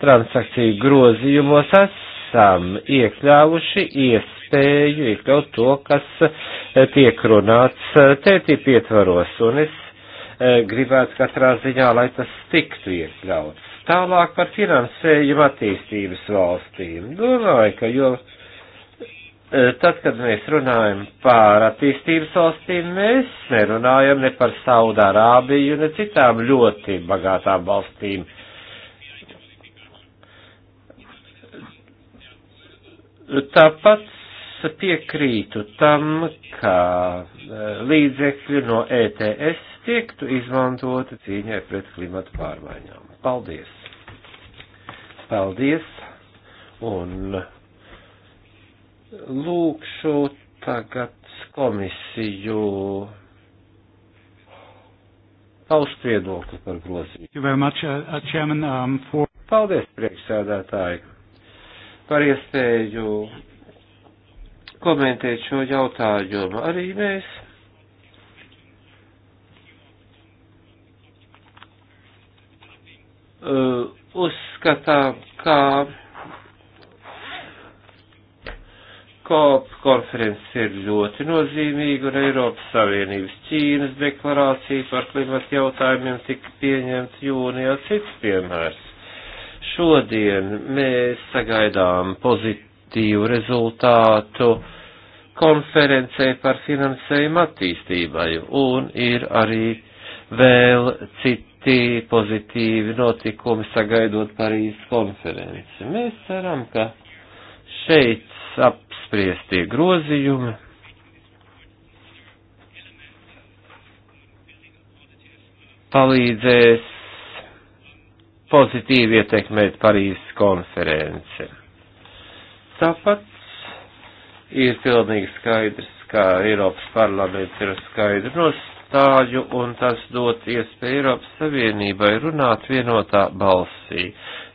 transakciju grozījumos esam iekļāvuši iespēju iekļaut to, kas eh, tiek runāts eh, tētīp ietvaros, un es eh, gribētu katrā ziņā, lai tas tiktu iekļauts. Tālāk par finansējumu attīstības valstīm. Domāju, ka jo E, tad, kad mēs runājam par attīstības valstīm, mēs nerunājam ne par Saudārābiju, ne citām ļoti bagātām valstīm. Tāpat piekrītu tam, ka e, līdzekļi no ETS tiektu izmantoti cīņai pret klimatu pārmaiņām. Paldies! Paldies! Un Lūkšu tagad komisiju paust viedokli par grozījumu. Uh, uh, um, Paldies, priekšsēdētāji, par iespēju komentēt šo jautājumu. Arī mēs uh, uzskatām, kā COP konferences ir ļoti nozīmīga un Eiropas Savienības Ķīnas deklarācija par klimatu jautājumiem tika pieņemta jūnijā cits piemērs. Šodien mēs sagaidām pozitīvu rezultātu konferencē par finansējumu attīstībai un ir arī vēl citi pozitīvi notikumi sagaidot Parīzes konferenci. Mēs ceram, ka šeit ap apspriestie grozījumi. palīdzēs pozitīvi ietekmēt Parīzes konferenci. Tāpat ir pilnīgi skaidrs, ka Eiropas parlaments ir skaidri nostāju, un tas dot iespēju Eiropas Savienībai runāt vienotā balsī.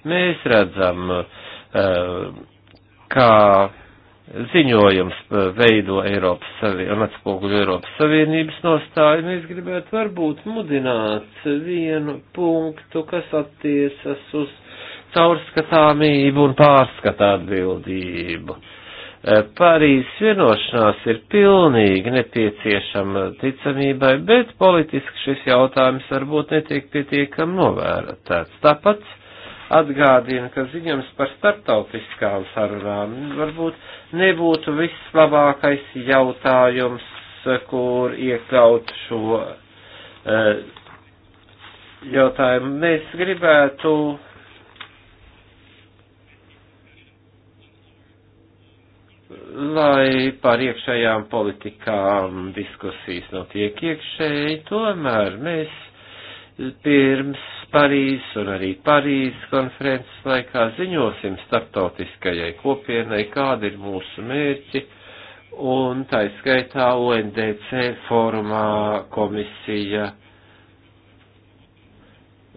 Mēs redzam, uh, kā ziņojums veido Eiropas Savienību un atspoguļo Eiropas Savienības nostāju, mēs gribētu varbūt mudināt vienu punktu, kas attiecas uz caurskatāmību un pārskatā atbildību. E, Parīzes vienošanās ir pilnīgi nepieciešama ticamībai, bet politiski šis jautājums varbūt netiek pietiekam novērtēts. Tāpat atgādina, ka ziņojums par starptautiskām sarunām varbūt nebūtu vislabākais jautājums, kur iekļaut šo uh, jautājumu. Mēs gribētu lai par iekšējām politikām diskusijas notiek iekšēji, tomēr mēs pirms Parīzes un arī Parīzes konferences laikā ziņosim starptautiskajai kopienai, kāda ir mūsu mērķi, un tā izskaitā UNDC fórumā komisija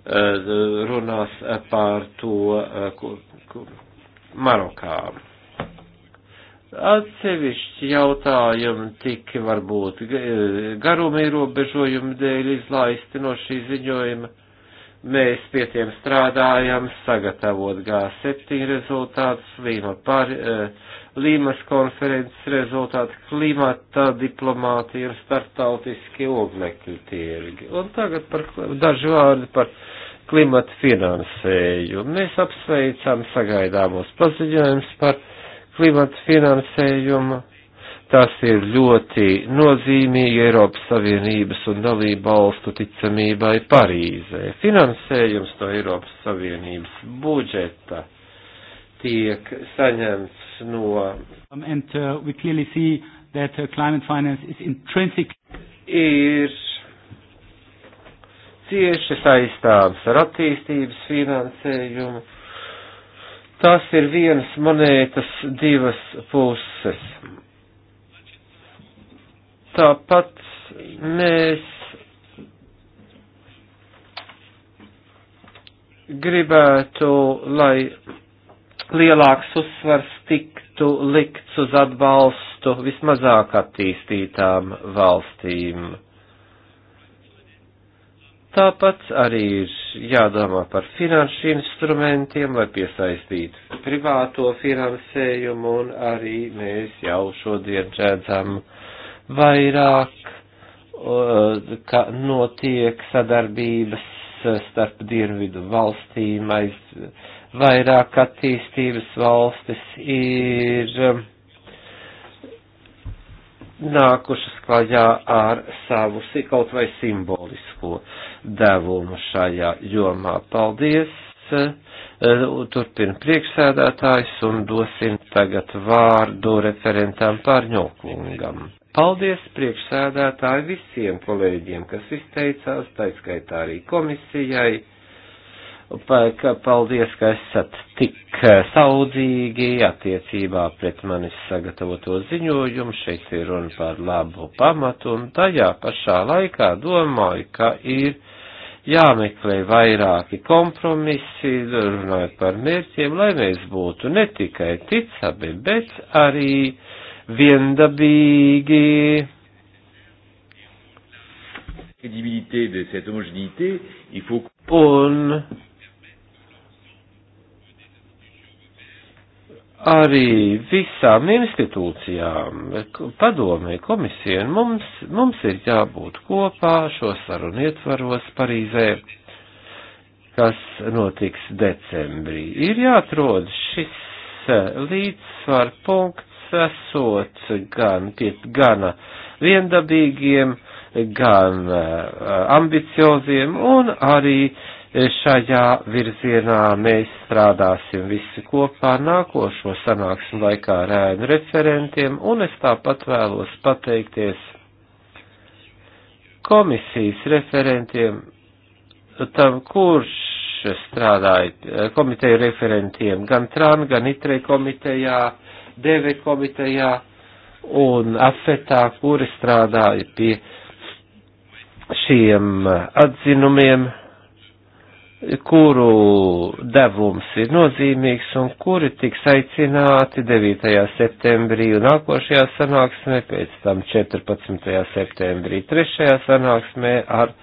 eh, runās par to eh, Marokā. Atsevišķi jautājumi tik varbūt e, garuma ierobežojumu dēļ izlaisti no šī ziņojuma. Mēs pie tiem strādājam, sagatavot G7 rezultātus, Līma par, e, Līmas konferences rezultātu, klimata diplomātija un startautiskie oglekļu tirgi. Un tagad par daži vārdi par klimata finansēju. Mēs apsveicam sagaidāmos paziņojums par klimata finansējumu. Tas ir ļoti nozīmīgi Eiropas Savienības un dalību valstu ticamībai Parīzē. Finansējums no Eiropas Savienības budžeta tiek saņemts no. Um, and, uh, we clearly see that uh, climate finance is intrinsic. Ir cieši saistāms ar attīstības finansējumu tas ir vienas monētas divas puses. Tāpat mēs gribētu, lai lielāks uzsvars tiktu likts uz atbalstu vismazāk attīstītām valstīm. Tāpat arī ir jādomā par finanšu instrumentiem, lai piesaistītu privāto finansējumu, un arī mēs jau šodien redzam vairāk, ka notiek sadarbības starp dienvidu valstīm, aiz vairāk attīstības valstis ir nākušas klajā ar savu kaut vai simbolisko devumu šajā jomā. Paldies! Eh, turpina priekšsēdētājs un dosim tagad vārdu referentam pārņokungam. Paldies priekšsēdētāji visiem kolēģiem, kas izteicās, taiskaitā arī komisijai paldies, ka esat tik eh, saudzīgi attiecībā pret manis sagatavoto ziņojumu. Šeit ir runa par labu pamatu un tajā pašā laikā domāju, ka ir jāmeklē vairāki kompromisi, runājot par mērķiem, lai mēs būtu ne tikai ticami, bet arī viendabīgi crédibilité de cette homogénéité, il faut. Un arī visām institūcijām, padomē, komisija, mums, mums ir jābūt kopā šo sarunu ietvaros Parīzē, kas notiks decembrī. Ir jāatrod šis eh, līdzsvar punkts, esot gan, tiet, gan viendabīgiem, gan eh, ambicioziem un arī uh, šajā virzienā mēs strādāsim visi kopā nākošo sanāksmu laikā ar ēnu referentiem, un es tāpat vēlos pateikties komisijas referentiem, tam kurš strādāja komiteju referentiem, gan TRAN, gan ITRE komitejā, DV komitejā un AFETā, kuri strādāja pie šiem atzinumiem kuru devums ir nozīmīgs un kuri tiks aicināti 9. septembrī un nākošajā sanāksmē, pēc tam 14. septembrī, trešajā sanāksmē ar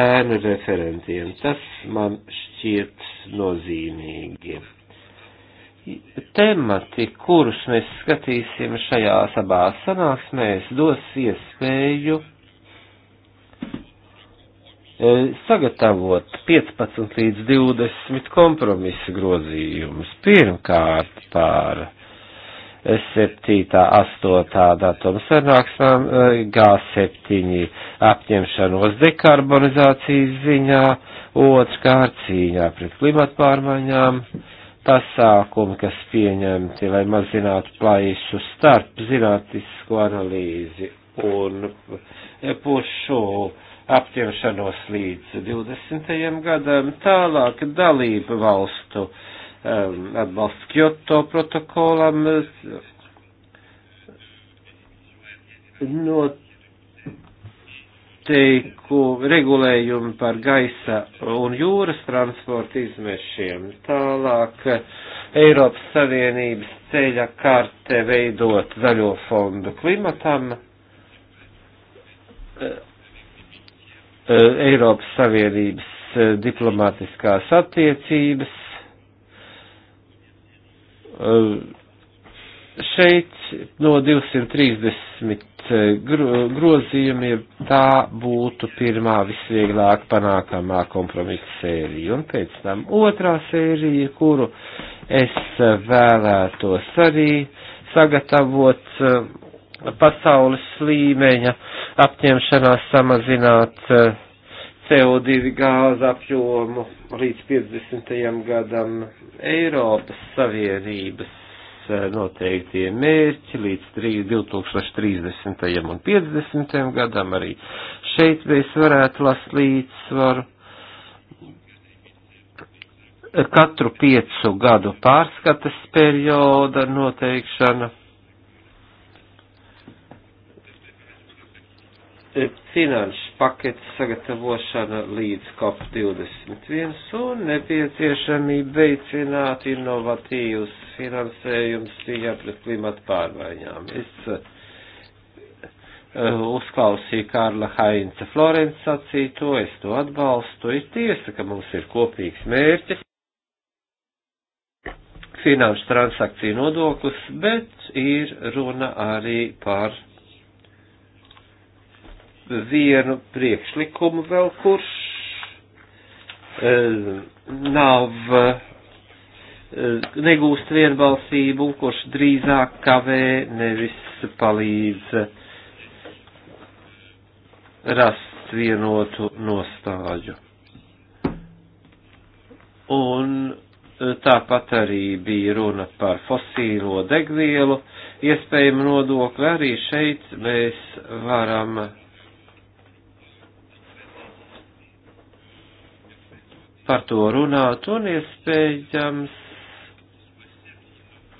ēnu referentiem. Tas man šķiet nozīmīgi. Temati, kurus mēs skatīsim šajā abās sanāksmēs, dos iespēju E, sagatavot 15 līdz 20 kompromisu grozījumus. Pirmkārt par 7. 8. datumu sanāksmām e, G7 apņemšanos dekarbonizācijas ziņā, otrkārt cīņā pret klimatu pārmaiņām, pasākumi, kas pieņemti, lai mazinātu plaisu starp zinātnisko analīzi un pušu uh, apņemšanos līdz 20. gadam, tālāk dalību valstu um, atbalsts Kyoto protokolam noteiku regulējumu par gaisa un jūras transporta izmešiem. Tālāk uh, Eiropas Savienības ceļa karte veidot zaļo fondu klimatam uh, Eh, Eiropas Savienības eh, diplomatiskās attiecības. Eh, šeit no 230 grozījumi tā būtu pirmā visvieglāk panākamā kompromisa sērija. Un pēc tam otrā sērija, kuru es vēlētos arī sagatavot pasaules līmeņa apņemšanās samazināt eh, CO2 gāzu apjomu līdz 50. gadam Eiropas Savienības eh, noteiktie mērķi līdz 2030. un 50. gadam arī šeit mēs varētu lasīt līdzsvaru katru piecu gadu pārskatas perioda noteikšana finanšu paketu sagatavošana līdz COP21 un nepieciešamība veicināt inovatīvus finansējums cīņā pret klimatu pārmaiņām. Es eh, eh, uzklausīju Kārla Hainca Florence sacīto, es to atbalstu, ir tiesa, ka mums ir kopīgs mērķis finanšu transakciju nodoklis, bet ir runa arī par vienu priekšlikumu vēl, kurš e, nav e, negūst vienbalsību, kurš drīzāk kavē nevis palīdz rast vienotu nostāju. Un e, tāpat arī bija runa par fosīlo degvielu, iespējamu nodokli arī šeit mēs varam par to runāt un iespējams,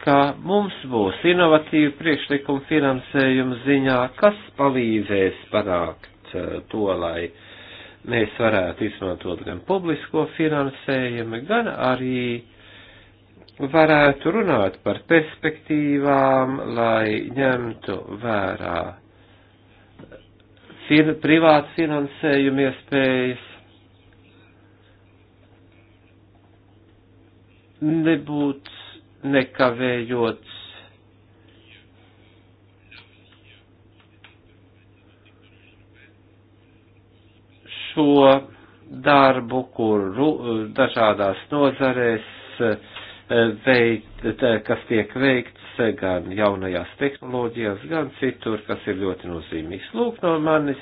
ka mums būs inovatīvi priekšlikumi finansējuma ziņā, kas palīdzēs panākt eh, to, lai mēs varētu izmantot gan publisko finansējumu, gan arī varētu runāt par perspektīvām, lai ņemtu vērā fin privātu finansējumu iespējas nebūt nekavējot šo darbu, kur dažādās nozarēs eh, veikt, eh, kas tiek veikts eh, gan jaunajās tehnoloģijās, gan citur, kas ir ļoti nozīmīgs. Lūk, no manis,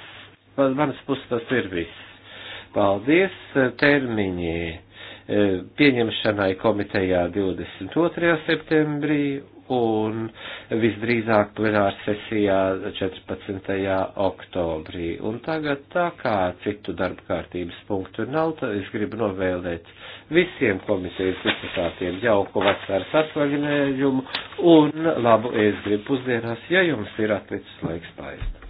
manas puses tas ir viss. Paldies, termiņi E, pieņemšanai komitejā 22. septembrī un visdrīzāk plenāra sesijā 14. oktobrī. Un tagad tā kā citu darba kārtības punktu nav, tad es gribu novēlēt visiem komitejas deputātiem jauku vasaras atvaļinājumu un labu ēst gribu pusdienās, ja jums ir atlicis laiks paēst.